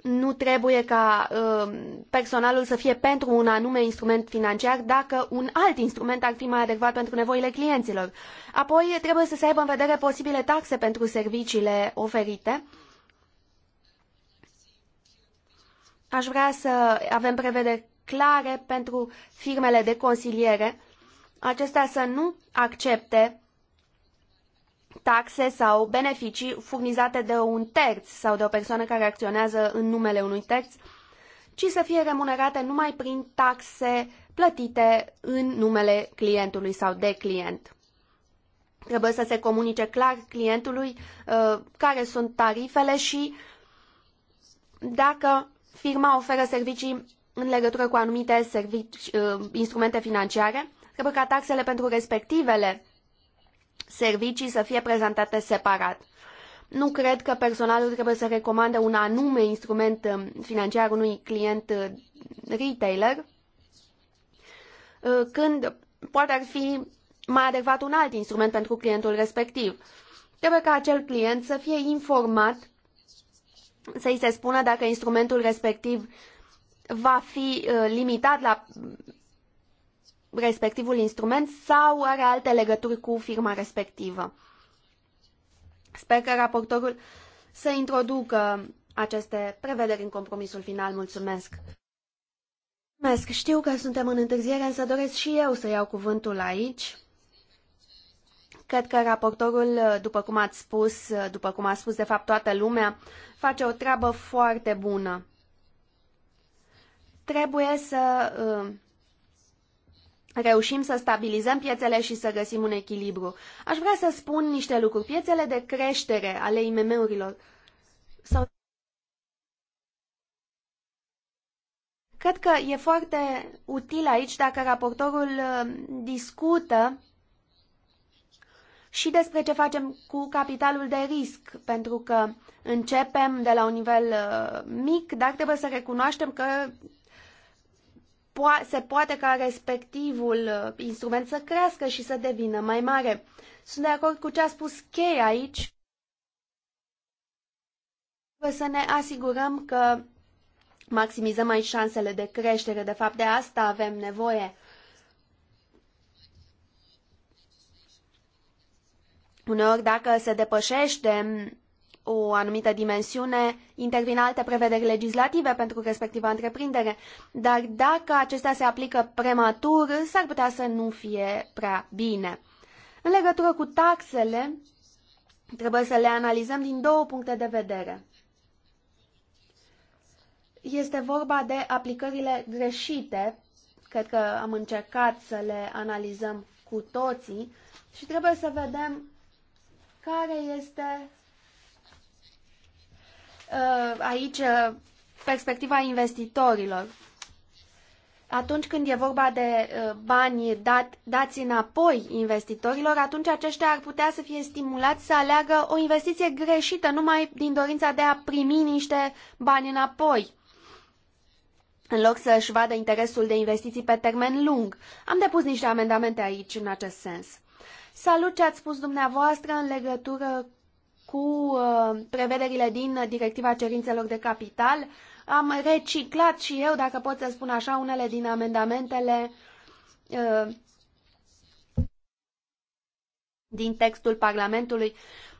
nu trebuie ca uh, personalul să fie pentru un anume instrument financiar dacă un alt instrument ar fi mai adecvat pentru nevoile clienților. Apoi trebuie să se aibă în vedere posibile taxe pentru serviciile oferite Aș vrea să avem prevederi clare pentru firmele de consiliere, acestea să nu accepte taxe sau beneficii furnizate de un terț sau de o persoană care acționează în numele unui terț, ci să fie remunerate numai prin taxe plătite în numele clientului sau de client. Trebuie să se comunice clar clientului uh, care sunt tarifele și dacă firma oferă servicii în legătură cu anumite servici, uh, instrumente financiare, trebuie ca taxele pentru respectivele servicii să fie prezentate separat. Nu cred că personalul trebuie să recomande un anume instrument uh, financiar unui client uh, retailer, când poate ar fi mai adecvat un alt instrument pentru clientul respectiv. Trebuie ca acel client să fie informat să-i se spună dacă instrumentul respectiv va fi uh, limitat la respectivul instrument sau are alte legături cu firma respectivă. Sper că raportorul să introducă aceste prevederi în compromisul final. Mulțumesc! Mulțumesc! Știu că suntem în întârziere, însă doresc și eu să iau cuvântul aici. Cred că raportorul, după cum ați spus, după cum a spus de fapt toată lumea, face o treabă foarte bună. Trebuie să uh, reușim să stabilizăm piețele și să găsim un echilibru. Aș vrea să spun niște lucruri. Piețele de creștere ale IMM-urilor sau Cred că e foarte util aici dacă raportorul uh, discută și despre ce facem cu capitalul de risc, pentru că începem de la un nivel uh, mic, dar trebuie să recunoaștem că se poate ca respectivul uh, instrument să crească și să devină mai mare. Sunt de acord cu ce a spus Chei aici. Trebuie să ne asigurăm că maximizăm aici șansele de creștere. De fapt, de asta avem nevoie. Uneori, dacă se depășește o anumită dimensiune, intervin alte prevederi legislative pentru respectiva întreprindere, dar dacă acestea se aplică prematur, s-ar putea să nu fie prea bine. În legătură cu taxele, trebuie să le analizăm din două puncte de vedere. Este vorba de aplicările greșite, cred că am încercat să le analizăm cu toții și trebuie să vedem care este uh, aici uh, perspectiva investitorilor. Atunci când e vorba de uh, bani dat, dați înapoi investitorilor, atunci aceștia ar putea să fie stimulați să aleagă o investiție greșită, numai din dorința de a primi niște bani înapoi în loc să-și vadă interesul de investiții pe termen lung. Am depus niște amendamente aici în acest sens. Salut ce ați spus dumneavoastră în legătură cu uh, prevederile din Directiva Cerințelor de Capital. Am reciclat și eu, dacă pot să spun așa, unele din amendamentele uh, din textul Parlamentului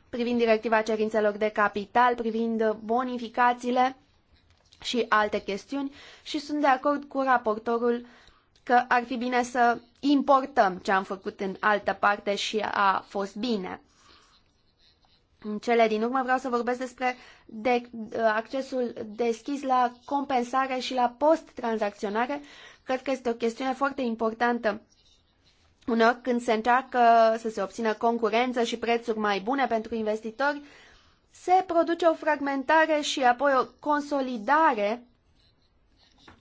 privind Directiva Cerințelor de Capital, privind bonificațiile și alte chestiuni și sunt de acord cu raportorul uh, că ar fi bine să importăm ce am făcut în altă parte și a fost bine. În cele din urmă vreau să vorbesc despre de, accesul deschis la compensare și la post-tranzacționare. Cred că este o chestiune foarte importantă uneori când se încearcă să se obțină concurență și prețuri mai bune pentru investitori, se produce o fragmentare și apoi o consolidare,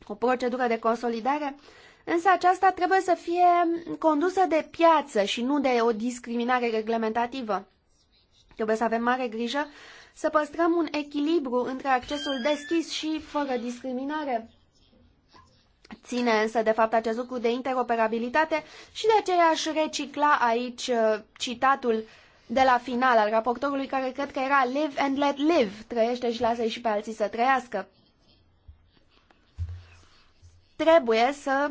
o procedură de consolidare însă aceasta trebuie să fie condusă de piață și nu de o discriminare reglementativă. Trebuie să avem mare grijă să păstrăm un echilibru între accesul deschis și fără discriminare. Ține însă de fapt acest lucru de interoperabilitate și de aceea aș recicla aici uh, citatul de la final al raportorului care cred că era Live and let live, trăiește și lasă și pe alții să trăiască. Trebuie să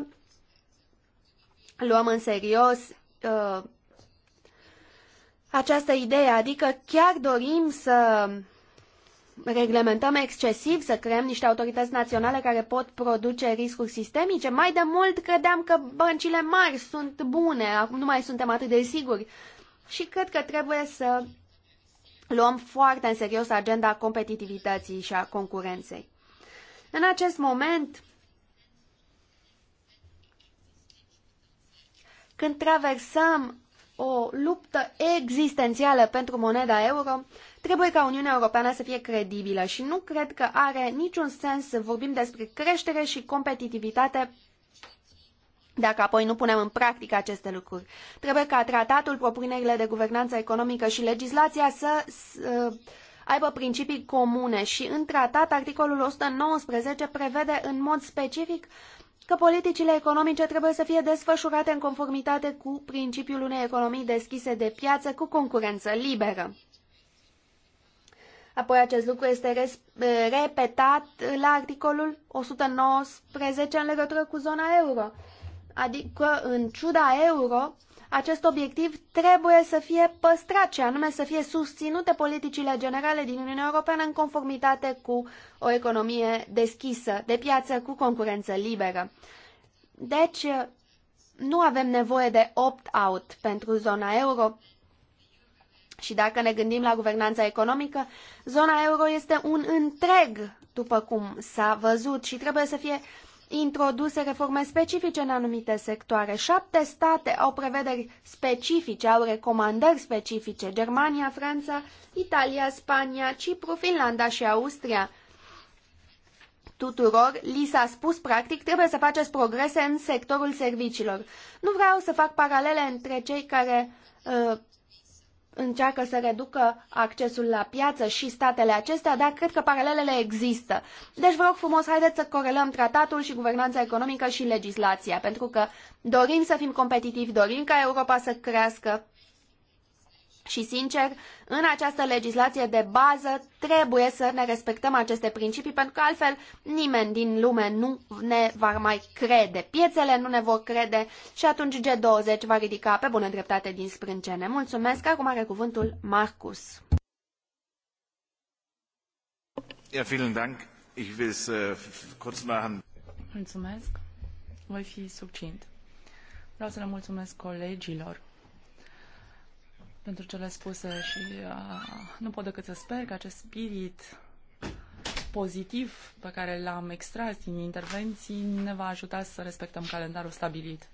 luăm în serios uh, această idee, adică chiar dorim să reglementăm excesiv, să creăm niște autorități naționale care pot produce riscuri sistemice. Mai de mult credeam că băncile mari sunt bune, acum nu mai suntem atât de siguri. Și cred că trebuie să luăm foarte în serios agenda competitivității și a concurenței. În acest moment, Când traversăm o luptă existențială pentru moneda euro, trebuie ca Uniunea Europeană să fie credibilă și nu cred că are niciun sens să vorbim despre creștere și competitivitate dacă apoi nu punem în practică aceste lucruri. Trebuie ca tratatul, propunerile de guvernanță economică și legislația să, să uh, aibă principii comune și în tratat articolul 119 prevede în mod specific că politicile economice trebuie să fie desfășurate în conformitate cu principiul unei economii deschise de piață cu concurență liberă. Apoi acest lucru este repetat la articolul 119 în legătură cu zona euro. Adică, în ciuda euro, acest obiectiv trebuie să fie păstrat și anume să fie susținute politicile generale din Uniunea Europeană în conformitate cu o economie deschisă, de piață cu concurență liberă. Deci, nu avem nevoie de opt-out pentru zona euro, și dacă ne gândim la guvernanța economică, zona euro este un întreg, după cum s-a văzut, și trebuie să fie introduse reforme specifice în anumite sectoare. Șapte state au prevederi specifice, au recomandări specifice. Germania, Franța, Italia, Spania, Cipru, Finlanda și Austria. Tuturor li s-a spus, practic, trebuie să faceți progrese în sectorul serviciilor. Nu vreau să fac paralele între cei care uh, încearcă să reducă accesul la piață și statele acestea, dar cred că paralelele există. Deci vă rog frumos, haideți să corelăm tratatul și guvernanța economică și legislația, pentru că dorim să fim competitivi, dorim ca Europa să crească și, sincer, în această legislație de bază trebuie să ne respectăm aceste principii, pentru că altfel nimeni din lume nu ne va mai crede. Piețele nu ne vor crede și atunci G20 va ridica pe bună dreptate din sprâncene. Mulțumesc, acum are cuvântul Marcus. Ja, vielen Dank. Ich will es äh, kurz machen. Mulțumesc. Voi fi succint. Vreau să le mulțumesc colegilor pentru cele spuse și uh, nu pot decât să sper că acest spirit pozitiv pe care l-am extras din intervenții ne va ajuta să respectăm calendarul stabilit.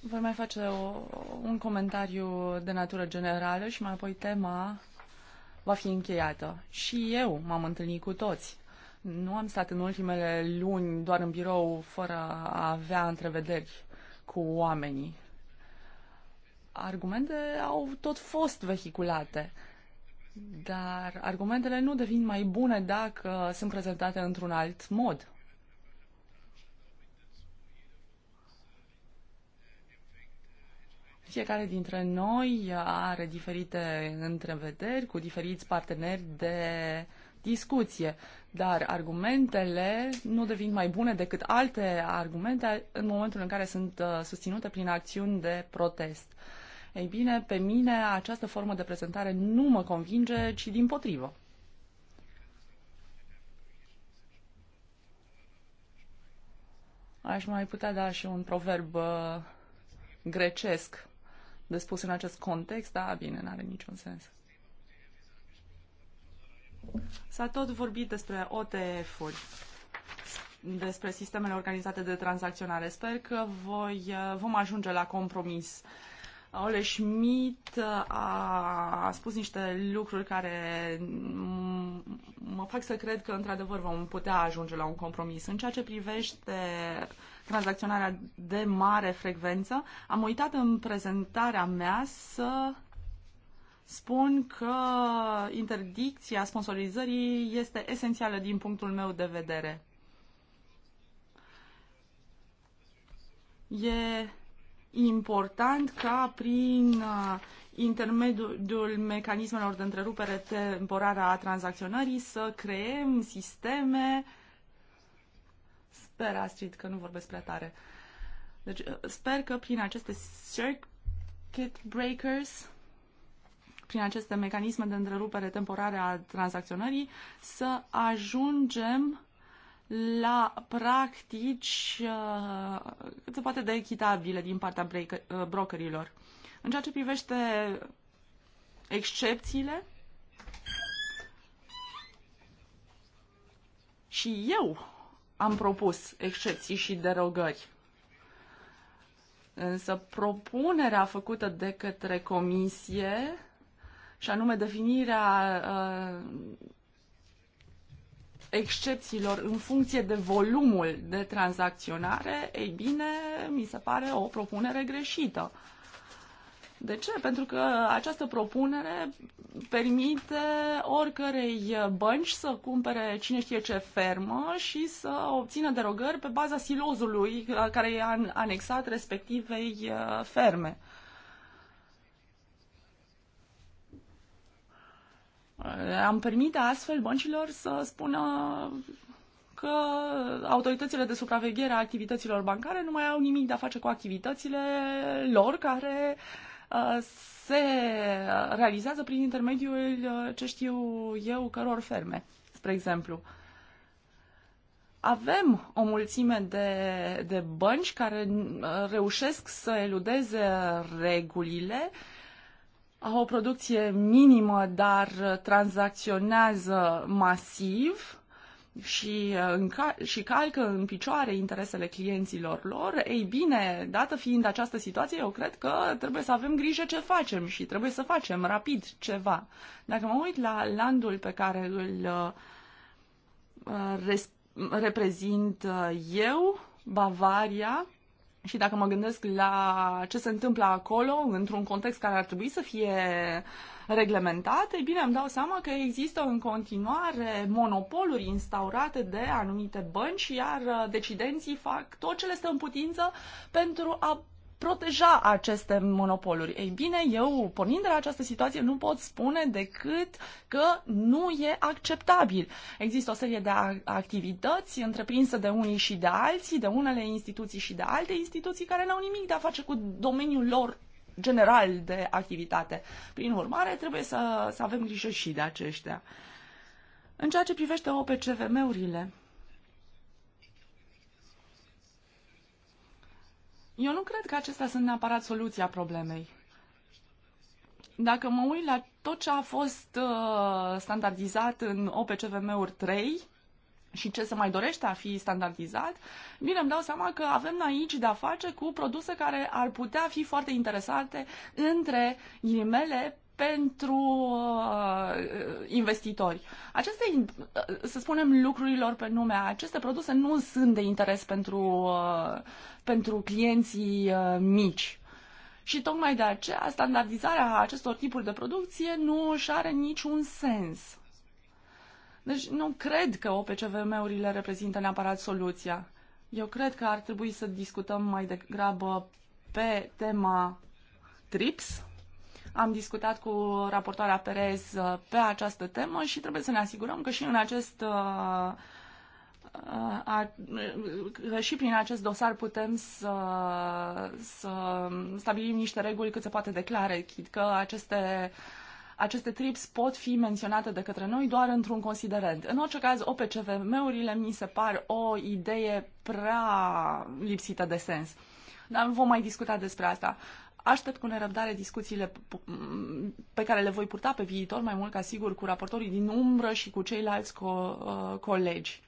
Voi mai face o, un comentariu de natură generală și mai apoi tema va fi încheiată. Și eu m-am întâlnit cu toți. Nu am stat în ultimele luni doar în birou fără a avea întrevederi cu oamenii argumente au tot fost vehiculate. Dar argumentele nu devin mai bune dacă sunt prezentate într-un alt mod. Fiecare dintre noi are diferite întrevederi cu diferiți parteneri de discuție, dar argumentele nu devin mai bune decât alte argumente în momentul în care sunt uh, susținute prin acțiuni de protest. Uh, ei bine, pe mine această formă de prezentare nu mă convinge, ci din potrivă. Aș mai putea da și un proverb uh, grecesc de spus în acest context, dar bine, n-are niciun sens. S-a tot vorbit despre OTF-uri, despre sistemele organizate de tranzacționare. Sper că voi, uh, vom ajunge la compromis. Ole Schmidt a spus niște lucruri care mă fac să cred că, într-adevăr, vom putea ajunge la un compromis. În ceea ce privește tranzacționarea de mare frecvență, am uitat în prezentarea mea să spun că interdicția sponsorizării este esențială din punctul meu de vedere. E important ca prin uh, intermediul mecanismelor de întrerupere temporară a tranzacționării să creăm sisteme Sper, Astrid, că nu vorbesc prea tare. Deci uh, sper că prin aceste circuit breakers, prin aceste mecanisme de întrerupere temporare a tranzacționării, să ajungem la practici uh, cât se poate de echitabile din partea uh, brokerilor. În ceea ce privește excepțiile, și eu am propus excepții și derogări. Însă propunerea făcută de către comisie, și anume definirea uh, excepțiilor în funcție de volumul de tranzacționare, ei bine, mi se pare o propunere greșită. De ce? Pentru că această propunere permite oricărei bănci să cumpere cine știe ce fermă și să obțină derogări pe baza silozului care e anexat respectivei uh, ferme. Am permite astfel băncilor să spună că autoritățile de supraveghere a activităților bancare nu mai au nimic de a face cu activitățile lor care uh, se realizează prin intermediul, uh, ce știu eu, căror ferme, spre exemplu avem o mulțime de, de bănci care uh, reușesc să eludeze regulile au o producție minimă, dar tranzacționează masiv și, uh, și calcă în picioare interesele clienților lor, ei bine, dată fiind această situație, eu cred că trebuie să avem grijă ce facem și trebuie să facem rapid ceva. Dacă mă uit la landul pe care îl uh, reprezint uh, eu, Bavaria, și dacă mă gândesc la ce se întâmplă acolo, într-un context care ar trebui să fie reglementat, e bine, îmi dau seama că există în continuare monopoluri instaurate de anumite bănci, iar decidenții fac tot ce le stă în putință pentru a proteja aceste monopoluri. Ei bine, eu, pornind de la această situație, nu pot spune decât că nu e acceptabil. Există o serie de activități întreprinse de unii și de alții, de unele instituții și de alte instituții care n-au nimic de a face cu domeniul lor general de activitate. Prin urmare, trebuie să, să avem grijă și de aceștia. În ceea ce privește OPCVM-urile, Eu nu cred că acestea sunt neapărat soluția problemei. Dacă mă uit la tot ce a fost uh, standardizat în OPCVM-uri 3 și ce se mai dorește a fi standardizat, bine, îmi dau seama că avem aici de-a face cu produse care ar putea fi foarte interesate între ghilimele pentru uh, investitori. Aceste, uh, să spunem lucrurilor pe nume, aceste produse nu sunt de interes pentru, uh, pentru clienții uh, mici. Și tocmai de aceea standardizarea acestor tipuri de producție nu își are niciun sens. Deci nu cred că OPCVM-urile reprezintă neapărat soluția. Eu cred că ar trebui să discutăm mai degrabă pe tema TRIPS, am discutat cu raportoarea Perez uh, pe această temă și trebuie să ne asigurăm că și în acest uh, uh, că și prin acest dosar putem să, să stabilim niște reguli cât se poate declare, chid că aceste aceste trips pot fi menționate de către noi doar într-un considerent. În orice caz, OPCVM-urile mi se par o idee prea lipsită de sens. Dar vom mai discuta despre asta. Aștept cu nerăbdare discuțiile pe care le voi purta pe viitor, mai mult ca sigur, cu raportorii din umbră și cu ceilalți co- uh, colegi.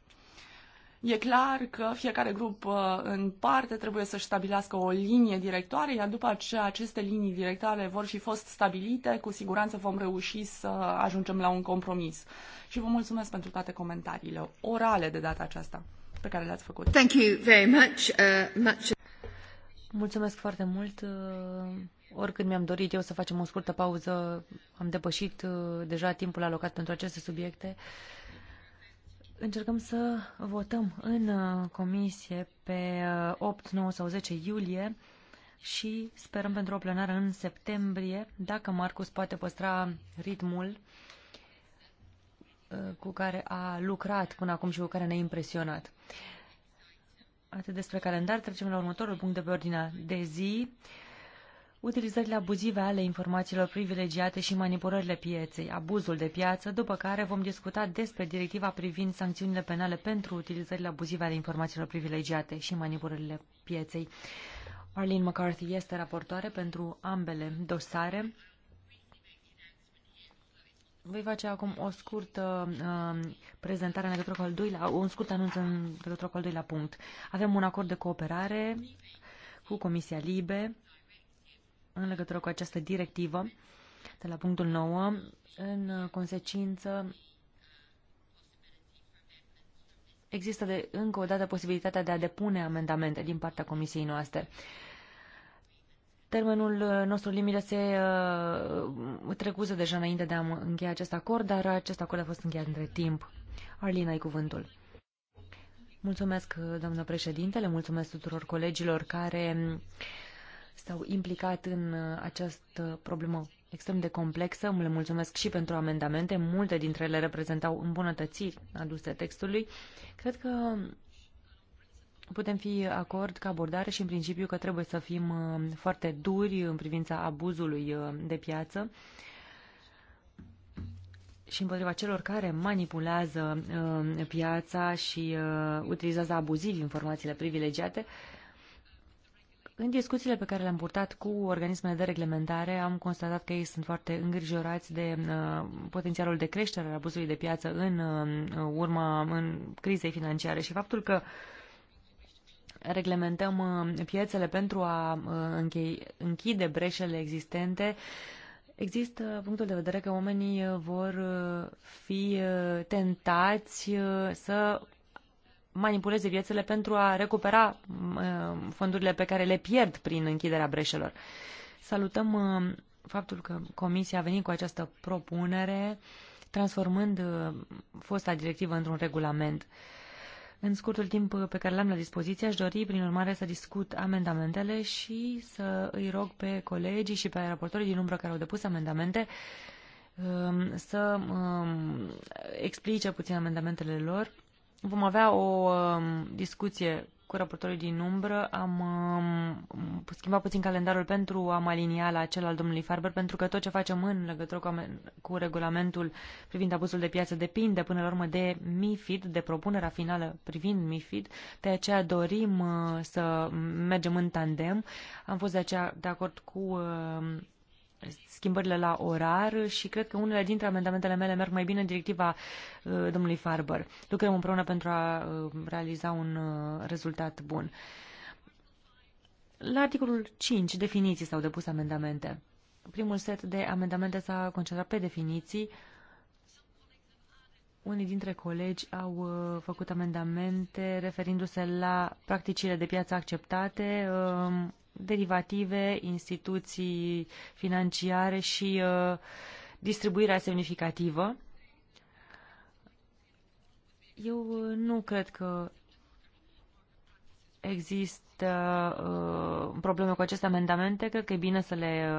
E clar că fiecare grup uh, în parte trebuie să-și stabilească o linie directoare, iar după ce aceste linii directoare vor fi fost stabilite, cu siguranță vom reuși să ajungem la un compromis. Și vă mulțumesc pentru toate comentariile orale de data aceasta pe care le-ați făcut. Thank you very much. Uh, much... Mulțumesc foarte mult. Uh, oricând mi-am dorit eu să facem o scurtă pauză, am depășit uh, deja timpul alocat pentru aceste subiecte. Încercăm să votăm în uh, comisie pe 8, 9 sau 10 iulie și sperăm pentru o plenară în septembrie, dacă Marcus poate păstra ritmul cu care a lucrat până acum și cu care ne-a impresionat. Atât despre calendar, trecem la următorul punct de pe ordinea de zi. Utilizările abuzive ale informațiilor privilegiate și manipulările pieței, abuzul de piață, după care vom discuta despre directiva privind sancțiunile penale pentru utilizările abuzive ale informațiilor privilegiate și manipulările pieței. Arlene McCarthy este raportoare pentru ambele dosare. Voi face acum o scurtă uh, prezentare în legătură cu al doilea, un scurt anunț în legătură cu al doilea punct. Avem un acord de cooperare cu Comisia Libe în legătură cu această directivă de la punctul 9. În consecință, există de, încă o dată posibilitatea de a depune amendamente din partea Comisiei noastre. Uh, Termenul uh, nostru limită se uh, trecuse deja înainte de a încheia acest acord, dar acest acord a fost încheiat între timp. Arlina, ai cuvântul. Mulțumesc, doamnă președintele, mulțumesc tuturor colegilor care mm, s-au implicat în uh, această problemă extrem de complexă. Le mulțumesc și pentru amendamente. Multe dintre ele reprezentau îmbunătățiri aduse textului. Cred că putem fi acord ca abordare și în principiu că trebuie să fim uh, foarte duri în privința abuzului uh, de piață și împotriva celor care manipulează uh, piața și utilizează abuziv informațiile privilegiate. În discuțiile pe care le-am purtat cu organismele de reglementare, am constatat că ei sunt foarte îngrijorați de potențialul de creștere al abuzului de piață în urma în crizei financiare și faptul că uh, reglementăm uh, piețele pentru a uh, închide breșele existente, există punctul de vedere că oamenii uh, vor fi tentați să manipuleze viețile pentru a recupera fondurile pe care le pierd prin închiderea breșelor. Salutăm faptul că Comisia a venit cu această propunere transformând fosta directivă într-un regulament. Uh, în scurtul timp pe care l-am la dispoziție, aș dori, prin urmare, să discut amendamentele și să îi rog pe colegii și pe raportorii din umbră care au depus amendamente um, să um, explice puțin amendamentele lor. Vom avea o um, discuție cu raportorii din umbră am um, schimbat puțin calendarul pentru a mă alinia la cel al domnului Farber, pentru că tot ce facem în legătură cu, cu regulamentul privind abuzul de piață depinde până la urmă de MIFID, de propunerea finală privind MIFID, de aceea dorim uh, să mergem în tandem. Am fost de aceea de acord cu uh, schimbările la orar și cred că unele dintre amendamentele mele merg mai bine în directiva uh, domnului Farber. Lucrăm împreună pentru a uh, realiza un uh, rezultat bun. La articolul 5, definiții s-au depus amendamente. Primul set de amendamente s-a concentrat pe definiții. Unii dintre colegi au uh, făcut amendamente referindu-se la practicile de piață acceptate, um, derivative, instituții financiare și uh, distribuirea semnificativă. Eu uh, nu cred că există uh, probleme cu aceste amendamente. Cred că e bine să le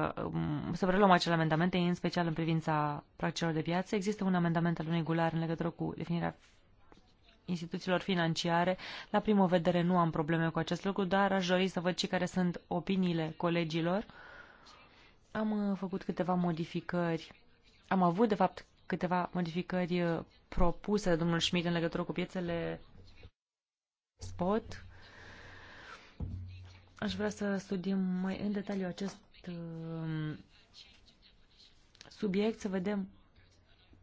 să preluăm acele amendamente, în special în privința practicilor de piață. Există un amendament al unui gular în legătură cu definirea instituțiilor financiare. La primă vedere nu am probleme cu acest lucru, dar aș dori să văd și care sunt opiniile colegilor. Am uh, făcut câteva modificări. Am avut, de fapt, câteva modificări uh, propuse de domnul Schmidt în legătură cu piețele spot. Aș vrea să studiem mai în detaliu acest um, subiect, să vedem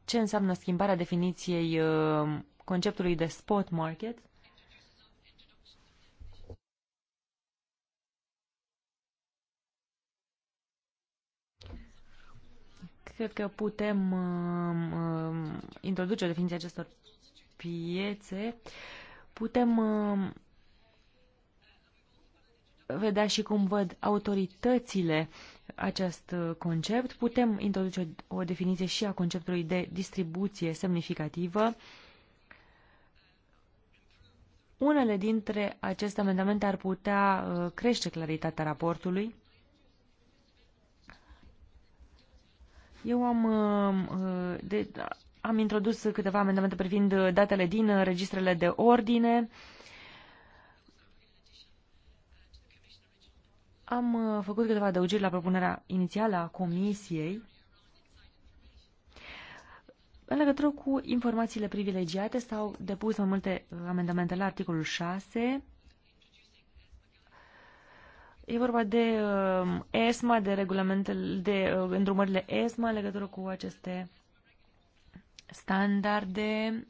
ce înseamnă schimbarea definiției um, conceptului de spot market, cred că putem uh, introduce definiția acestor piețe, putem uh, vedea și cum văd autoritățile acest concept, putem introduce o definiție și a conceptului de distribuție semnificativă, unele dintre aceste amendamente ar putea uh, crește claritatea raportului. Eu am, uh, uh, de, am introdus câteva amendamente privind datele din registrele de ordine. Am făcut câteva adăugiri la propunerea inițială a Comisiei. În legătură cu informațiile privilegiate s-au depus mai multe uh, amendamente la articolul 6. E vorba de uh, ESMA, de regulamentele, de uh, îndrumările ESMA în legătură cu aceste standarde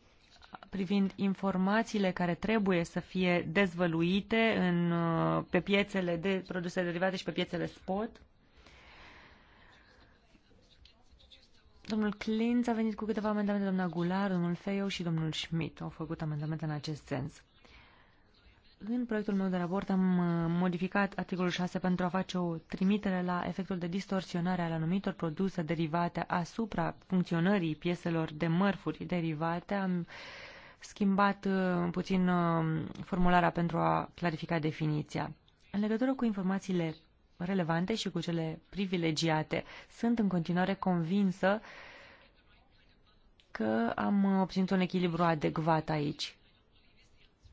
privind informațiile care trebuie să fie dezvăluite în, uh, pe piețele de produse derivate și pe piețele spot. Domnul Clint a venit cu câteva amendamente, doamna Gular, domnul Feiu și domnul Schmidt au făcut amendamente în acest sens. În proiectul meu de raport am uh, modificat articolul 6 pentru a face o trimitere la efectul de distorsionare al anumitor produse derivate asupra funcționării pieselor de mărfuri derivate. Am schimbat uh, puțin uh, formularea pentru a clarifica definiția. În legătură cu informațiile relevante și cu cele privilegiate. Sunt în continuare convinsă că am obținut un echilibru adecvat aici.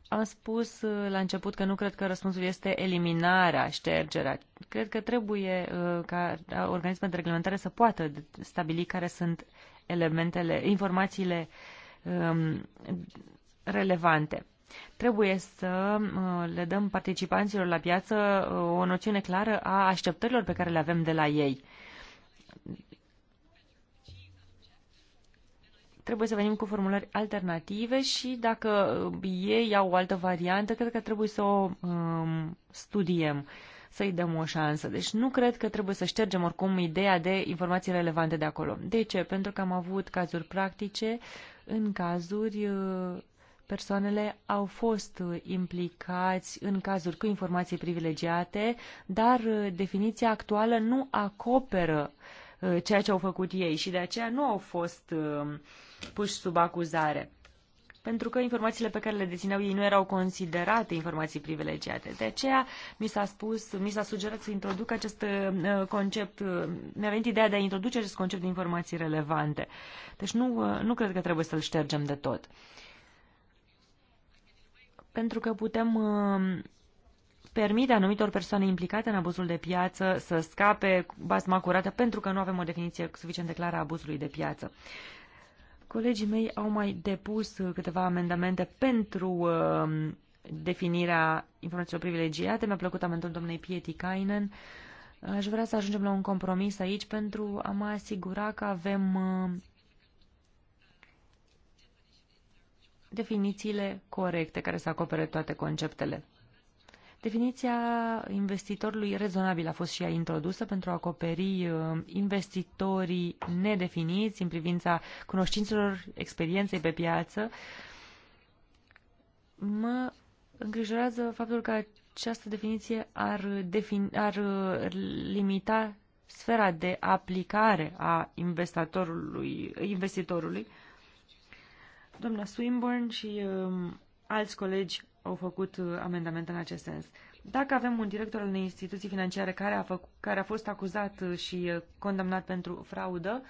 Am spus la început că nu cred că răspunsul este eliminarea, ștergerea. Cred că trebuie uh, ca organismele de reglementare să poată stabili care sunt elementele, informațiile um, relevante. Trebuie să uh, le dăm participanților la piață uh, o noțiune clară a așteptărilor pe care le avem de la ei. Trebuie să venim cu formulări alternative și dacă uh, ei au o altă variantă, cred că trebuie să o um, studiem să-i dăm o șansă. Deci nu cred că trebuie să ștergem oricum ideea de informații relevante de acolo. De ce? Pentru că am avut cazuri practice în cazuri persoanele au fost uh, implicați în cazuri cu informații privilegiate, dar uh, definiția actuală nu acoperă uh, ceea ce au făcut ei și de aceea nu au fost puși sub acuzare. Pentru că informațiile pe care le dețineau ei nu erau considerate informații privilegiate. De aceea mi s-a spus, mi s-a sugerat să introduc acest concept, mi-a venit ideea de a introduce acest concept de informații relevante. Deci nu, nu cred că trebuie să-l ștergem de tot. Uh, pentru că putem uh, permite anumitor persoane implicate în abuzul de piață să scape basma curată pentru că nu avem o definiție suficient de clară a abuzului de piață. Colegii mei au mai depus câteva amendamente pentru uh, definirea informațiilor privilegiate. Mi-a plăcut amendamentul domnei Pieti Kainen. Aș vrea să ajungem la un compromis aici pentru a mă asigura că avem uh, definițiile corecte care să acopere toate conceptele. Definiția investitorului rezonabil a fost și ea introdusă pentru a acoperi uh, investitorii nedefiniți în privința cunoștințelor, experienței pe piață. Mă îngrijorează faptul că această definiție ar, defini- ar uh, limita sfera de aplicare a investitorului, investitorului Doamna Swinburne și um, alți colegi au făcut uh, amendamente în acest sens. Dacă avem un director al unei instituții financiare care a, făcut, care a fost acuzat uh, și uh, condamnat pentru fraudă,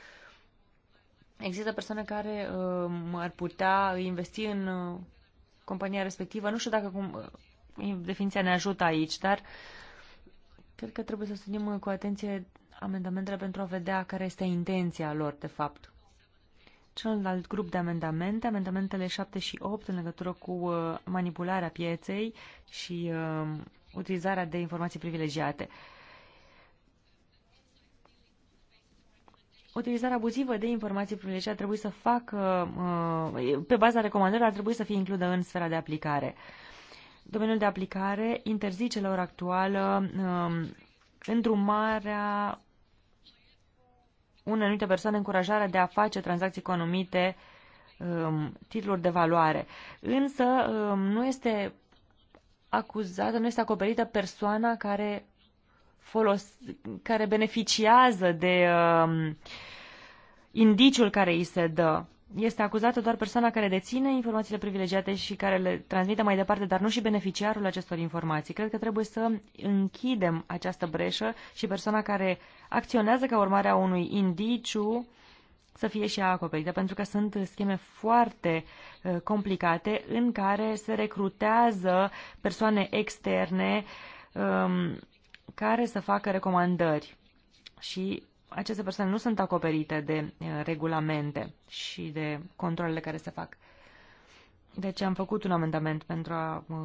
există persoane care uh, ar putea investi în uh, compania respectivă. Nu știu dacă cum, uh, definiția ne ajută aici, dar cred că trebuie să studiem uh, cu atenție amendamentele pentru a vedea care este intenția lor, de fapt. Celălalt grup de amendamente, amendamentele 7 și 8 în legătură cu uh, manipularea pieței și uh, utilizarea de informații privilegiate. Utilizarea abuzivă de informații privilegiate trebuie să facă, uh, pe baza recomandărilor, ar trebui să fie includă în sfera de aplicare. Domeniul de aplicare interzice la ora actuală uh, îndrumarea unele anumite persoane încurajarea de a face tranzacții cu anumite um, titluri de valoare. Însă um, nu este acuzată, nu este acoperită persoana care, folos, care beneficiază de um, indiciul care îi se dă este acuzată doar persoana care deține informațiile privilegiate și care le transmite mai departe, dar nu și beneficiarul acestor informații. Cred că trebuie să închidem această breșă și persoana care acționează ca urmare a unui indiciu să fie și acoperită, pentru că sunt scheme foarte uh, complicate în care se recrutează persoane externe um, care să facă recomandări și aceste persoane nu sunt acoperite de uh, regulamente și de controlele care se fac. Deci am făcut un amendament pentru a uh,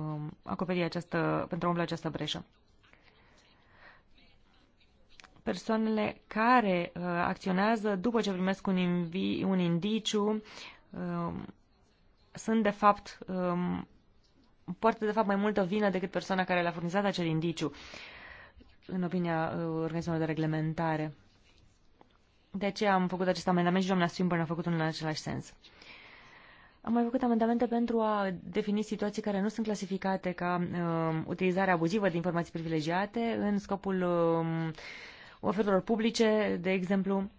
acoperi această, pentru a umple această breșă. Persoanele care uh, acționează după ce primesc un, invi, un indiciu sunt de fapt um, poartă de fapt mai multă vină decât persoana care le-a furnizat acel indiciu, în opinia uh, organismelor de reglementare. De aceea am făcut acest amendament și doamna Swinburne a făcut unul în același sens. Am mai făcut amendamente pentru a defini situații care nu sunt clasificate ca uh, utilizare abuzivă de informații privilegiate în scopul uh, um, ofertelor publice, de exemplu,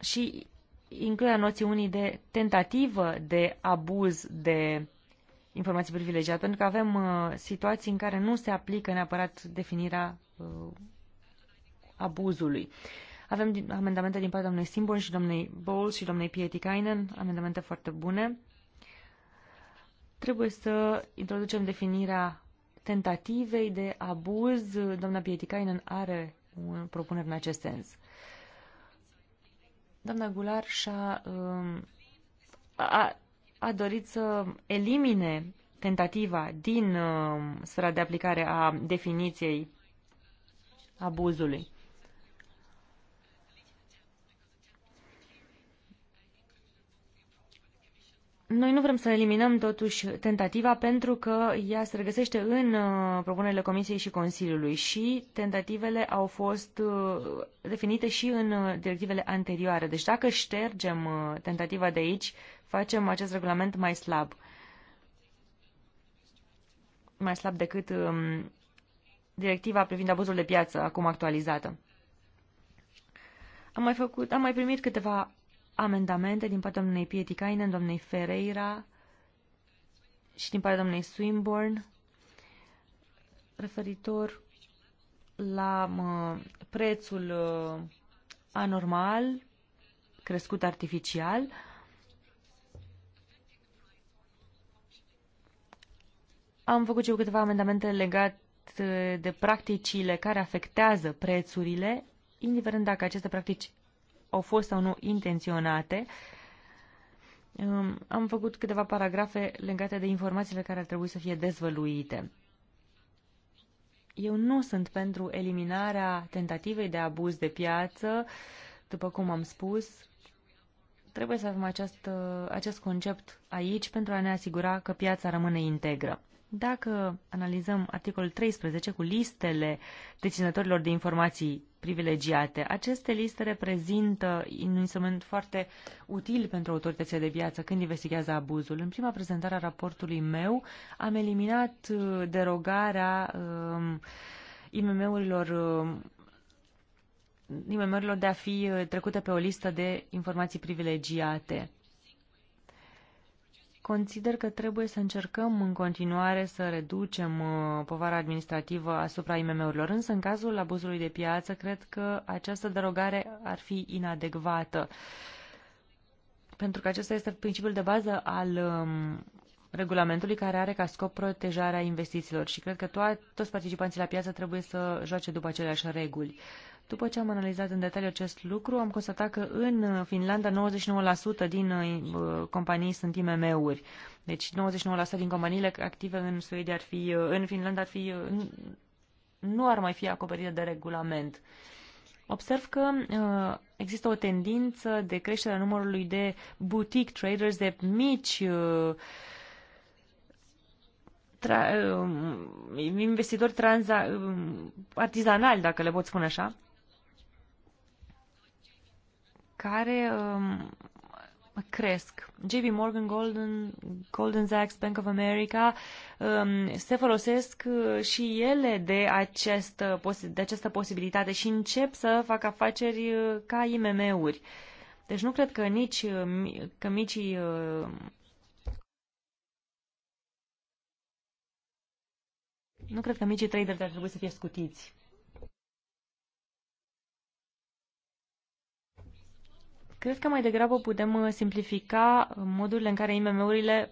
și includerea noțiunii de tentativă de abuz de informații privilegiate, pentru că avem uh, situații în care nu se aplică neapărat definirea uh, abuzului. Uh, avem amendamente din partea domnului Simbon și domnului Bowles și domnului Pietikainen, amendamente foarte bune. Trebuie să introducem definirea tentativei de abuz. Doamna Pietikainen are o propunere în acest sens. Doamna Gular și-a um, a, a dorit să elimine tentativa din um, sfera de aplicare a definiției abuzului. Noi nu vrem să eliminăm totuși tentativa pentru că ea se regăsește în uh, propunerile Comisiei și Consiliului și tentativele au fost uh, definite și în uh, directivele anterioare. Deci dacă ștergem tentativa de aici, facem acest regulament mai slab. Mai slab decât um, directiva privind abuzul de piață, acum actualizată. Am mai, făcut, am mai primit câteva amendamente din partea domnului Pietikainen, domnului Ferreira și din partea domnului Swinburne referitor la prețul uh, anormal crescut artificial Am făcut și eu câteva amendamente legate de practicile care afectează prețurile, indiferent dacă aceste practici au fost sau nu intenționate. Um, am făcut câteva paragrafe legate de informațiile care ar trebui să fie dezvăluite. Eu nu sunt pentru eliminarea tentativei de abuz de piață, după cum am spus. Trebuie să avem acest, acest concept aici pentru a ne asigura că piața rămâne integră. Dacă analizăm articolul 13 cu listele deținătorilor de informații privilegiate, aceste liste reprezintă un instrument foarte util pentru autoritățile de viață când investigează abuzul. În prima prezentare a raportului meu am eliminat uh, derogarea um, IMM-urilor um, de a fi uh, trecute pe o listă de informații privilegiate. Consider că trebuie să încercăm în continuare să reducem uh, povara administrativă asupra IMM-urilor, însă în cazul abuzului de piață cred că această derogare ar fi inadecvată, pentru că acesta este principiul de bază al um, regulamentului care are ca scop protejarea investițiilor și cred că to- toți participanții la piață trebuie să joace după aceleași reguli. După ce am analizat în detaliu acest lucru, am constatat că în Finlanda 99% din uh, companii sunt IMM-uri. Deci 99% din companiile active în Suedia ar fi, uh, în Finlanda ar fi, uh, nu ar mai fi acoperite de regulament. Observ că uh, există o tendință de creștere a numărului de boutique traders, de mici uh, tra- uh, investitori uh, artizanali, dacă le pot spune așa, care um, cresc. JP Morgan, Golden, Golden Sachs, Bank of America um, se folosesc uh, și ele de această, de această posibilitate și încep să facă afaceri uh, ca IMM-uri. Deci nu cred că nici uh, că micii nu cred că micii trader ar trebui să fie scutiți. Cred că mai degrabă putem uh, simplifica uh, modurile în care IMM-urile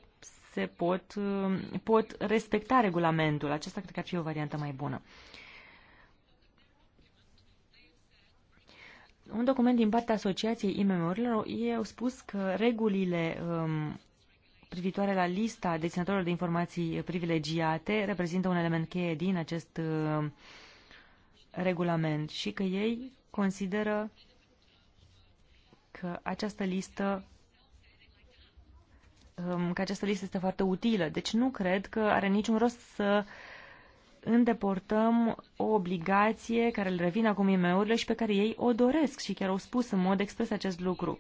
se pot, uh, pot respecta regulamentul. Acesta cred că ar fi o variantă mai bună. Un document din partea Asociației IMM-urilor, au spus că regulile um, privitoare la lista deținătorilor de informații privilegiate reprezintă un element cheie din acest uh, regulament și că ei consideră că această listă um, că această listă este foarte utilă. Deci nu cred că are niciun rost să îndeportăm o obligație care îl revine acum IMM-urile și pe care ei o doresc și chiar au spus în mod expres acest lucru.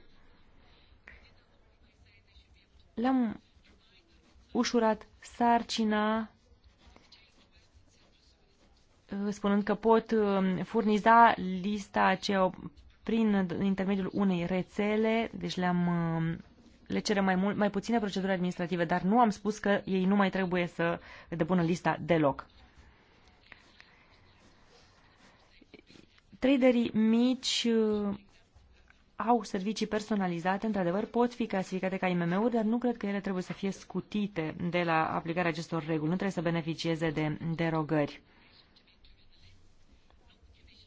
Le-am ușurat sarcina uh, spunând că pot um, furniza lista aceea prin intermediul unei rețele, deci le-am le cerem mai, mult, mai puține proceduri administrative, dar nu am spus că ei nu mai trebuie să depună lista deloc. Traderii mici uh, au servicii personalizate, într-adevăr, pot fi clasificate ca IMM-uri, dar nu cred că ele trebuie să fie scutite de la aplicarea acestor reguli. Nu trebuie să beneficieze de derogări.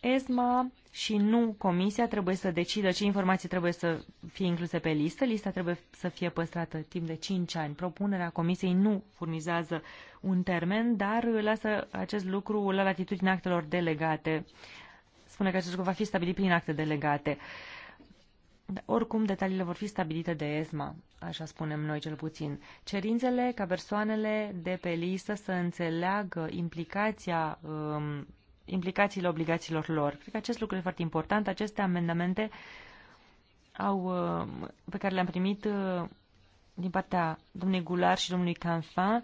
ESMA și nu comisia trebuie să decidă ce informații trebuie să fie incluse pe listă. Lista trebuie să fie păstrată timp de 5 ani. Propunerea comisiei nu furnizează un termen, dar lasă acest lucru la latitudinea actelor delegate. Spune că acest lucru va fi stabilit prin acte delegate. Oricum, detaliile vor fi stabilite de ESMA, așa spunem noi cel puțin. Cerințele ca persoanele de pe listă să înțeleagă implicația um, implicațiile obligațiilor lor. Cred că acest lucru e foarte important. Aceste amendamente au, uh, pe care le-am primit uh, din partea domnului Gular și domnului Canfa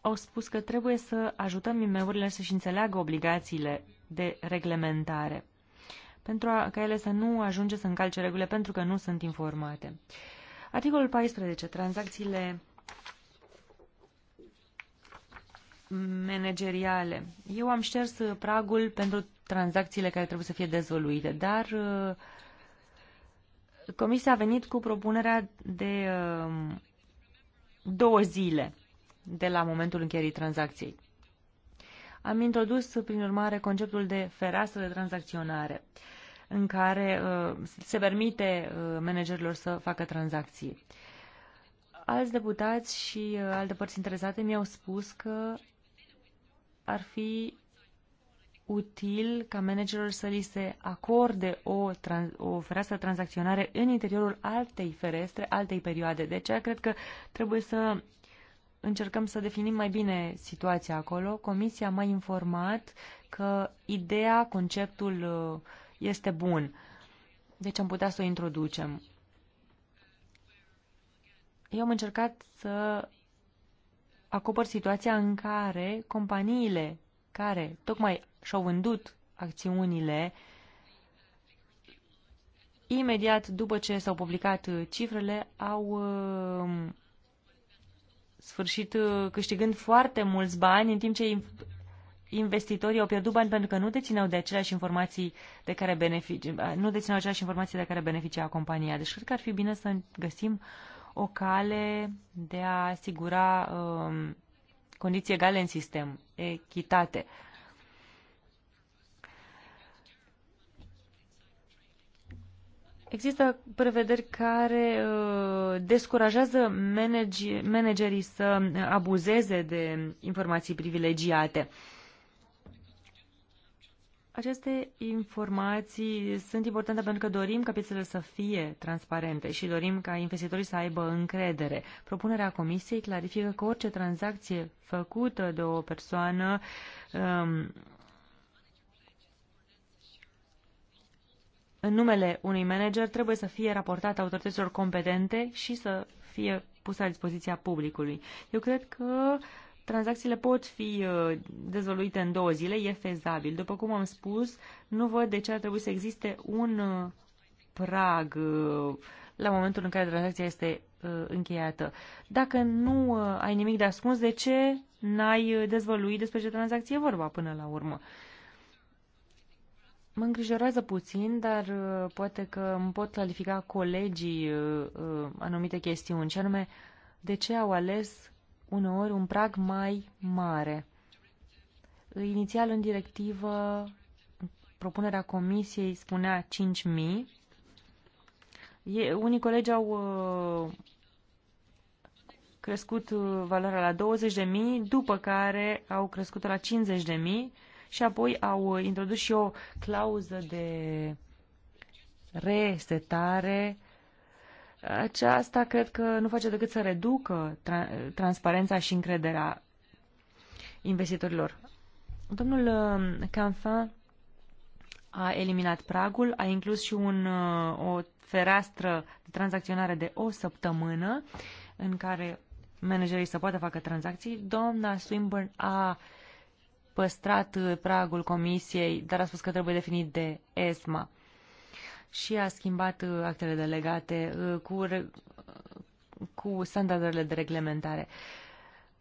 au spus că trebuie să ajutăm imeurile să-și înțeleagă obligațiile de reglementare pentru a, ca ele să nu ajunge să încalce regulile pentru că nu sunt informate. Articolul 14. Tranzacțiile manageriale. Eu am șters uh, pragul pentru tranzacțiile care trebuie să fie dezvoluite, dar uh, Comisia a venit cu propunerea de um, două zile de la momentul încheierii tranzacției. Am introdus, prin urmare, conceptul de fereastră de tranzacționare, în care uh, se permite uh, managerilor să facă tranzacții. Alți deputați și uh, alte părți interesate mi-au spus că ar fi util ca managerul să li se acorde o, o fereastră tranzacționare în interiorul altei ferestre, altei perioade. De aceea cred că trebuie să încercăm să definim mai bine situația acolo. Comisia m-a informat că ideea, conceptul uh, este bun. Deci am putea să o introducem. Eu am încercat să acopăr situația în care companiile care tocmai și-au vândut acțiunile imediat după ce s-au publicat uh, cifrele au uh, sfârșit uh, câștigând foarte mulți bani în timp ce investitorii au pierdut bani pentru că nu dețineau de aceleași informații de care beneficia, nu dețineau aceleași informații de care beneficia compania. Deci cred că ar fi bine să găsim o cale de a asigura um, condiții egale în sistem, echitate. Există prevederi care uh, descurajează manage, managerii să abuzeze de informații privilegiate. Uh, aceste informații sunt importante pentru că dorim ca piețele să fie transparente și dorim ca investitorii să aibă încredere. Propunerea Comisiei clarifică că orice tranzacție făcută de o persoană um, în numele unui manager trebuie să fie raportată autorităților competente și să fie pusă la dispoziția publicului. Eu cred că uh, Tranzacțiile pot fi uh, dezvăluite în două zile, e fezabil. După cum am spus, nu văd de ce ar trebui să existe un uh, prag uh, la momentul în care tranzacția este încheiată. Dacă nu ai nimic de ascuns, de ce n-ai dezvăluit despre ce tranzacție e vorba până la urmă? Mă îngrijorează puțin, dar poate că îmi pot clarifica colegii anumite chestiuni, și anume de ce au ales uneori un prag mai mare. Inițial în directivă, propunerea comisiei spunea 5.000. Unii colegi au uh, crescut uh, valoarea la 20.000, după care au crescut la 50.000 și apoi au uh, introdus și o clauză de resetare aceasta cred că nu face decât să reducă tra transparența și încrederea investitorilor. Domnul um, Canfin a eliminat pragul, a inclus și un, uh, o fereastră de tranzacționare de o săptămână în care managerii să poată facă tranzacții. Doamna Swinburne a păstrat uh, pragul comisiei, dar a spus că trebuie definit de ESMA și a schimbat uh, actele delegate uh, cu, cu standardele de reglementare.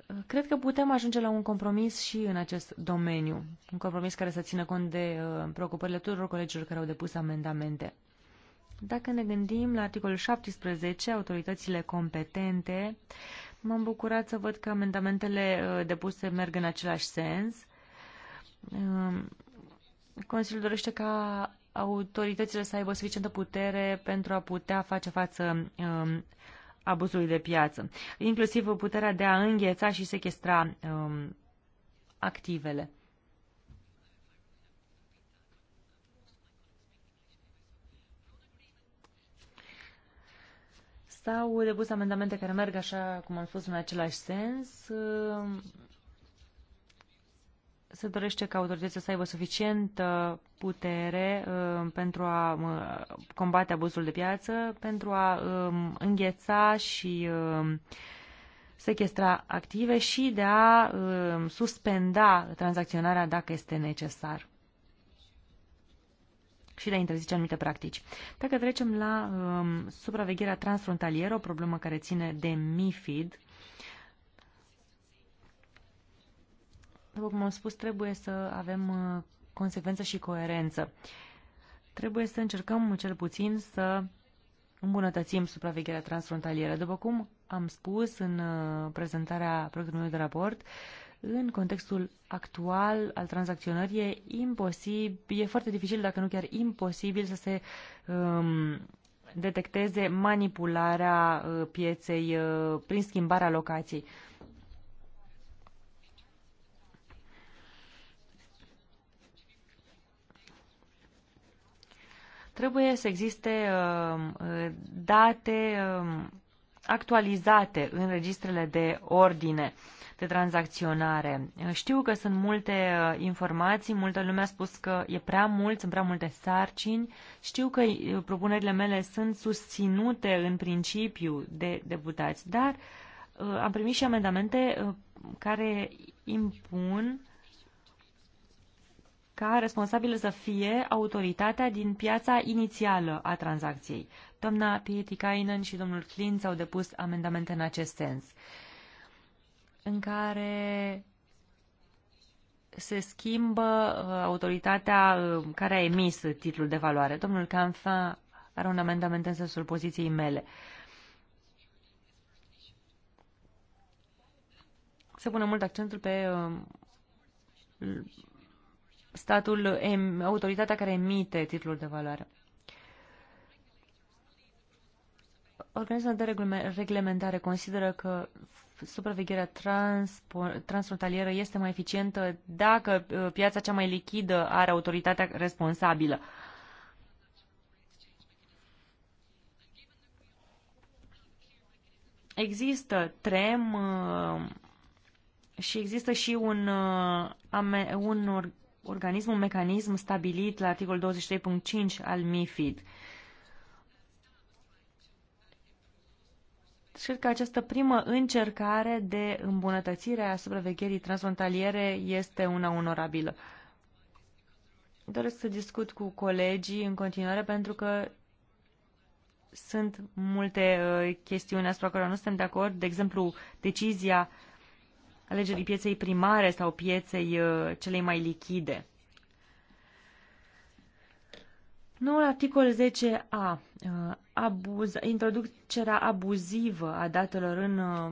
Uh, cred că putem ajunge la un compromis și în acest domeniu, un compromis care să țină cont de preocupările tuturor colegilor care au depus amendamente. Dacă ne gândim la articolul 17, autoritățile competente, m-am bucurat să văd că amendamentele depuse merg în același sens. Consiliul dorește ca autoritățile să aibă suficientă putere pentru a putea face față um, abuzului de piață, inclusiv puterea de a îngheța și sequestra um, activele. S-au depus amendamente care merg, așa cum am spus, în același sens. Um, se dorește ca autoritățile să aibă suficientă putere um, pentru a um, combate abuzul de piață, pentru a um, îngheța și sequestra active și de a suspenda tranzacționarea dacă este necesar și de a interzice anumite practici. Dacă trecem la um, supravegherea transfrontalieră, o problemă care ține de MIFID, După cum am spus, trebuie să avem uh, consecvență și coerență. Trebuie să încercăm cel puțin să îmbunătățim supravegherea transfrontalieră. După cum am spus în uh, prezentarea proiectului de raport, în contextul actual al tranzacționării e imposibil, e foarte dificil, dacă nu chiar imposibil, să se um, detecteze manipularea uh, pieței uh, prin schimbarea locației. Uh, Trebuie să existe um, uh, date um, actualizate în registrele de ordine de tranzacționare. Uh, știu că sunt multe uh, informații, multă lume a spus că e prea mult, sunt prea multe sarcini. Știu că propunerile mele sunt susținute în principiu de deputați, dar am primit și amendamente care impun ca responsabilă să fie autoritatea din piața inițială a tranzacției. Doamna Pietikainen și domnul Clint au depus amendamente în acest sens, în care se schimbă uh, autoritatea uh, care a emis titlul de valoare. Domnul Canfa are un amendament în sensul poziției mele. Se pune mult accentul pe uh, statul, autoritatea care emite titlul de valoare. Organizația de reglementare consideră că supravegherea transfrontalieră este mai eficientă dacă uh, piața cea mai lichidă are autoritatea responsabilă. Există TREM uh, și există și un, uh, un organism, un mecanism stabilit la articolul 23.5 al MIFID. Cred că această primă încercare de îmbunătățire a supravegherii transfrontaliere este una onorabilă. Doresc să discut cu colegii în continuare pentru că sunt multe uh, chestiuni asupra care nu suntem de acord, de exemplu, decizia uh, alegerii pieței primare sau pieței uh, celei mai lichide. Noul articol 10a, uh, abuz, introducerea abuzivă a datelor în uh,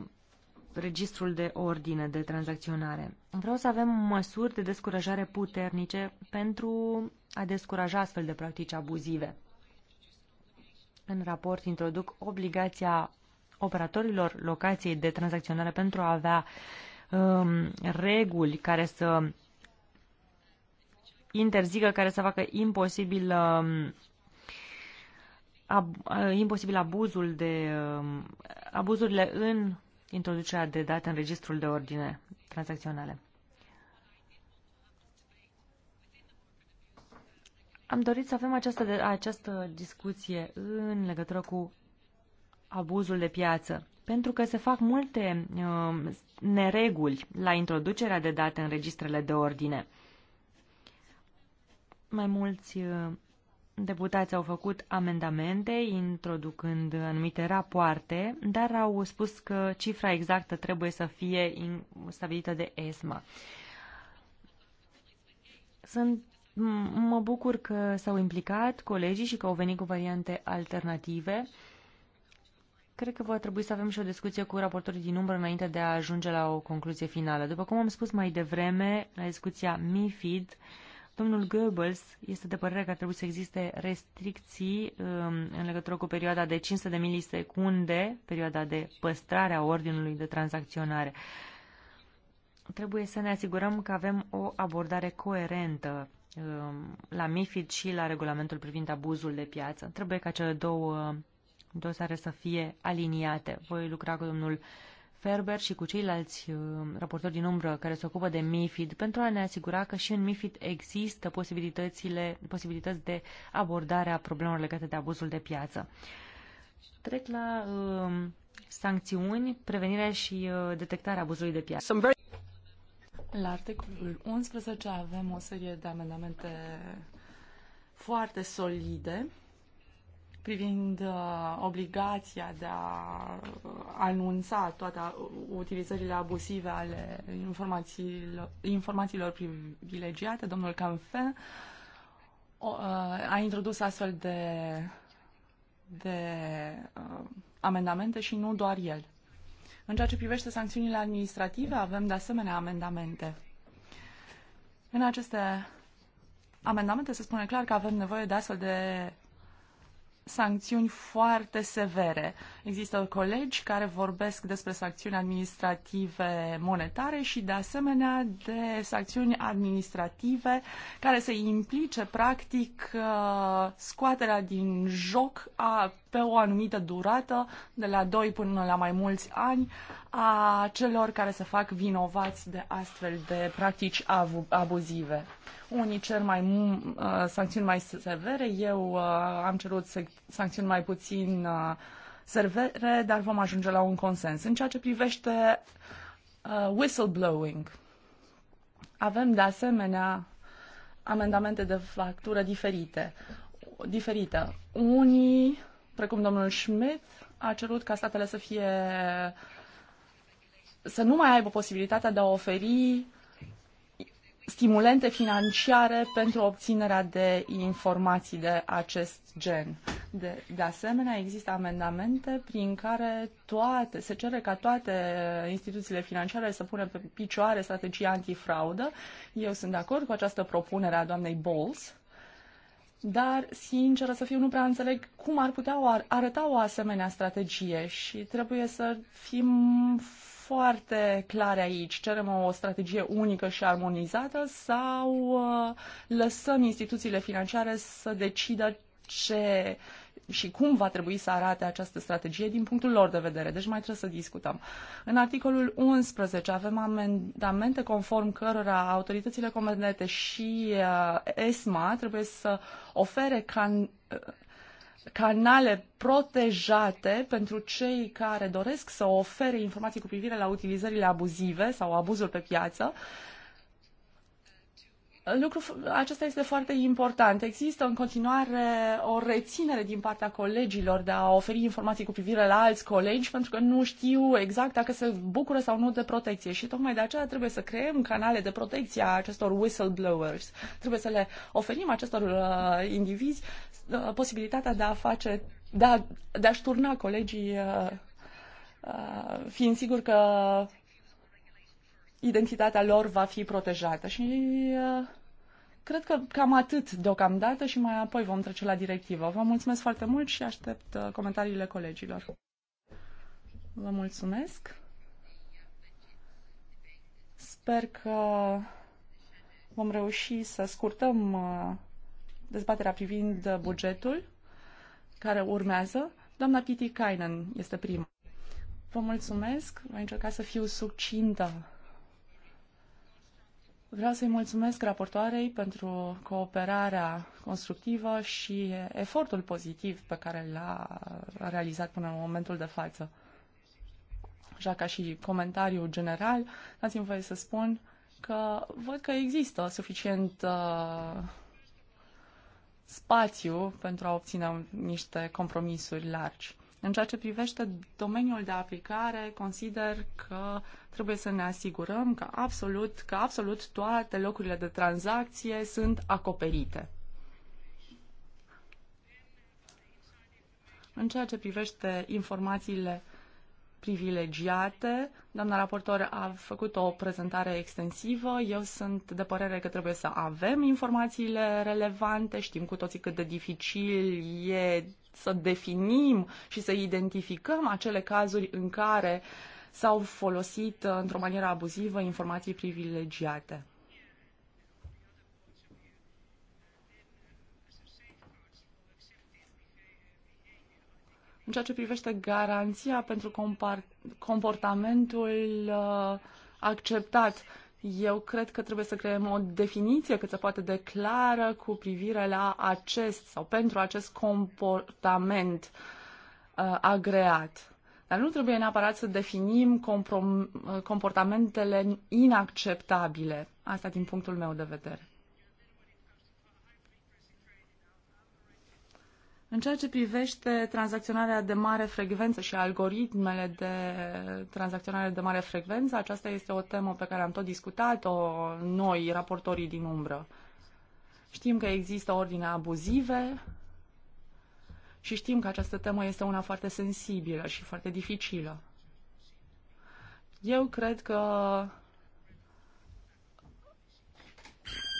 registrul de ordine de tranzacționare. Vreau să avem măsuri de descurajare puternice pentru a descuraja astfel de practici abuzive. În raport introduc obligația operatorilor locației de tranzacționare pentru a avea um, reguli care să interzică, care să facă imposibil, um, ab, uh, imposibil abuzul de um, abuzurile în introducerea de date în registrul de ordine tranzacționale. Am dorit să avem această, această discuție în legătură cu abuzul de piață, pentru că se fac multe uh, nereguli la introducerea de date în registrele de ordine. Mai mulți uh, deputați au făcut amendamente introducând anumite rapoarte, dar au spus că cifra exactă trebuie să fie stabilită de ESMA. Sunt, mă bucur că s-au implicat colegii și că au venit cu variante alternative. Uh, Cred că va trebui să avem și o discuție cu raportorii din umbră înainte de a ajunge la o concluzie finală. După cum am spus mai devreme, la discuția MIFID, domnul Goebbels este de părere că ar trebui să existe restricții um, în legătură cu perioada de 500 de milisecunde, perioada de păstrare a ordinului de tranzacționare. Trebuie să ne asigurăm că avem o abordare coerentă um, la MIFID și la regulamentul privind abuzul de piață. Trebuie ca cele două dosare să fie aliniate. Voi lucra cu domnul Ferber și cu ceilalți uh, raportori din umbră care se ocupă de MIFID pentru a ne asigura că și în MIFID există posibilitățile, posibilități de abordare a problemelor legate de abuzul de piață. Trec la uh, sancțiuni, prevenirea și uh, detectarea abuzului de piață. La articolul 11 avem o serie de amendamente foarte solide privind uh, obligația de a uh, anunța toate uh, utilizările abusive ale informațiilor, informațiilor privilegiate, domnul uh, a introdus astfel de, de amendamente și nu doar el. În ceea ce privește sancțiunile administrative, avem de asemenea amendamente. În aceste amendamente se spune clar că avem nevoie de astfel de sancțiuni foarte severe. Există colegi care vorbesc despre sancțiuni administrative monetare și, de asemenea, de sancțiuni administrative care se implice, practic, uh, scoaterea din joc a pe o anumită durată, de la 2 până la mai mulți ani, a celor care se fac vinovați de astfel de practici abuzive. Unii cer mai uh, sancțiuni mai severe, eu uh, am cerut sancțiuni mai puțin uh, severe, dar vom ajunge la un consens. În ceea ce privește uh, whistleblowing, avem de asemenea amendamente de factură diferite. Diferită. Unii precum domnul Schmidt, a cerut ca statele să fie să nu mai aibă posibilitatea de a oferi stimulente financiare pentru obținerea de informații de acest gen. De, de asemenea, există amendamente prin care toate, se cere ca toate instituțiile financiare să pună pe picioare strategia antifraudă. Eu sunt de acord cu această propunere a doamnei Bowles dar, sinceră să fiu, nu prea înțeleg cum ar putea o arăta o asemenea strategie și trebuie să fim foarte clare aici. Cerem o strategie unică și armonizată sau uh, lăsăm instituțiile financiare să decidă ce și cum va trebui să arate această strategie din punctul lor de vedere. Deci mai trebuie să discutăm. În articolul 11 avem amendamente conform cărora autoritățile comandate și uh, ESMA trebuie să ofere can uh, canale protejate pentru cei care doresc să ofere informații cu privire la utilizările abuzive sau abuzul pe piață Lucru acesta este foarte important. Există în continuare o reținere din partea colegilor de a oferi informații cu privire la alți colegi pentru că nu știu exact dacă se bucură sau nu de protecție și tocmai de aceea trebuie să creăm canale de protecție a acestor whistleblowers. Trebuie să le oferim acestor uh, indivizi uh, posibilitatea de a face, de, a, de a-și turna colegii uh, uh, fiind sigur că identitatea lor va fi protejată și uh, Cred că cam atât deocamdată și mai apoi vom trece la directivă. Vă mulțumesc foarte mult și aștept uh, comentariile colegilor. Vă mulțumesc. Sper că vom reuși să scurtăm uh, dezbaterea privind bugetul care urmează. Doamna Piti Kainen este prima. Vă mulțumesc. Voi încerca să fiu succintă Vreau să-i mulțumesc raportoarei pentru cooperarea constructivă și efortul pozitiv pe care l-a realizat până în momentul de față. Așa ca și comentariu general, dați-mi voie să spun că văd că există suficient uh, spațiu pentru a obține niște compromisuri largi. În ceea ce privește domeniul de aplicare, consider că trebuie să ne asigurăm că absolut, că absolut toate locurile de tranzacție sunt acoperite. În ceea ce privește informațiile privilegiate. Doamna raportor a făcut o prezentare extensivă. Eu sunt de părere că trebuie să avem informațiile relevante. Știm cu toții cât de dificil e să definim și să identificăm acele cazuri în care s-au folosit uh, într-o manieră abuzivă informații privilegiate. În ceea ce privește garanția pentru comportamentul uh, acceptat, eu cred că trebuie să creăm o definiție cât se poate de clară cu privire la acest sau pentru acest comportament uh, agreat. Dar nu trebuie neapărat să definim uh, comportamentele inacceptabile. Asta din punctul meu de vedere. În ceea ce privește tranzacționarea de mare frecvență și algoritmele de tranzacționare de mare frecvență, aceasta este o temă pe care am tot discutat-o noi, raportorii din umbră. Știm că există ordine abuzive și știm că această temă este una foarte sensibilă și foarte dificilă. Eu cred că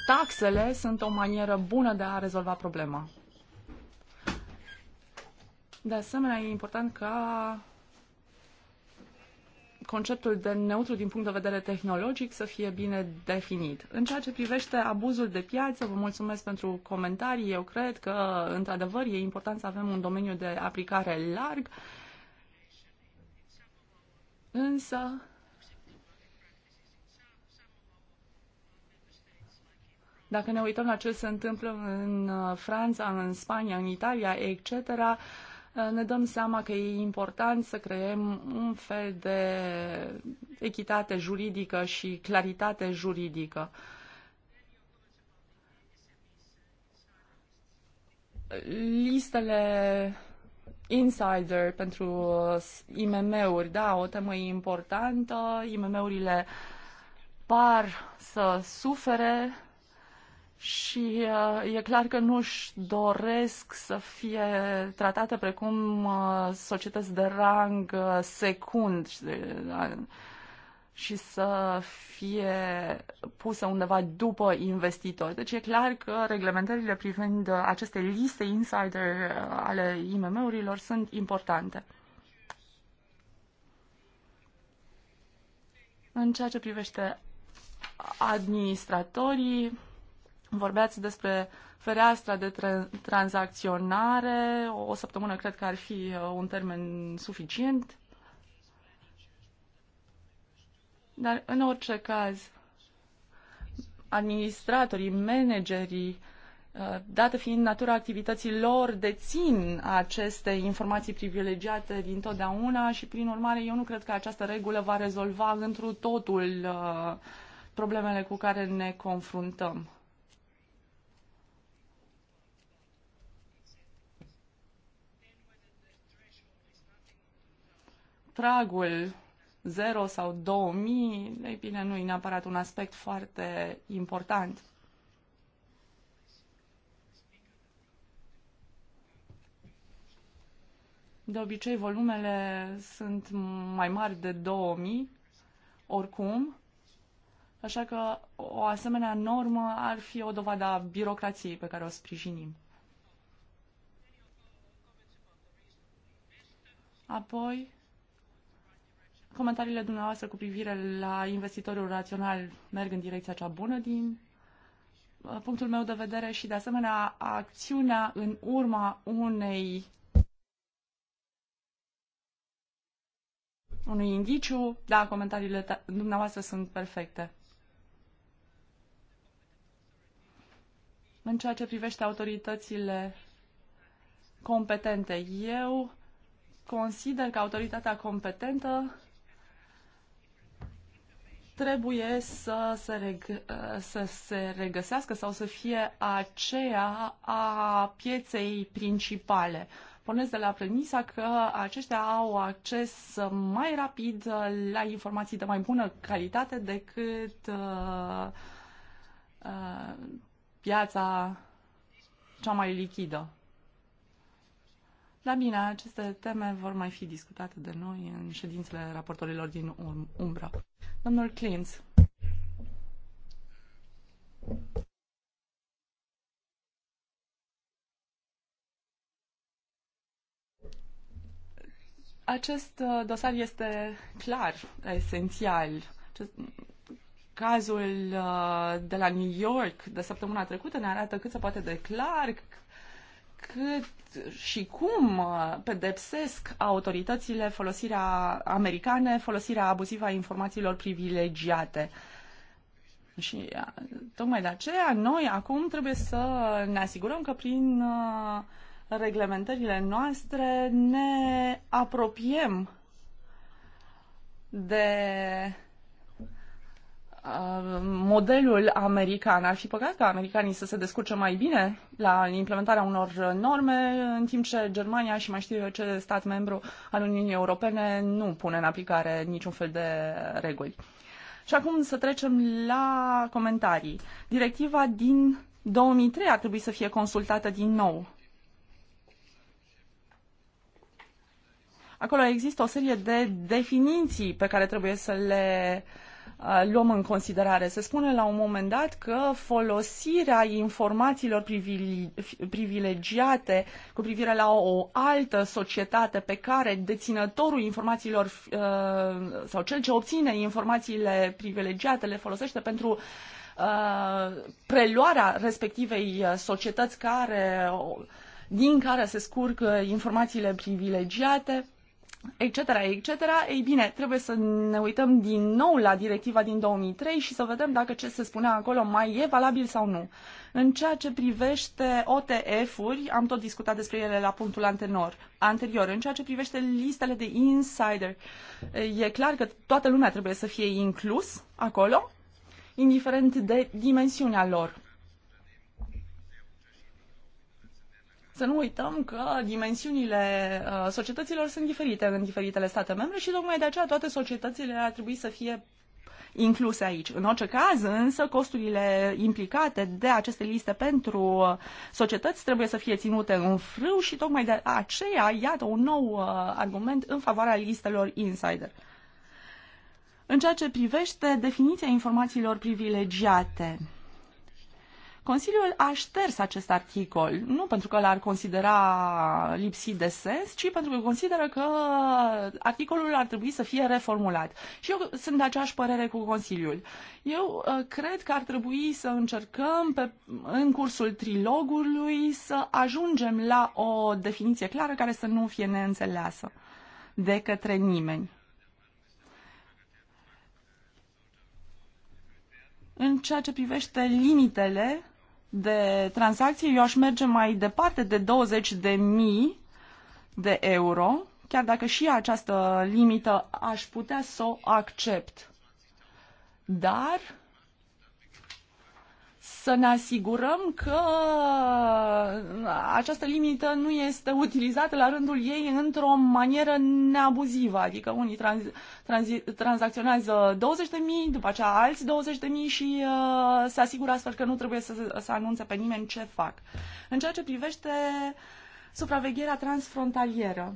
taxele sunt o manieră bună de a rezolva problema. De asemenea, e important ca conceptul de neutru din punct de vedere tehnologic să fie bine definit. În ceea ce privește abuzul de piață, vă mulțumesc pentru comentarii. Eu cred că, într-adevăr, e important să avem un domeniu de aplicare larg, însă Dacă ne uităm la ce se întâmplă în uh, Franța, în Spania, în Italia, etc., Eh, ne dăm seama că e important să creăm un fel de echitate juridică și claritate juridică. Listele insider pentru IMM-uri, da, o temă importantă. IMM-urile par să sufere și uh, e clar că nu își doresc să fie tratate precum uh, societăți de rang uh, secund și să fie pusă undeva după investitori. Deci e clar că reglementările privind aceste liste insider ale IMM-urilor sunt importante. În ceea ce privește administratorii, Vorbeați despre fereastra de tranzacționare, o săptămână cred că ar fi uh, un termen suficient. Dar în orice caz, administratorii, managerii, uh, dată fiind natura activității lor, dețin aceste informații privilegiate din totdeauna și, prin urmare, eu nu cred că această regulă va rezolva întru totul uh, problemele cu care ne confruntăm. pragul 0 sau 2000, ei bine, nu e neapărat un aspect foarte important. De obicei, volumele sunt mai mari de 2000, oricum, așa că o asemenea normă ar fi o dovadă a birocrației pe care o sprijinim. Apoi, Comentariile dumneavoastră cu privire la investitorul rațional merg în direcția cea bună din uh, punctul meu de vedere și, de asemenea, acțiunea în urma unei unui indiciu. Da, comentariile dumneavoastră sunt perfecte. În ceea ce privește autoritățile competente, eu consider că autoritatea competentă trebuie să se, reg- să se regăsească sau să fie aceea a pieței principale. Pornesc de la premisa că aceștia au acces mai rapid la informații de mai bună calitate decât uh, uh, piața cea mai lichidă. La bine, aceste teme vor mai fi discutate de noi în ședințele raportorilor din um-, umbra. Domnul Clintz. Acest uh, dosar este clar, esențial. Cazul uh, de la New York de săptămâna trecută ne arată cât se poate de clar cât și cum uh, pedepsesc autoritățile folosirea americane, folosirea abuzivă a informațiilor privilegiate. Și uh, tocmai de aceea noi acum trebuie să ne asigurăm că prin uh, reglementările noastre ne apropiem de modelul american. Ar fi păcat ca americanii să se descurce mai bine la implementarea unor norme, în timp ce Germania și mai știu eu ce stat membru al Uniunii Europene nu pune în aplicare niciun fel de reguli. Și acum să trecem la comentarii. Directiva din 2003 ar trebui să fie consultată din nou. Acolo există o serie de definiții pe care trebuie să le uh, Uh, luăm în considerare. Se spune la un moment dat că folosirea informațiilor privilegiate cu privire la o altă societate pe care deținătorul informațiilor uh, sau cel ce obține informațiile privilegiate le folosește pentru uh, preluarea respectivei societăți care, din care se scurg informațiile privilegiate, etc., etc., ei bine, trebuie să ne uităm din nou la directiva din 2003 și să vedem dacă ce se spunea acolo mai e valabil sau nu. În ceea ce privește OTF-uri, am tot discutat despre ele la punctul antenor, anterior, în ceea ce privește listele de insider, e clar că toată lumea trebuie să fie inclus acolo, indiferent de dimensiunea lor. Să nu uităm că dimensiunile uh, societăților sunt diferite în diferitele state membre și tocmai de aceea toate societățile ar trebui să fie incluse aici. În orice caz, însă, costurile implicate de aceste liste pentru uh, societăți trebuie să fie ținute în frâu și tocmai de aceea, iată, un nou uh, argument în favoarea listelor insider. În ceea ce privește definiția informațiilor privilegiate, Consiliul a șters acest articol, nu pentru că l-ar considera lipsit de sens, ci pentru că consideră că articolul ar trebui să fie reformulat. Și eu sunt de aceeași părere cu Consiliul. Eu uh, cred că ar trebui să încercăm pe, în cursul trilogului să ajungem la o definiție clară care să nu fie neînțeleasă de către nimeni. În ceea ce privește limitele de tranzacții, eu aș merge mai departe de 20 de mii de euro, chiar dacă și această limită aș putea să o accept. Dar să ne asigurăm că uh, această limită nu este utilizată la rândul ei într-o manieră neabuzivă, adică unii trans, trans, tranzacționează 20.000, după aceea alți 20.000 și uh, se asigură astfel că nu trebuie să, să anunțe pe nimeni ce fac. În ceea ce privește supravegherea transfrontalieră,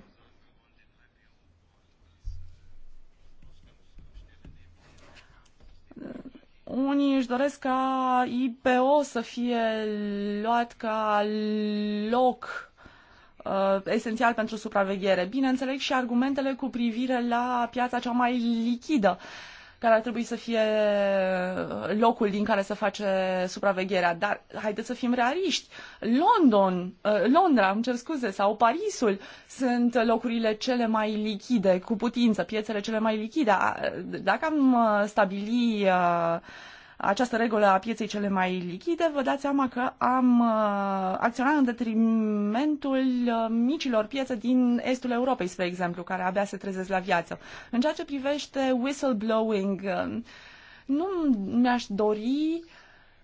unii își doresc ca IPO să fie luat ca loc uh, esențial pentru supraveghere. Bine, înțeleg și argumentele cu privire la piața cea mai lichidă care ar trebui să fie uh, locul din care se face supravegherea. Dar haideți să fim realiști. London, uh, Londra, îmi cer scuze, sau Parisul sunt locurile cele mai lichide, cu putință, piețele cele mai lichide. Dacă am uh, stabilit această regulă a pieței cele mai lichide, vă dați seama că am uh, acționat în detrimentul uh, micilor piețe din estul Europei, spre exemplu, care abia se trezesc la viață. În ceea ce privește whistleblowing, uh, nu mi-aș dori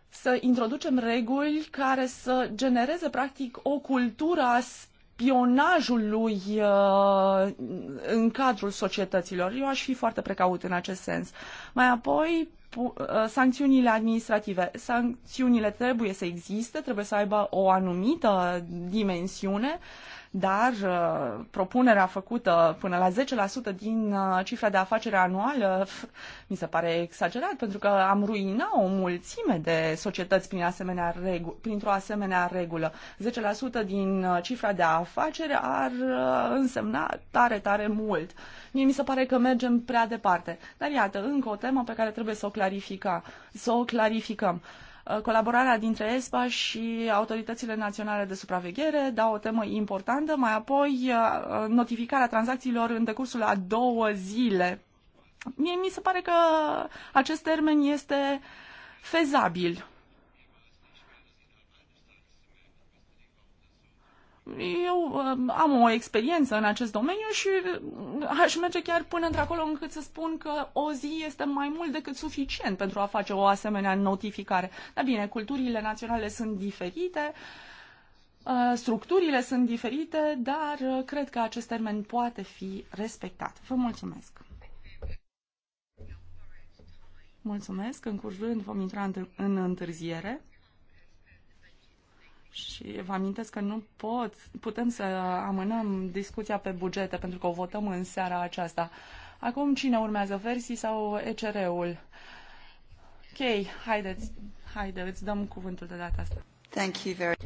să introducem reguli care să genereze, practic, o cultură a spionajului uh, în cadrul societăților. Eu aș fi foarte precaut în acest sens. Mai apoi, Uh, sancțiunile administrative. Sancțiunile trebuie să existe, trebuie să aibă o anumită dimensiune, dar uh, propunerea făcută până la 10% din uh, cifra de afacere anuală mi se pare exagerat, pentru că am ruina o mulțime de societăți prin asemenea regu- printr-o asemenea regulă. 10% din uh, cifra de afacere ar însemna tare, tare mult. Mie mi se pare că mergem prea departe. Dar iată, încă o temă pe care trebuie să o, clarifica, să o clarificăm. Uh, Uh, colaborarea dintre ESPA și autoritățile naționale de supraveghere, da, o temă importantă, mai apoi uh, uh, notificarea tranzacțiilor în decursul a două zile. Mie mi se pare că acest termen este fezabil. eu um, am o experiență în acest domeniu și um, aș merge chiar până într-acolo încât să spun că o zi este mai mult decât suficient pentru a face o asemenea notificare. Dar bine, culturile naționale sunt diferite, uh, structurile sunt diferite, dar uh, cred că acest termen poate fi respectat. Vă mulțumesc! Mulțumesc, în curând vom intra în întârziere. Și vă amintesc că nu pot, putem să amânăm discuția pe bugete, pentru că o votăm în seara aceasta. Acum cine urmează, Versi sau ECR-ul? Ok, haideți, haideți, dăm cuvântul de data asta. Thank you very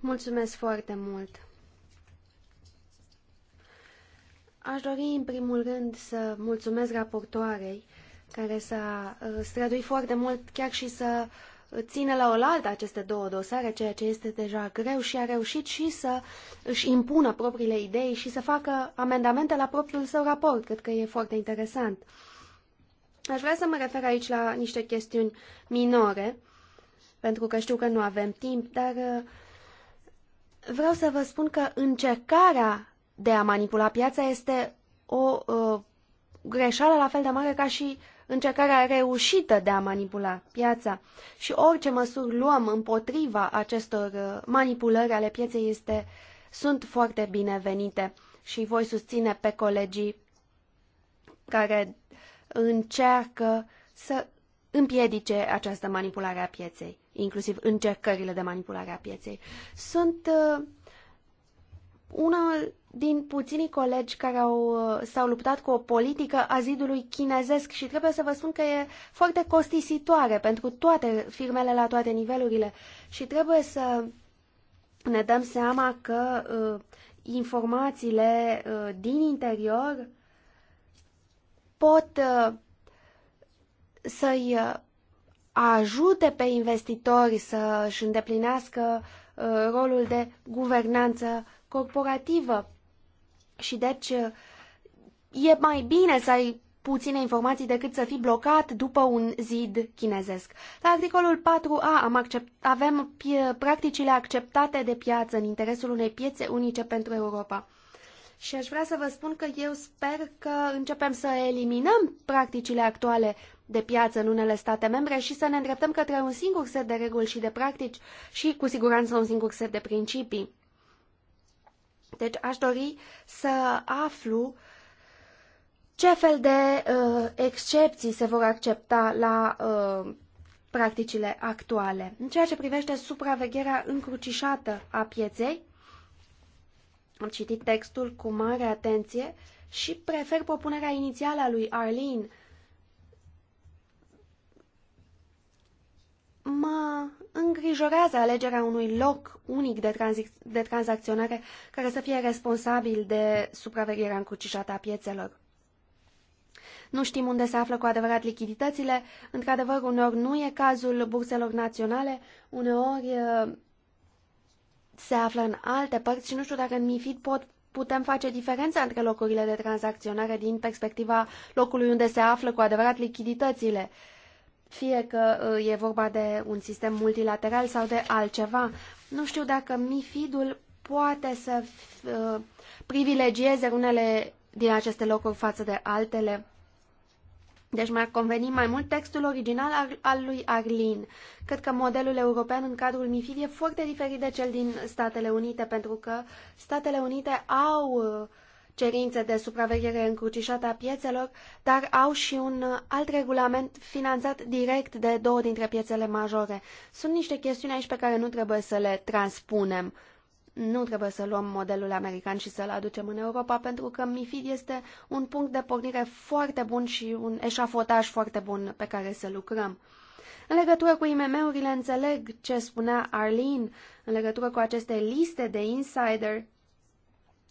Mulțumesc foarte mult. Aș dori în primul rând să mulțumesc raportoarei care s-a uh, străduit foarte mult chiar și să uh, ține la oaltă aceste două dosare, ceea ce este deja greu și a reușit și să își impună propriile idei și să facă amendamente la propriul său raport. Cred că e foarte interesant. Aș vrea să mă refer aici la niște chestiuni minore, pentru că știu că nu avem timp, dar uh, vreau să vă spun că încercarea de a manipula piața este o uh, greșeală la fel de mare ca și uh, încercarea reușită de a manipula piața și orice măsuri luăm împotriva acestor uh, manipulări ale pieței este, sunt foarte binevenite și voi susține pe colegii care încearcă să împiedice această manipulare a pieței, inclusiv încercările de manipulare a pieței. Sunt uh, una din puținii colegi care au, uh, s-au luptat cu o politică a zidului chinezesc și trebuie să vă spun că e foarte costisitoare pentru toate firmele la toate nivelurile și trebuie să ne dăm seama că uh, informațiile uh, din interior pot uh, să-i uh, ajute pe investitori să și îndeplinească uh, rolul de guvernanță corporativă. Și deci e mai bine să ai puține informații decât să fii blocat după un zid chinezesc. La articolul 4a am accept, avem practicile acceptate de piață în interesul unei piețe unice pentru Europa. Și aș vrea să vă spun că eu sper că începem să eliminăm practicile actuale de piață în unele state membre și să ne îndreptăm către un singur set de reguli și de practici și cu siguranță un singur set de principii. Deci aș dori să aflu ce fel de uh, excepții se vor accepta la uh, practicile actuale. În ceea ce privește supravegherea încrucișată a pieței, am citit textul cu mare atenție și prefer propunerea inițială a lui Arlene mă îngrijorează alegerea unui loc unic de, tranzic- de tranzacționare care să fie responsabil de supravegherea încrucișată a piețelor. Nu știm unde se află cu adevărat lichiditățile, într-adevăr uneori nu e cazul burselor naționale, uneori uh, se află în alte părți și nu știu dacă în MIFID pot, putem face diferența între locurile de tranzacționare din perspectiva locului unde se află cu adevărat lichiditățile. Uh, fie că uh, e vorba de un sistem multilateral sau de altceva. Nu știu dacă MIFID-ul poate să uh, privilegieze unele din aceste locuri față de altele. Deci mi-ar conveni mai mult textul original al lui Arlin. Cred că modelul european în cadrul MIFID e foarte diferit de cel din Statele Unite, pentru că Statele Unite au uh, cerințe de supraveghere încrucișată a piețelor, dar au și un alt regulament finanțat direct de două dintre piețele majore. Sunt niște chestiuni aici pe care nu trebuie să le transpunem. Nu trebuie să luăm modelul american și să-l aducem în Europa, pentru că MIFID este un punct de pornire foarte bun și un eșafotaj foarte bun pe care să lucrăm. În legătură cu IMM-urile, înțeleg ce spunea Arlene în legătură cu aceste liste de insider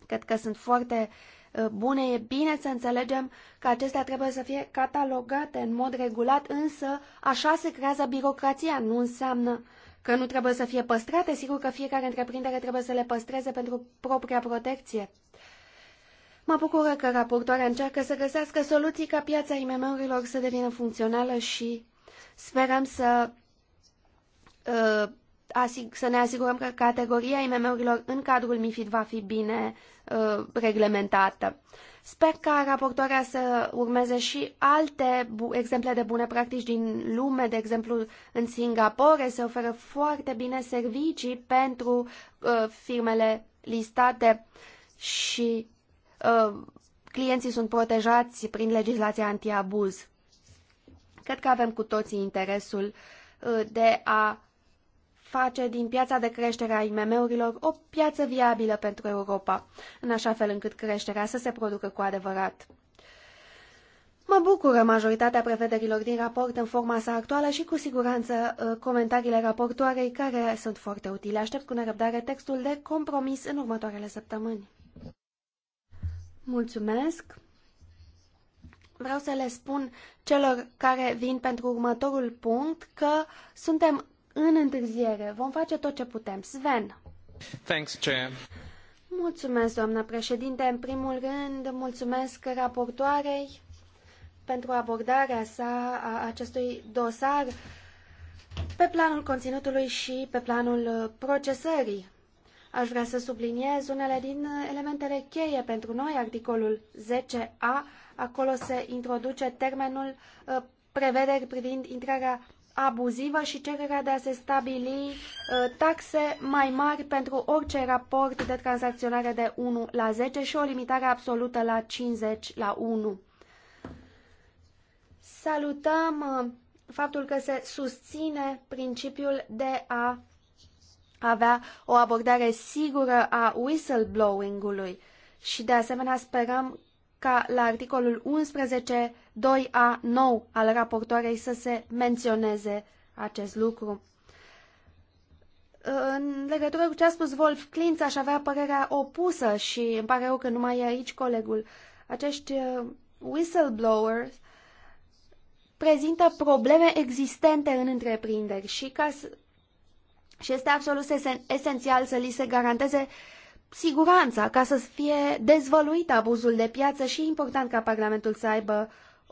cred că sunt foarte uh, bune. E bine să înțelegem că acestea trebuie să fie catalogate în mod regulat, însă așa se creează birocrația. Nu înseamnă că nu trebuie să fie păstrate. Sigur că fiecare întreprindere trebuie să le păstreze pentru propria protecție. Mă bucură că raportoarea încearcă să găsească soluții ca piața IMM-urilor să devină funcțională și sperăm să, uh, să ne asigurăm că categoria IMM-urilor în cadrul MIFID va fi bine Uh, reglementată. Sper ca raportoarea să urmeze și alte exemple de bune practici din lume, de exemplu în Singapore se oferă foarte bine servicii pentru uh, firmele listate și uh, clienții sunt protejați prin legislația antiabuz. Cred că avem cu toții interesul uh, de a face din piața de creștere a IMM-urilor o piață viabilă pentru Europa, în așa fel încât creșterea să se producă cu adevărat. Mă bucură majoritatea prevederilor din raport în forma sa actuală și cu siguranță uh, comentariile raportoarei care sunt foarte utile. Aștept cu nerăbdare textul de compromis în următoarele săptămâni. Mulțumesc! Vreau să le spun celor care vin pentru următorul punct că suntem în întârziere. Vom face tot ce putem. Sven. Thanks, Chair. Mulțumesc, doamnă președinte. În primul rând, mulțumesc raportoarei pentru abordarea sa a acestui dosar pe planul conținutului și pe planul procesării. Aș vrea să subliniez unele din elementele cheie pentru noi, articolul 10a, acolo se introduce termenul uh, prevederi privind intrarea abuzivă și cererea de a se stabili uh, taxe mai mari pentru orice raport de tranzacționare de 1 la 10 și o limitare absolută la 50 la 1. Salutăm uh, faptul că se susține principiul de a avea o abordare sigură a whistleblowing-ului și de asemenea sperăm ca la articolul 11 2A9 al raportoarei să se menționeze acest lucru. În legătură cu ce a spus Wolf Klintz, aș avea părerea opusă și îmi pare rău că nu mai e aici colegul. Acești uh, whistleblowers prezintă probleme existente în întreprinderi și, ca să, și este absolut esen, esențial să li se garanteze siguranța ca să fie dezvăluit abuzul de piață și e important ca Parlamentul să aibă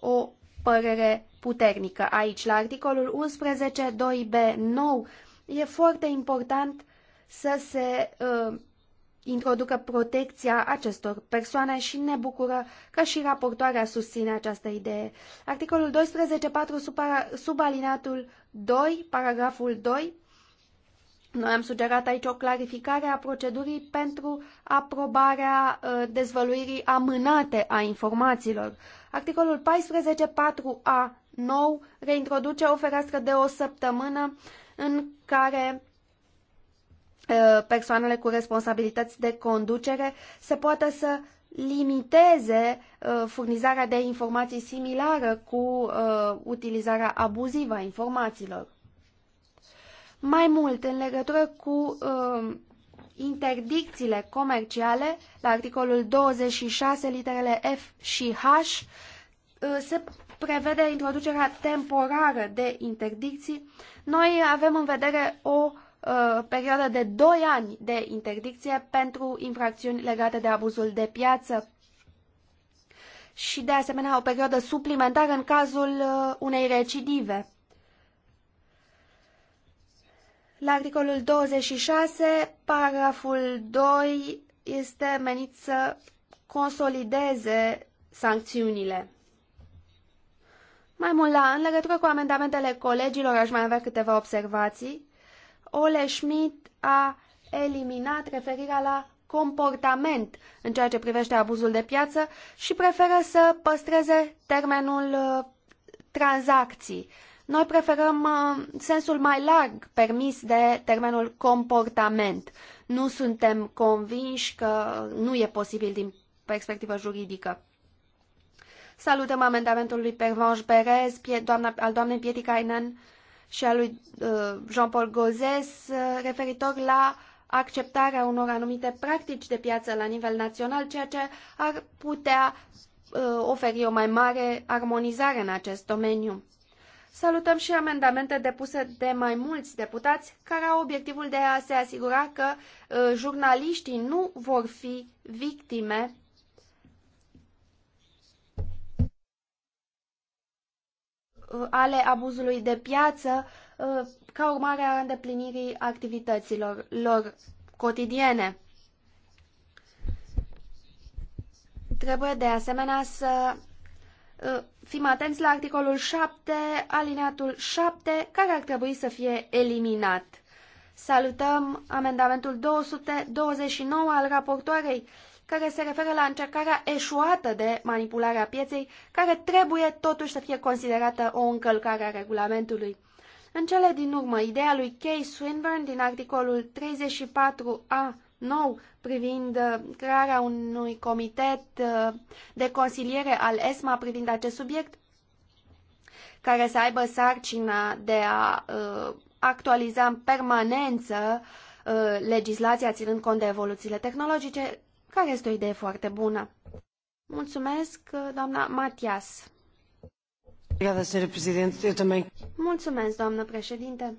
o părere puternică. Aici, la articolul 11, 2b, 9 e foarte important să se uh, introducă protecția acestor persoane și ne bucură că și raportoarea susține această idee. Articolul 12.4 subalineatul 2, paragraful 2, noi am sugerat aici o clarificare a procedurii pentru aprobarea uh, dezvăluirii amânate a informațiilor. Articolul 14.4a nou reintroduce o fereastră de o săptămână în care ă, persoanele cu responsabilități de conducere se poată să limiteze ă, furnizarea de informații similară cu ă, utilizarea abuzivă a informațiilor. Mai mult, în legătură cu interdicțiile comerciale, la articolul 26, literele F și H, uh, se prevede introducerea temporară de interdicții. Noi avem în vedere o uh, perioadă de 2 ani de interdicție pentru infracțiuni legate de abuzul de piață și de asemenea o perioadă suplimentară în cazul uh, unei recidive. La articolul 26, paragraful 2 este menit să consolideze sancțiunile. Mai mult la, în legătură cu amendamentele colegilor, aș mai avea câteva observații. Ole Schmidt a eliminat referirea la comportament în ceea ce privește abuzul de piață și preferă să păstreze termenul uh, tranzacții noi preferăm uh, sensul mai larg permis de termenul comportament. Nu suntem convinși că nu e posibil din perspectivă juridică. Salutăm amendamentul lui Pervanș Berez, doamna, al doamnei Pietikainen și al lui uh, Jean-Paul Gozes uh, referitor la acceptarea unor anumite practici de piață la nivel național, ceea ce ar putea oferi o mai mare armonizare în acest domeniu. Salutăm și amendamente depuse de mai mulți deputați care au obiectivul de a se asigura că uh, jurnaliștii nu vor fi victime uh, ale abuzului de piață uh, ca urmare a îndeplinirii activităților lor cotidiene. Trebuie de asemenea să Uh, fim atenți la articolul 7, alineatul 7, care ar trebui să fie eliminat. Salutăm amendamentul 229 al raportoarei, care se referă la încercarea eșuată de manipulare a pieței, care trebuie totuși să fie considerată o încălcare a regulamentului. În cele din urmă, ideea lui Kay Swinburne din articolul 34a nou privind uh, crearea unui comitet uh, de consiliere al ESMA privind acest subiect, care să aibă sarcina de a uh, actualiza în permanență legislația ținând cont de evoluțiile tehnologice, care este o idee foarte bună. Mulțumesc, doamna Matias. Mulțumesc, doamnă președinte.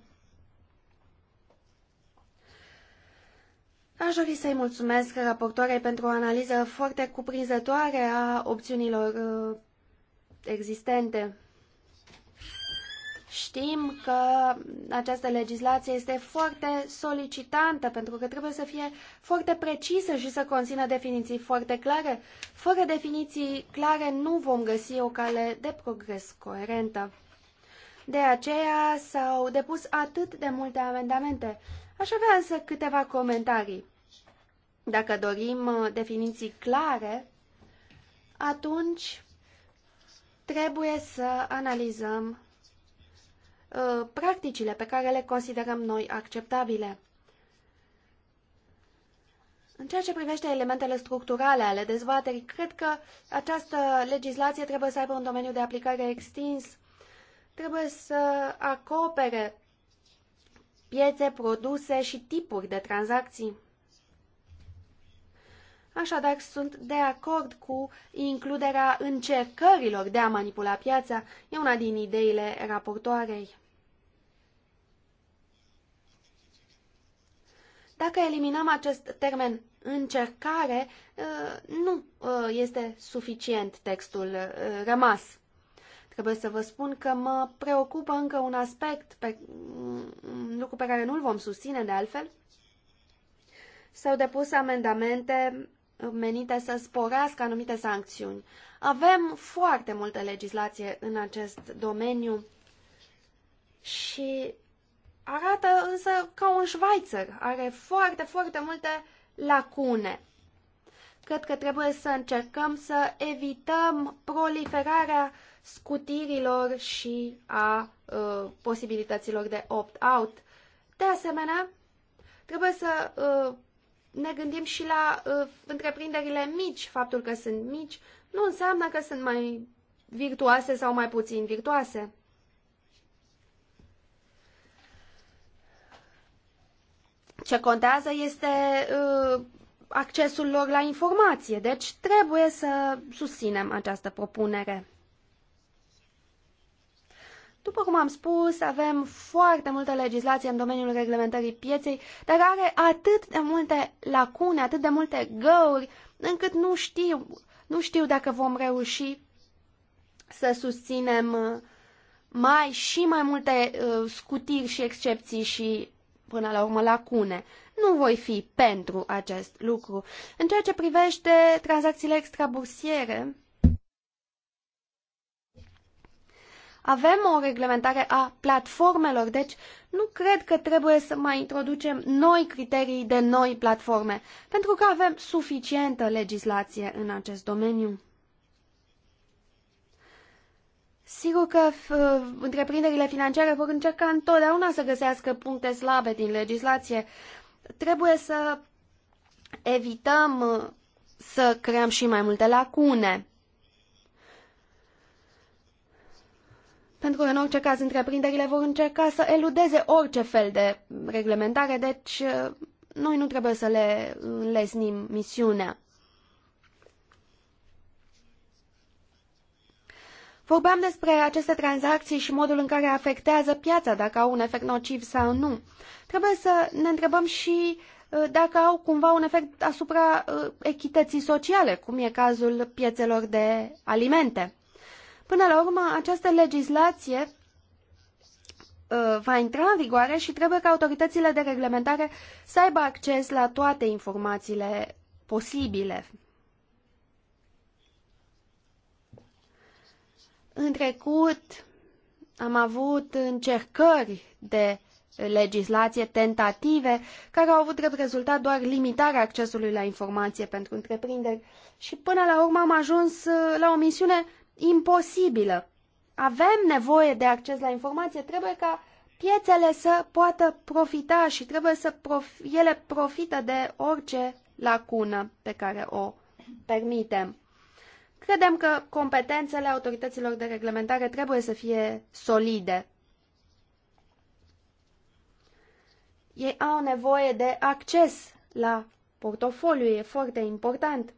Aș dori să-i mulțumesc raportoarei pentru o analiză foarte cuprinzătoare a opțiunilor uh, existente. Știm că această legislație este foarte solicitantă pentru că trebuie să fie foarte precisă și să conțină definiții foarte clare. Fără definiții clare nu vom găsi o cale de progres coerentă. De aceea s-au depus atât de multe amendamente Aș avea însă câteva comentarii. Dacă dorim uh, definiții clare, atunci trebuie să analizăm uh, practicile pe care le considerăm noi acceptabile. În ceea ce privește elementele structurale ale dezbaterii, cred că această legislație trebuie să aibă un domeniu de aplicare extins, trebuie să acopere piețe, produse și tipuri de tranzacții. Așadar, sunt de acord cu includerea încercărilor de a manipula piața. E una din ideile raportoarei. Dacă eliminăm acest termen încercare, uh, nu uh, este suficient textul uh, rămas. Trebuie să vă spun că mă preocupă încă un aspect, pe, un mm, mm, lucru pe care nu-l vom susține de altfel. S-au depus amendamente menite să sporească anumite sancțiuni. Avem foarte multă legislație în acest domeniu și arată însă ca un șvaițăr. Are foarte, foarte multe lacune. Cred că trebuie să încercăm să evităm proliferarea uh, scutirilor și a uh, posibilităților de opt-out. De asemenea, trebuie să uh, ne gândim și la uh, întreprinderile mici. Faptul că sunt mici nu înseamnă că sunt mai virtuoase sau mai puțin virtuoase. Ce contează este uh, accesul lor la informație, deci trebuie să susținem această propunere. După cum am spus, avem foarte multă legislație în domeniul reglementării pieței, dar are atât de multe lacune, atât de multe găuri, încât nu știu, nu știu dacă vom reuși să susținem uh, mai și mai multe uh, scutiri și excepții și până la urmă lacune. Nu voi fi pentru acest lucru. În ceea ce privește tranzacțiile extrabursiere, Avem o reglementare a platformelor, deci nu cred că trebuie să mai introducem noi criterii de noi platforme, pentru că avem suficientă legislație în acest domeniu. Sigur că întreprinderile financiare vor încerca întotdeauna să găsească puncte slabe din legislație. Trebuie să evităm uh, să creăm și mai multe lacune. Pentru că, în orice caz, întreprinderile vor încerca să eludeze orice fel de reglementare, deci uh, noi nu trebuie să le înlesnim misiunea. Vorbeam despre aceste tranzacții și modul în care afectează piața, dacă au un efect nociv sau nu. Trebuie să ne întrebăm și uh, dacă au cumva un efect asupra uh, echității sociale, cum e cazul piețelor de alimente. Până la urmă, această legislație uh, va intra în vigoare și trebuie ca autoritățile de reglementare să aibă acces la toate informațiile posibile. În trecut am avut încercări de legislație tentative care au avut drept rezultat doar limitarea accesului la informație pentru întreprinderi și până la urmă am ajuns uh, la o misiune imposibilă. Avem nevoie de acces la informație, trebuie ca piețele să poată profita și trebuie să prof- ele profită de orice lacună pe care o permitem. Credem că competențele autorităților de reglementare trebuie să fie solide. Ei au nevoie de acces la portofoliu, e foarte important.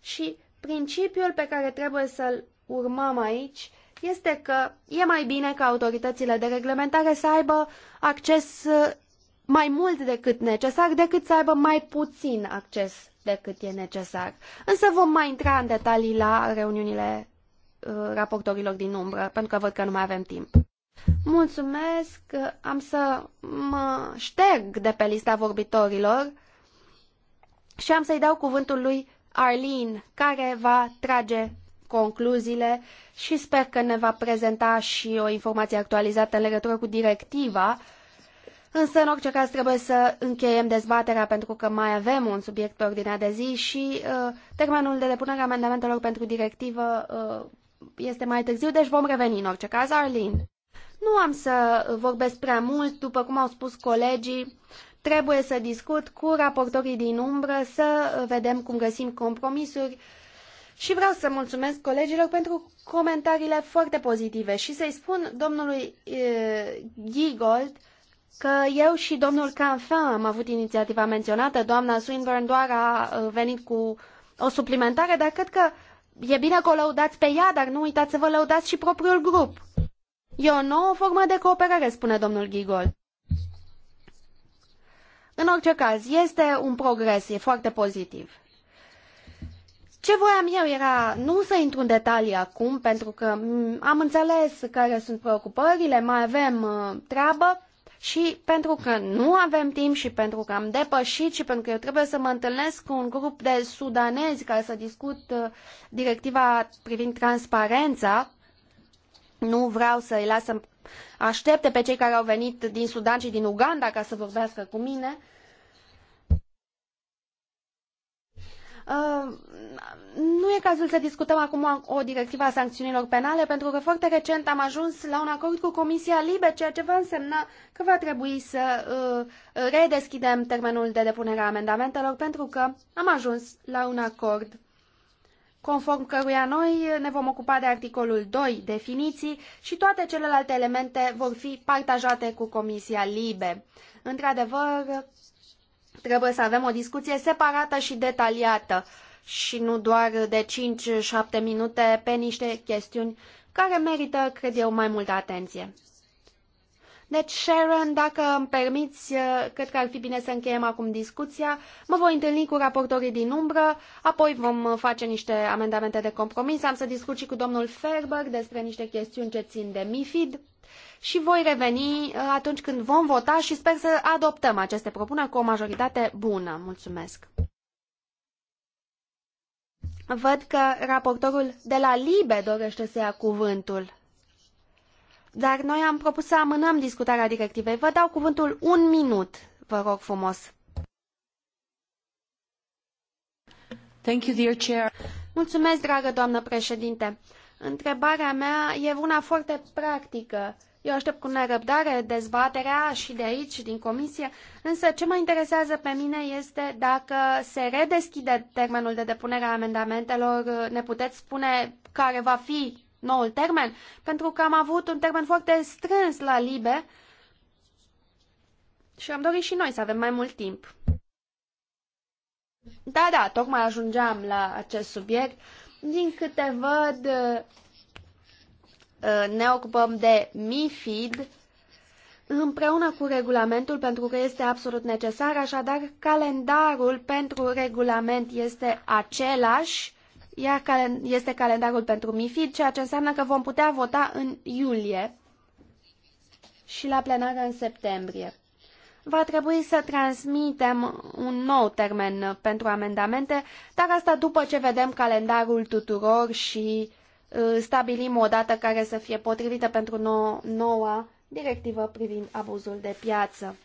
Și principiul pe care trebuie să-l urmăm aici este că e mai bine ca autoritățile de reglementare să aibă acces uh, mai mult decât necesar, decât să aibă mai puțin acces decât e necesar. Însă vom mai intra în detalii la reuniunile uh, raportorilor din umbră, pentru că văd că nu mai avem timp. Mulțumesc, uh, am să mă șterg de pe lista vorbitorilor și am să-i dau cuvântul lui Arlene, care va trage concluziile și sper că ne va prezenta și o informație actualizată în legătură cu directiva. Însă, în orice caz, trebuie să încheiem dezbaterea pentru că mai avem un subiect pe ordinea de zi și uh, termenul de depunere a amendamentelor pentru directivă uh, este mai târziu, deci vom reveni în orice caz. Arlene, nu am să vorbesc prea mult, după cum au spus colegii, trebuie să discut cu raportorii din umbră, să vedem cum găsim compromisuri și vreau să mulțumesc colegilor pentru comentariile foarte pozitive și să-i spun domnului Giegold că eu și domnul Canfin am avut inițiativa menționată, doamna Swinburne doar a venit cu o suplimentare, dar cred că e bine că o lăudați pe ea, dar nu uitați să vă lăudați și propriul grup. E o nouă formă de cooperare, spune domnul Gigol. În orice caz, este un progres, e foarte pozitiv. Ce voiam eu era nu să intru în detalii acum, pentru că mm, am înțeles care sunt preocupările, mai avem uh, treabă și pentru că nu avem timp și pentru că am depășit și pentru că eu trebuie să mă întâlnesc cu un grup de sudanezi care să discut uh, directiva privind transparența, nu vreau să îi las să aștepte pe cei care au venit din Sudan și din Uganda ca să vorbească cu mine, Uh, nu e cazul să discutăm acum o directivă a sancțiunilor penale, pentru că foarte recent am ajuns la un acord cu Comisia Libe, ceea ce va însemna că va trebui să uh, redeschidem termenul de depunere a amendamentelor, pentru că am ajuns la un acord conform căruia noi ne vom ocupa de articolul 2, definiții, și toate celelalte elemente vor fi partajate cu Comisia Libe. Într-adevăr, trebuie să avem o discuție separată și detaliată și nu doar de cinci, 7 minute pe niște chestiuni care merită, cred eu, mai multă atenție. Deci, Sharon, dacă îmi permiți, cred că ar fi bine să încheiem acum discuția. Mă voi întâlni cu raportorii din umbră, apoi vom face niște amendamente de compromis. Am să discut și cu domnul Ferber despre niște chestiuni ce țin de MIFID și voi reveni uh, atunci când vom vota și sper să adoptăm aceste propuneri cu o majoritate bună. Mulțumesc! Văd că raportorul de la LIBE dorește să ia cuvântul. Dar noi am propus să amânăm discutarea directivei. Vă dau cuvântul un minut, vă rog frumos. Thank you, dear chair. Mulțumesc, dragă doamnă președinte. Întrebarea mea e una foarte practică. Uh, eu aștept cu nerăbdare dezbaterea și de aici, și din comisie, însă ce mă interesează pe mine este dacă se redeschide termenul de depunere a amendamentelor, ne puteți spune care va fi noul termen? Pentru că am avut un termen foarte strâns la LIBE și am dorit și noi să avem mai mult timp. Da, da, tocmai ajungeam la acest subiect. Din câte văd, Uh, ne ocupăm de MIFID împreună cu regulamentul pentru că este absolut necesar, așadar calendarul pentru regulament este același, iar este calendarul pentru MIFID, ceea ce înseamnă că vom putea vota în iulie și la plenară în septembrie. Va trebui să transmitem un nou termen pentru amendamente, dar asta după ce vedem calendarul tuturor și Uh, stabilim o dată care să fie potrivită pentru nou, noua directivă privind abuzul de piață.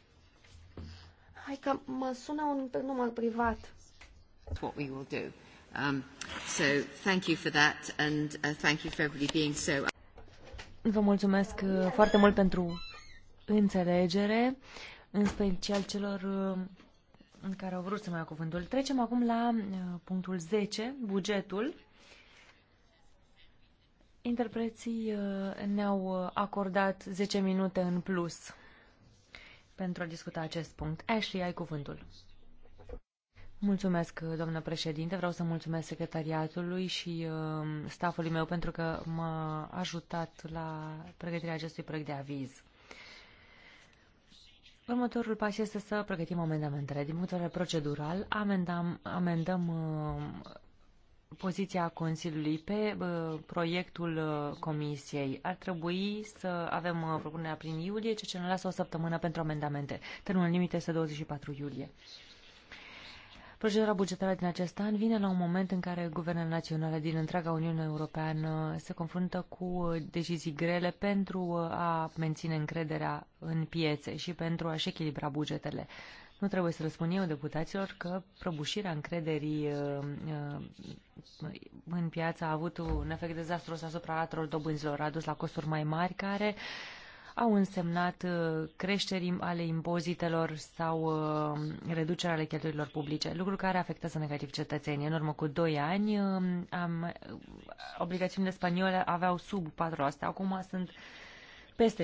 Hai că mă sună un număr privat. What we will do. Um, so thank you for that and uh, thank you for everybody being so Vă mulțumesc uh, foarte mult pentru înțelegere, în special celor în uh, care au vrut să mai cuvântul. Trecem acum la punctul 10, bugetul. Interpreții uh, ne-au uh, acordat 10 minute în plus pentru a discuta acest punct. Ashley, ai cuvântul. Mulțumesc, uh, doamnă președinte. Vreau să mulțumesc secretariatului și uh, staffului meu pentru că m-a ajutat la pregătirea acestui proiect de aviz. Următorul pas este să pregătim amendamentele. Din punct de vedere procedural, amendam, amendăm uh, poziția Consiliului pe proiectul uh, Comisiei. Ar trebui să avem uh, propunerea prin iulie, ceea ce ne lasă o săptămână pentru amendamente. Termenul limit este 24 iulie. Procedura bugetară din acest an vine la un moment în care guvernele naționale din întreaga Uniune Europeană se confruntă cu uh, decizii grele pentru a menține încrederea în piețe și pentru a-și echilibra bugetele. Nu trebuie să răspund eu deputaților că prăbușirea încrederii uh, uh, în piață a avut un efect dezastros asupra altor dobânzilor, a dus la costuri mai mari care au însemnat uh, creșteri ale impozitelor sau reducerea ale cheltuielilor publice, lucru care afectează negativ cetățenii. În urmă cu 2 ani, um, am, obligațiunile spaniole aveau sub 4%, acum sunt peste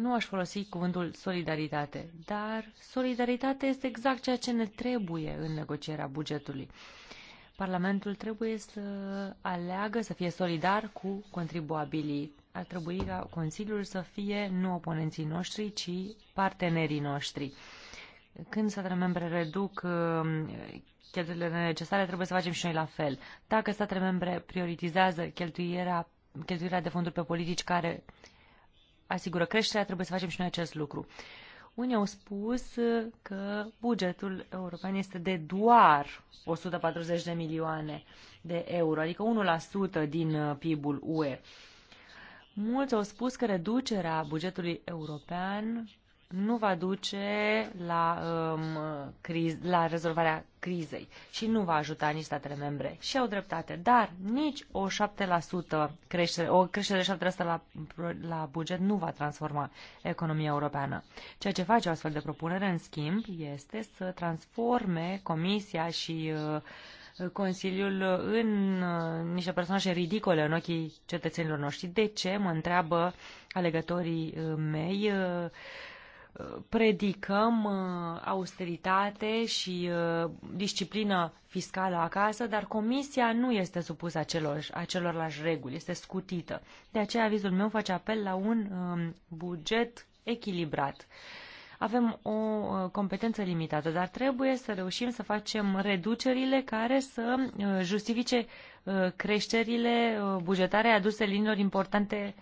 nu aș folosi cuvântul solidaritate, dar solidaritate este exact ceea ce ne trebuie în negocierea bugetului. Parlamentul trebuie să aleagă să fie solidar cu contribuabilii. Ar trebui ca Consiliul să fie nu oponenții noștri, ci partenerii noștri. Când statele membre reduc uh, cheltuielile necesare, trebuie să facem și noi la fel. Dacă statele membre prioritizează cheltuirea, cheltuirea de fonduri pe politici care asigură creșterea, trebuie să facem și noi acest lucru. Unii au spus că bugetul european este de doar 140 de milioane de euro, adică 1% din uh, PIB-ul UE. Mulți au spus că reducerea bugetului european nu va duce la, um, criz, la rezolvarea crizei și nu va ajuta nici statele membre. Și au dreptate, dar nici o 7% creștere, o creștere de 7% la, la buget nu va transforma economia europeană. Ceea ce face o astfel de propunere, în schimb, este să transforme Comisia și uh, Consiliul în uh, niște personaje ridicole în ochii cetățenilor noștri. De ce, mă întreabă alegătorii uh, mei, uh, predicăm uh, austeritate și uh, disciplina fiscală acasă, dar comisia nu este supusă acelor, acelorlași reguli, este scutită. De aceea avizul meu face apel la un um, buget echilibrat. Avem o uh, competență limitată, dar trebuie să reușim să facem reducerile care să justifice creșterile bugetare aduse linilor importante,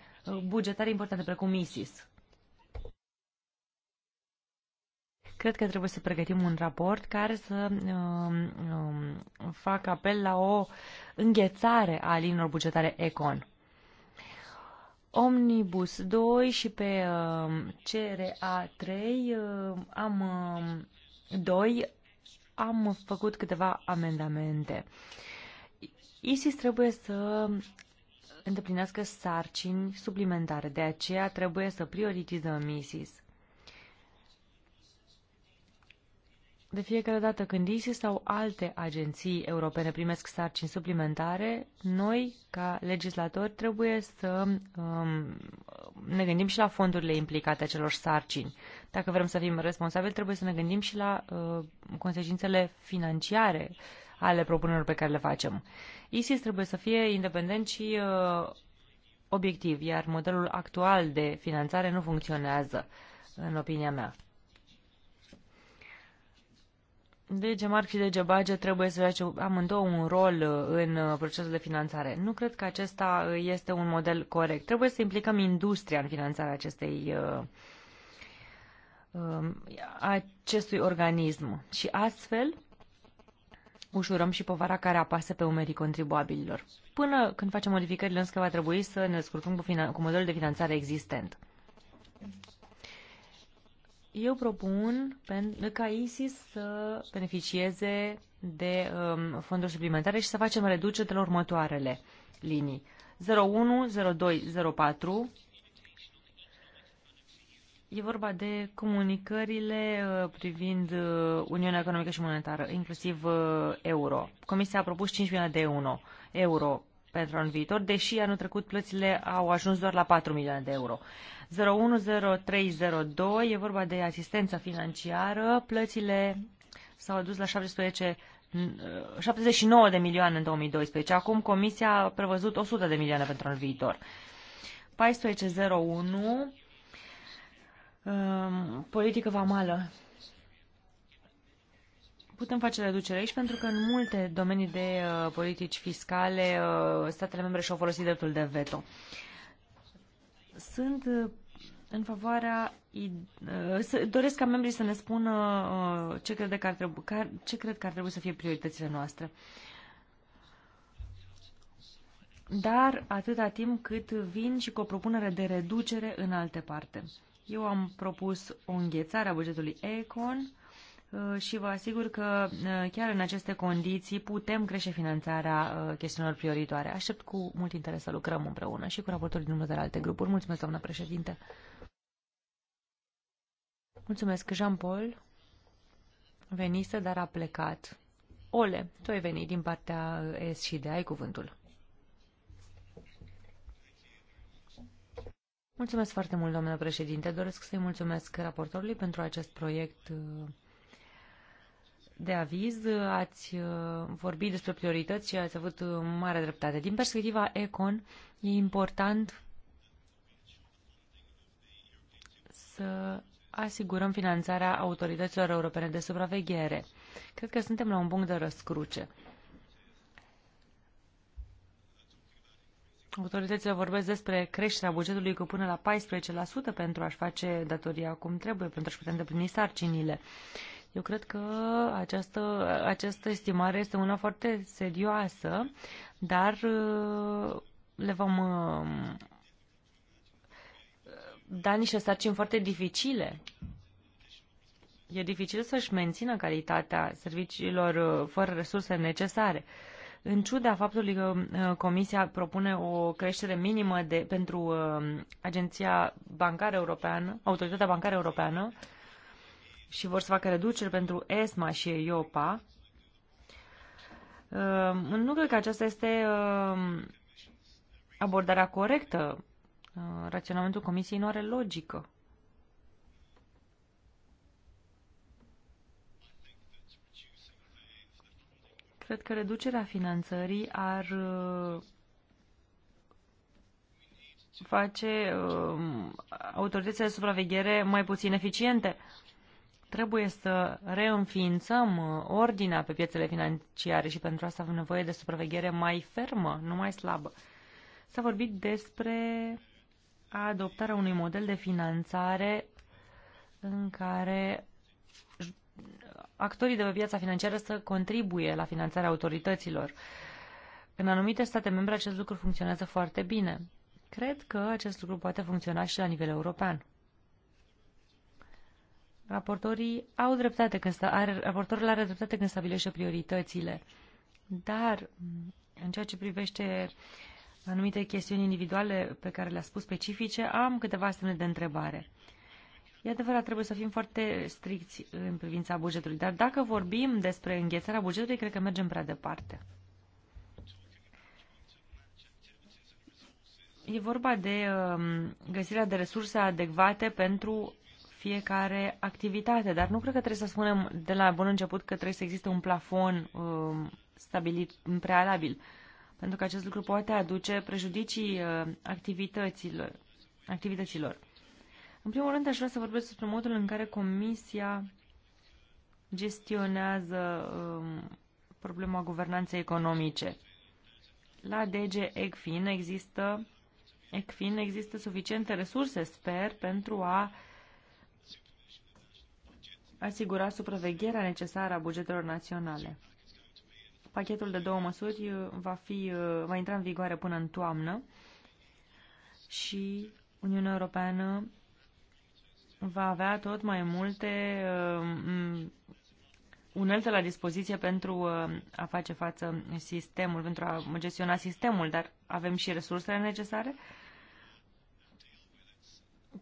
bugetare importante, precum ISIS. Cred că trebuie să pregătim un raport care să um, um, facă apel la o înghețare a linilor bugetare Econ. Omnibus 2 și pe um, CRA 3 um, am um, 2 am făcut câteva amendamente. ISIS trebuie să îndeplinească sarcini suplimentare, de aceea trebuie să prioritizăm ISIS. De fiecare dată când ISIS sau alte agenții europene primesc sarcini suplimentare, noi, ca legislatori, trebuie să um, ne gândim și la fondurile implicate acelor sarcini. Dacă vrem să fim responsabili, trebuie să ne gândim și la uh, consecințele financiare ale propunerilor pe care le facem. ISIS trebuie să fie independent și uh, obiectiv, iar modelul actual de finanțare nu funcționează, în opinia mea. Dege Marc și Dege Bage trebuie să joace amândouă un rol uh, în uh, procesul de finanțare. Nu cred că acesta uh, este un model corect. Trebuie să implicăm industria în finanțarea acestei um, acestui organism și astfel ușurăm și povara care apasă pe umerii contribuabililor. Până când facem modificările, însă va trebui să ne scurtăm cu, cu modelul de finanțare existent. Eu propun ca ISIS să beneficieze de um, fonduri suplimentare și să facem reduceri de la următoarele linii. 01, 02, 04. E vorba de comunicările uh, privind uh, Uniunea Economică și Monetară, inclusiv uh, euro. Comisia a propus 5 milioane de euro, euro pentru anul viitor, deși anul trecut plățile au ajuns doar la 4 milioane de euro. 010302 e vorba de asistența financiară, plățile s-au adus la 17 79 uh, de milioane în 2012. Acum Comisia a prevăzut 100 de milioane pentru anul viitor. 1401 um, politică vamală putem face reducere aici pentru că în multe domenii de uh, politici fiscale uh, statele membre și-au folosit dreptul de veto. Sunt uh, în favoarea uh, doresc ca membrii să ne spună uh, ce, crede că ar trebu- ca, ce cred că ar trebui să fie prioritățile noastre. Dar atâta timp cât vin și cu o propunere de reducere în alte parte. Eu am propus o înghețare a bugetului ECON, Uh, și vă asigur că uh, chiar în aceste condiții putem crește finanțarea uh, chestiunilor prioritoare. Aștept cu mult interes să lucrăm împreună și cu raportorii din de alte grupuri. Mulțumesc, doamna președinte. Mulțumesc, Jean-Paul. Venise, dar a plecat. Ole, tu ai venit din partea S și de ai cuvântul. Mulțumesc foarte mult, doamnă președinte. Doresc să-i mulțumesc raportorului pentru acest proiect de aviz ați uh, vorbit despre priorități și ați avut uh, mare dreptate. Din perspectiva Econ, e important să asigurăm finanțarea autorităților europene de supraveghere. Cred că suntem la un punct de răscruce. Autoritățile vorbesc despre creșterea bugetului cu până la 14% pentru a-și face datoria cum trebuie, pentru a-și putea îndeplini sarcinile. Uh, eu cred că această, această estimare este una foarte serioasă, dar uh, le vom uh, da niște sarcini foarte dificile. E dificil să-și mențină calitatea serviciilor uh, fără resurse necesare. În ciuda faptului că Comisia propune o creștere minimă de, pentru Agenția Bancară Europeană, Autoritatea Bancară Europeană, și vor să facă reduceri pentru ESMA și EIOPA. Ehm, nu cred că aceasta este ehm, abordarea corectă. Ehm, raționamentul Comisiei nu are logică. Cred că reducerea finanțării ar face autoritățile de supraveghere mai puțin eficiente. Trebuie să reînființăm uh, ordinea pe piețele financiare și pentru asta avem nevoie de supraveghere mai fermă, nu mai slabă. S-a vorbit despre adoptarea unui model de finanțare în care actorii de pe piața financiară să contribuie la finanțarea autorităților. În anumite state membre acest lucru funcționează foarte bine. Cred că acest lucru poate funcționa și la nivel european. Raportorii au dreptate când sta, are, raportorul are dreptate când stabilește prioritățile, dar în ceea ce privește anumite chestiuni individuale pe care le-a spus specifice, am câteva semne de întrebare. E adevărat, trebuie să fim foarte stricți în privința bugetului, dar dacă vorbim despre înghețarea bugetului, cred că mergem prea departe. E vorba de um, găsirea de resurse adecvate pentru fiecare activitate, dar nu cred că trebuie să spunem de la bun început că trebuie să existe un plafon uh, stabilit în prealabil, pentru că acest lucru poate aduce prejudicii uh, activităților, activităților. În primul rând, aș vrea să vorbesc despre modul în care Comisia gestionează uh, problema guvernanței economice. La DG ECFIN există, ECFIN există suficiente resurse, sper, pentru a uh, asigura supravegherea necesară a bugetelor naționale. Pachetul de două măsuri uh, va, fi, uh, va intra în vigoare până în toamnă și Uniunea Europeană va avea tot mai multe uh, unelte la dispoziție pentru a face față sistemul, pentru a gestiona sistemul, dar avem și resursele necesare.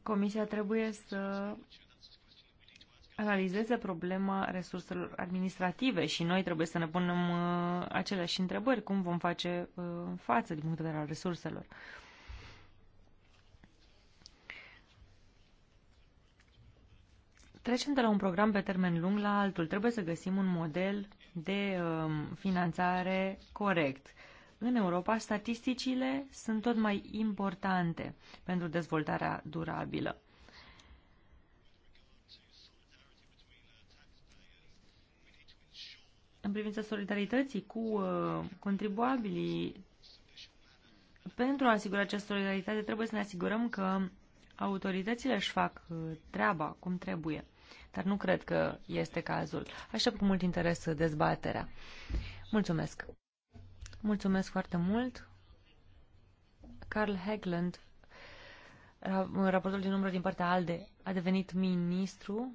Comisia trebuie să analizeze problema resurselor administrative și noi trebuie să ne punem uh, aceleași întrebări, cum vom face uh, față din punct de vedere al resurselor. Trecem de la un program pe termen lung la altul. Trebuie să găsim un model de uh, finanțare corect. În Europa, statisticile sunt tot mai importante pentru dezvoltarea durabilă. în privința solidarității cu uh, contribuabilii, pentru a asigura această solidaritate trebuie să ne asigurăm că autoritățile își fac uh, treaba cum trebuie. Dar nu cred că este cazul. Aștept cu mult interes dezbaterea. Mulțumesc! Mulțumesc foarte mult! Carl Hegland, raportul din umbră din partea ALDE, a devenit ministru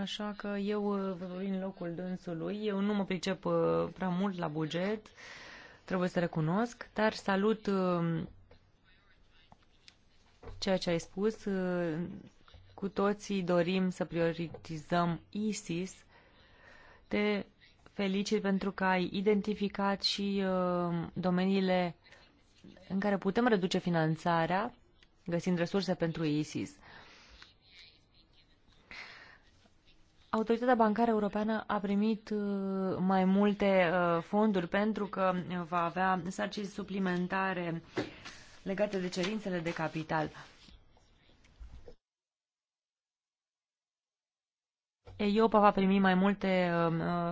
așa că eu vă uh, în locul dânsului. Eu nu mă pricep uh, prea mult la buget, trebuie să recunosc, dar salut uh, ceea ce ai spus. Cu toții dorim să prioritizăm ISIS. Te felicit pentru că ai identificat și domeniile în care putem reduce finanțarea, găsind resurse pentru ISIS. Autoritatea Bancară Europeană a primit uh, mai multe uh, fonduri pentru că uh, va avea sarcini suplimentare legate de cerințele de capital. EIOPA va primi mai, multe,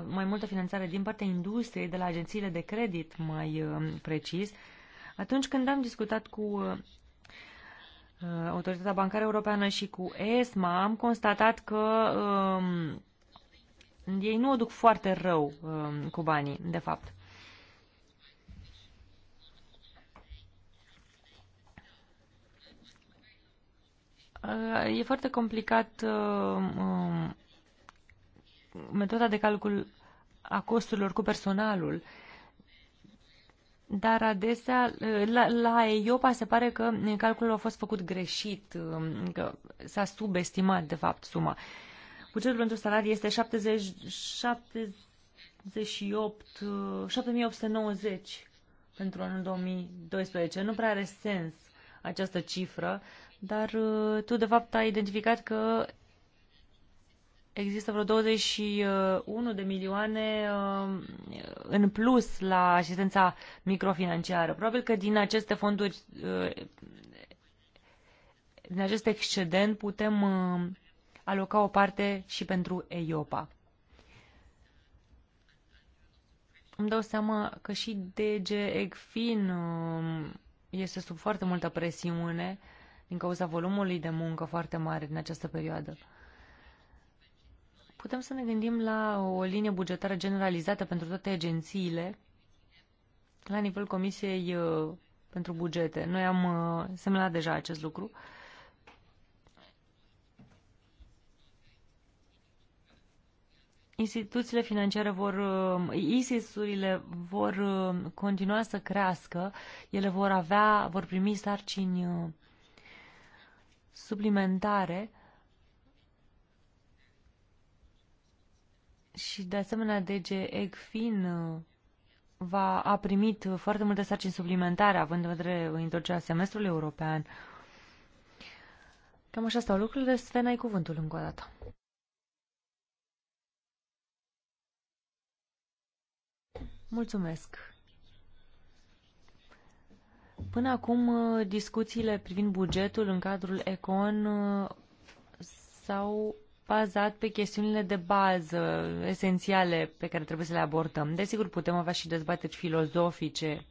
mai multe finanțare din partea industriei, de la agențiile de credit mai precis. Atunci când am discutat cu Uh, Autoritatea Bancară Europeană și cu ESMA, am constatat că um, ei nu o duc foarte rău um, cu banii, de fapt. Uh, e foarte complicat uh, uh, metoda de calcul a costurilor cu personalul. Uh, dar adesea la, la EIOPA se pare că calculul a fost făcut greșit, um, că s-a subestimat de fapt suma. Bugetul pentru salarii este 70, 78, 7890 pentru anul 2012. Nu prea are sens această cifră, dar uh, tu de fapt ai identificat că Există vreo 21 de milioane uh, în plus la asistența microfinanciară. Probabil că din aceste fonduri, uh, din acest excedent, putem uh, aloca o parte și pentru EIOPA. Îmi dau seama că și DG ECFIN este sub foarte multă presiune din cauza volumului de muncă foarte mare din această perioadă. Putem să ne gândim la o linie bugetară generalizată pentru toate agențiile la nivelul Comisiei uh, pentru bugete. Noi am uh, semnat deja acest lucru. instituțiile financiare vor, uh, ISIS-urile vor continua să crească, ele vor avea, vor primi sarcini suplimentare și de asemenea DG ECFIN uh, va, a primit uh, foarte multe sarcini suplimentare, având în vedere uh, introducerea semestrului european. Cam așa stau lucrurile. Sven, ai cuvântul încă o dată. Mulțumesc. Până acum, discuțiile privind bugetul în cadrul ECON s-au bazat pe chestiunile de bază, esențiale, pe care trebuie să le abordăm. Desigur, putem avea și dezbateri filozofice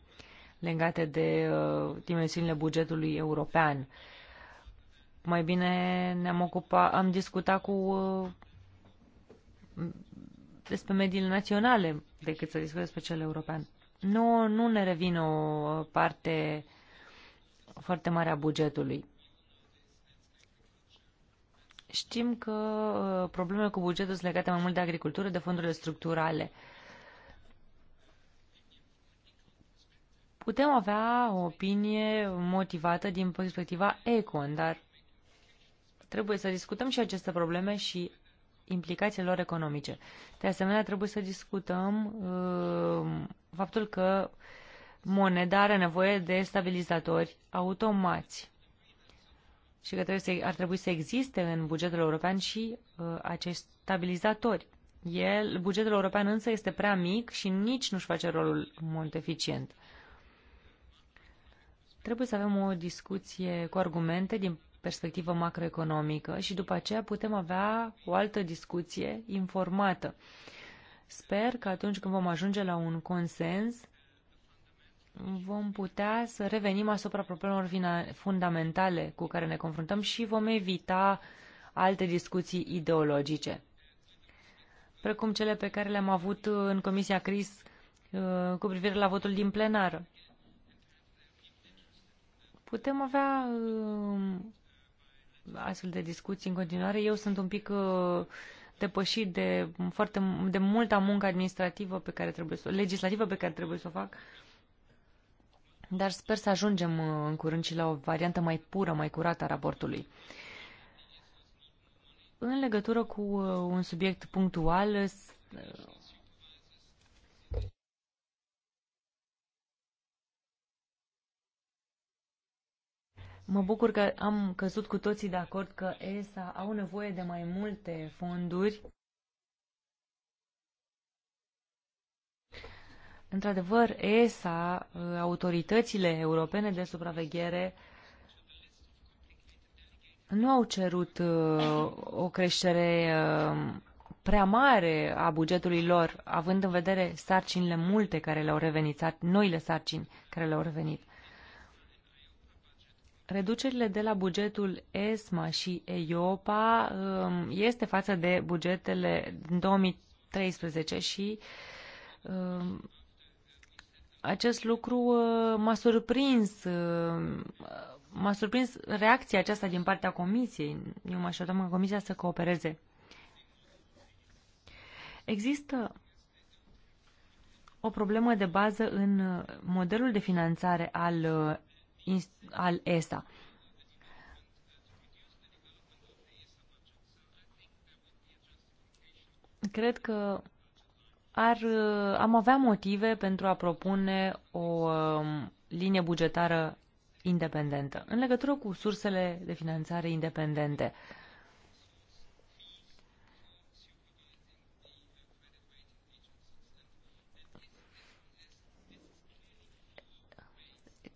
legate de uh, dimensiunile bugetului european. Mai bine ne-am ocupat, am discutat cu uh, despre mediile naționale decât să discutăm despre cel european. Nu, nu ne revine o uh, parte foarte mare a bugetului. Știm că uh, problemele cu bugetul sunt legate mai mult de agricultură, de fondurile structurale. Putem avea o opinie motivată din perspectiva Econ, dar trebuie să discutăm și aceste probleme și implicațiile lor economice. De asemenea, trebuie să discutăm uh, faptul că moneda are nevoie de stabilizatori automați și că trebuie să, ar trebui să existe în bugetul european și uh, acești stabilizatori. El, bugetul european însă este prea mic și nici nu-și face rolul mult eficient. Trebuie să avem o discuție cu argumente din perspectivă macroeconomică și după aceea putem avea o altă discuție informată. Sper că atunci când vom ajunge la un consens, vom putea să revenim asupra problemelor fundamentale cu care ne confruntăm și vom evita alte discuții ideologice, precum cele pe care le-am avut în Comisia CRIS uh, cu privire la votul din plenară. Putem avea um, astfel de discuții în continuare. Eu sunt un pic uh, depășit de, foarte, de multa muncă administrativă pe care trebuie să, legislativă pe care trebuie să o fac dar sper să ajungem uh, în curând și la o variantă mai pură, mai curată a raportului. În legătură cu uh, un subiect punctual, Mă bucur că am căzut cu toții de acord că ESA au nevoie de mai multe fonduri Într-adevăr, ESA, uh, autoritățile europene de supraveghere, nu au cerut uh, o creștere uh, prea mare a bugetului lor, având în vedere sarcinile multe care le-au revenit, noile sarcini care le-au revenit. Reducerile de la bugetul ESMA și EIOPA um, este față de bugetele din 2013 și um, acest lucru uh, m-a surprins, uh, m-a surprins reacția aceasta din partea comisiei. Eu mă așteptam ca comisia să coopereze. Există o problemă de bază în uh, modelul de finanțare al, al ESA. Cred că ar, uh, am avea motive pentru a propune o um, linie bugetară independentă în legătură cu sursele de finanțare independente.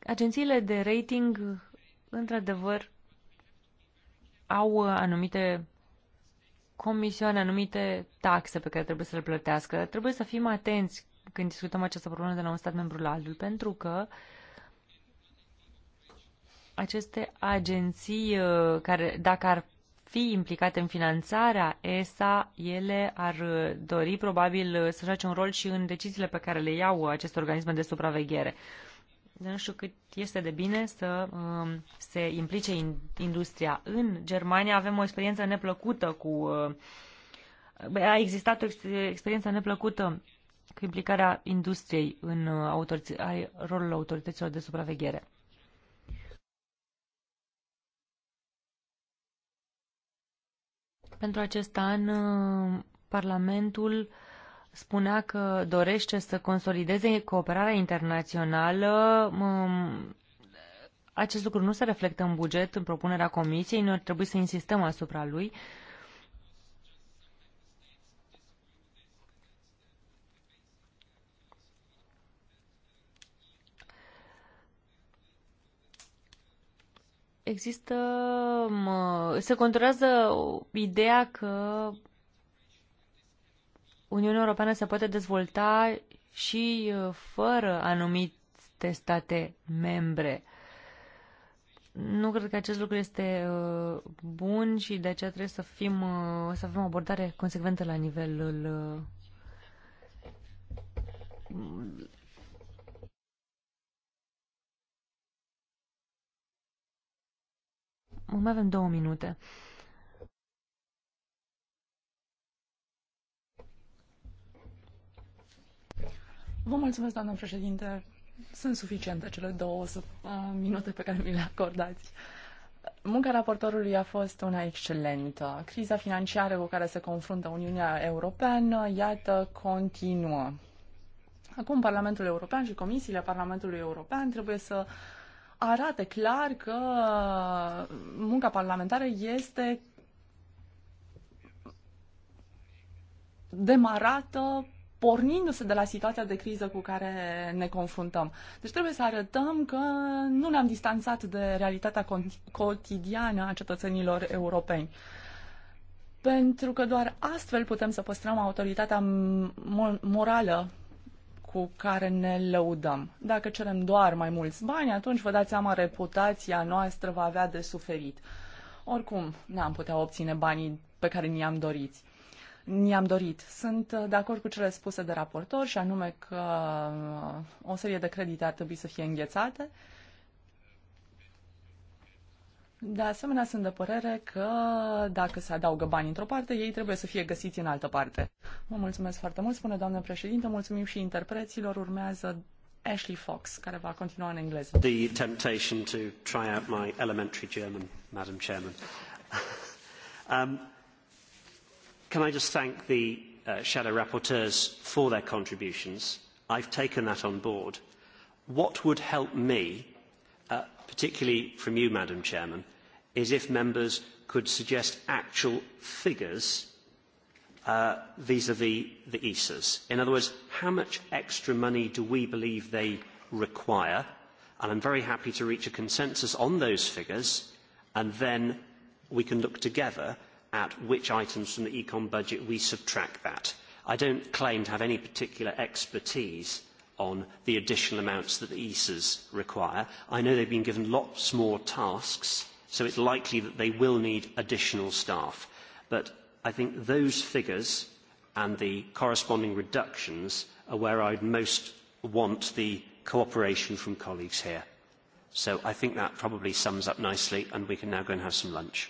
Agențiile de rating, într-adevăr, au uh, anumite comisioane, anumite taxe pe care trebuie să le plătească. Trebuie să fim atenți când discutăm această problemă de la un stat membru la altul, pentru că aceste agenții uh, care, dacă ar fi implicate în finanțarea ESA, ele ar uh, dori probabil uh, să joace un rol și în deciziile pe care le iau aceste organisme de supraveghere. Uh, nu știu cât este de bine să um, se implice in, industria. În Germania avem o experiență neplăcută cu. Uh, a existat o experiență neplăcută cu implicarea industriei în uh, ai, rolul autorităților de supraveghere. Pentru acest an, uh, Parlamentul spunea că dorește să consolideze cooperarea internațională. Acest lucru nu se reflectă în buget, în propunerea Comisiei, noi ar trebui să insistăm asupra lui. Există, se controlează ideea că Uniunea Europeană se poate dezvolta și uh, fără anumite state membre. Nu cred că acest lucru este uh, bun și de aceea trebuie să fim uh, să avem o abordare consecventă la nivelul mai avem două minute. Vă mulțumesc, doamnă președinte. Sunt suficiente cele două uh, minute pe care mi le acordați. Munca raportorului a fost una excelentă. Criza financiară cu care se confruntă Uniunea Europeană, iată, continuă. Acum Parlamentul European și comisiile Parlamentului European trebuie să arate clar că munca parlamentară este demarată pornindu-se de la situația de criză cu care ne confruntăm. Deci trebuie să arătăm că nu ne-am distanțat de realitatea cotidiană a cetățenilor europeni. Pentru că doar astfel putem să păstrăm autoritatea morală cu care ne lăudăm. Dacă cerem doar mai mulți bani, atunci vă dați seama, reputația noastră va avea de suferit. Oricum, n-am putea obține banii pe care ni-am doriți ni-am dorit. Sunt uh, de acord cu cele spuse de raportor și anume că uh, o serie de credite ar trebui să fie înghețate. De asemenea, sunt de părere că dacă se adaugă bani într-o parte, ei trebuie să fie găsiți în altă parte. Vă mulțumesc foarte mult, spune doamnă președinte, mulțumim și interpreților. Urmează Ashley Fox, care va continua în engleză. The temptation to try out my elementary German, Madam Chairman. um, Can I just thank the uh, shadow rapporteurs for their contributions? I've taken that on board. What would help me, uh, particularly from you, Madam Chairman, is if members could suggest actual figures vis-à-vis uh, -vis the ESAs. In other words, how much extra money do we believe they require? And I'm very happy to reach a consensus on those figures, and then we can look together at which items from the econ budget we subtract that. I don't claim to have any particular expertise on the additional amounts that the ESAs require. I know they've been given lots more tasks, so it's likely that they will need additional staff. But I think those figures and the corresponding reductions are where I'd most want the cooperation from colleagues here. So I think that probably sums up nicely, and we can now go and have some lunch.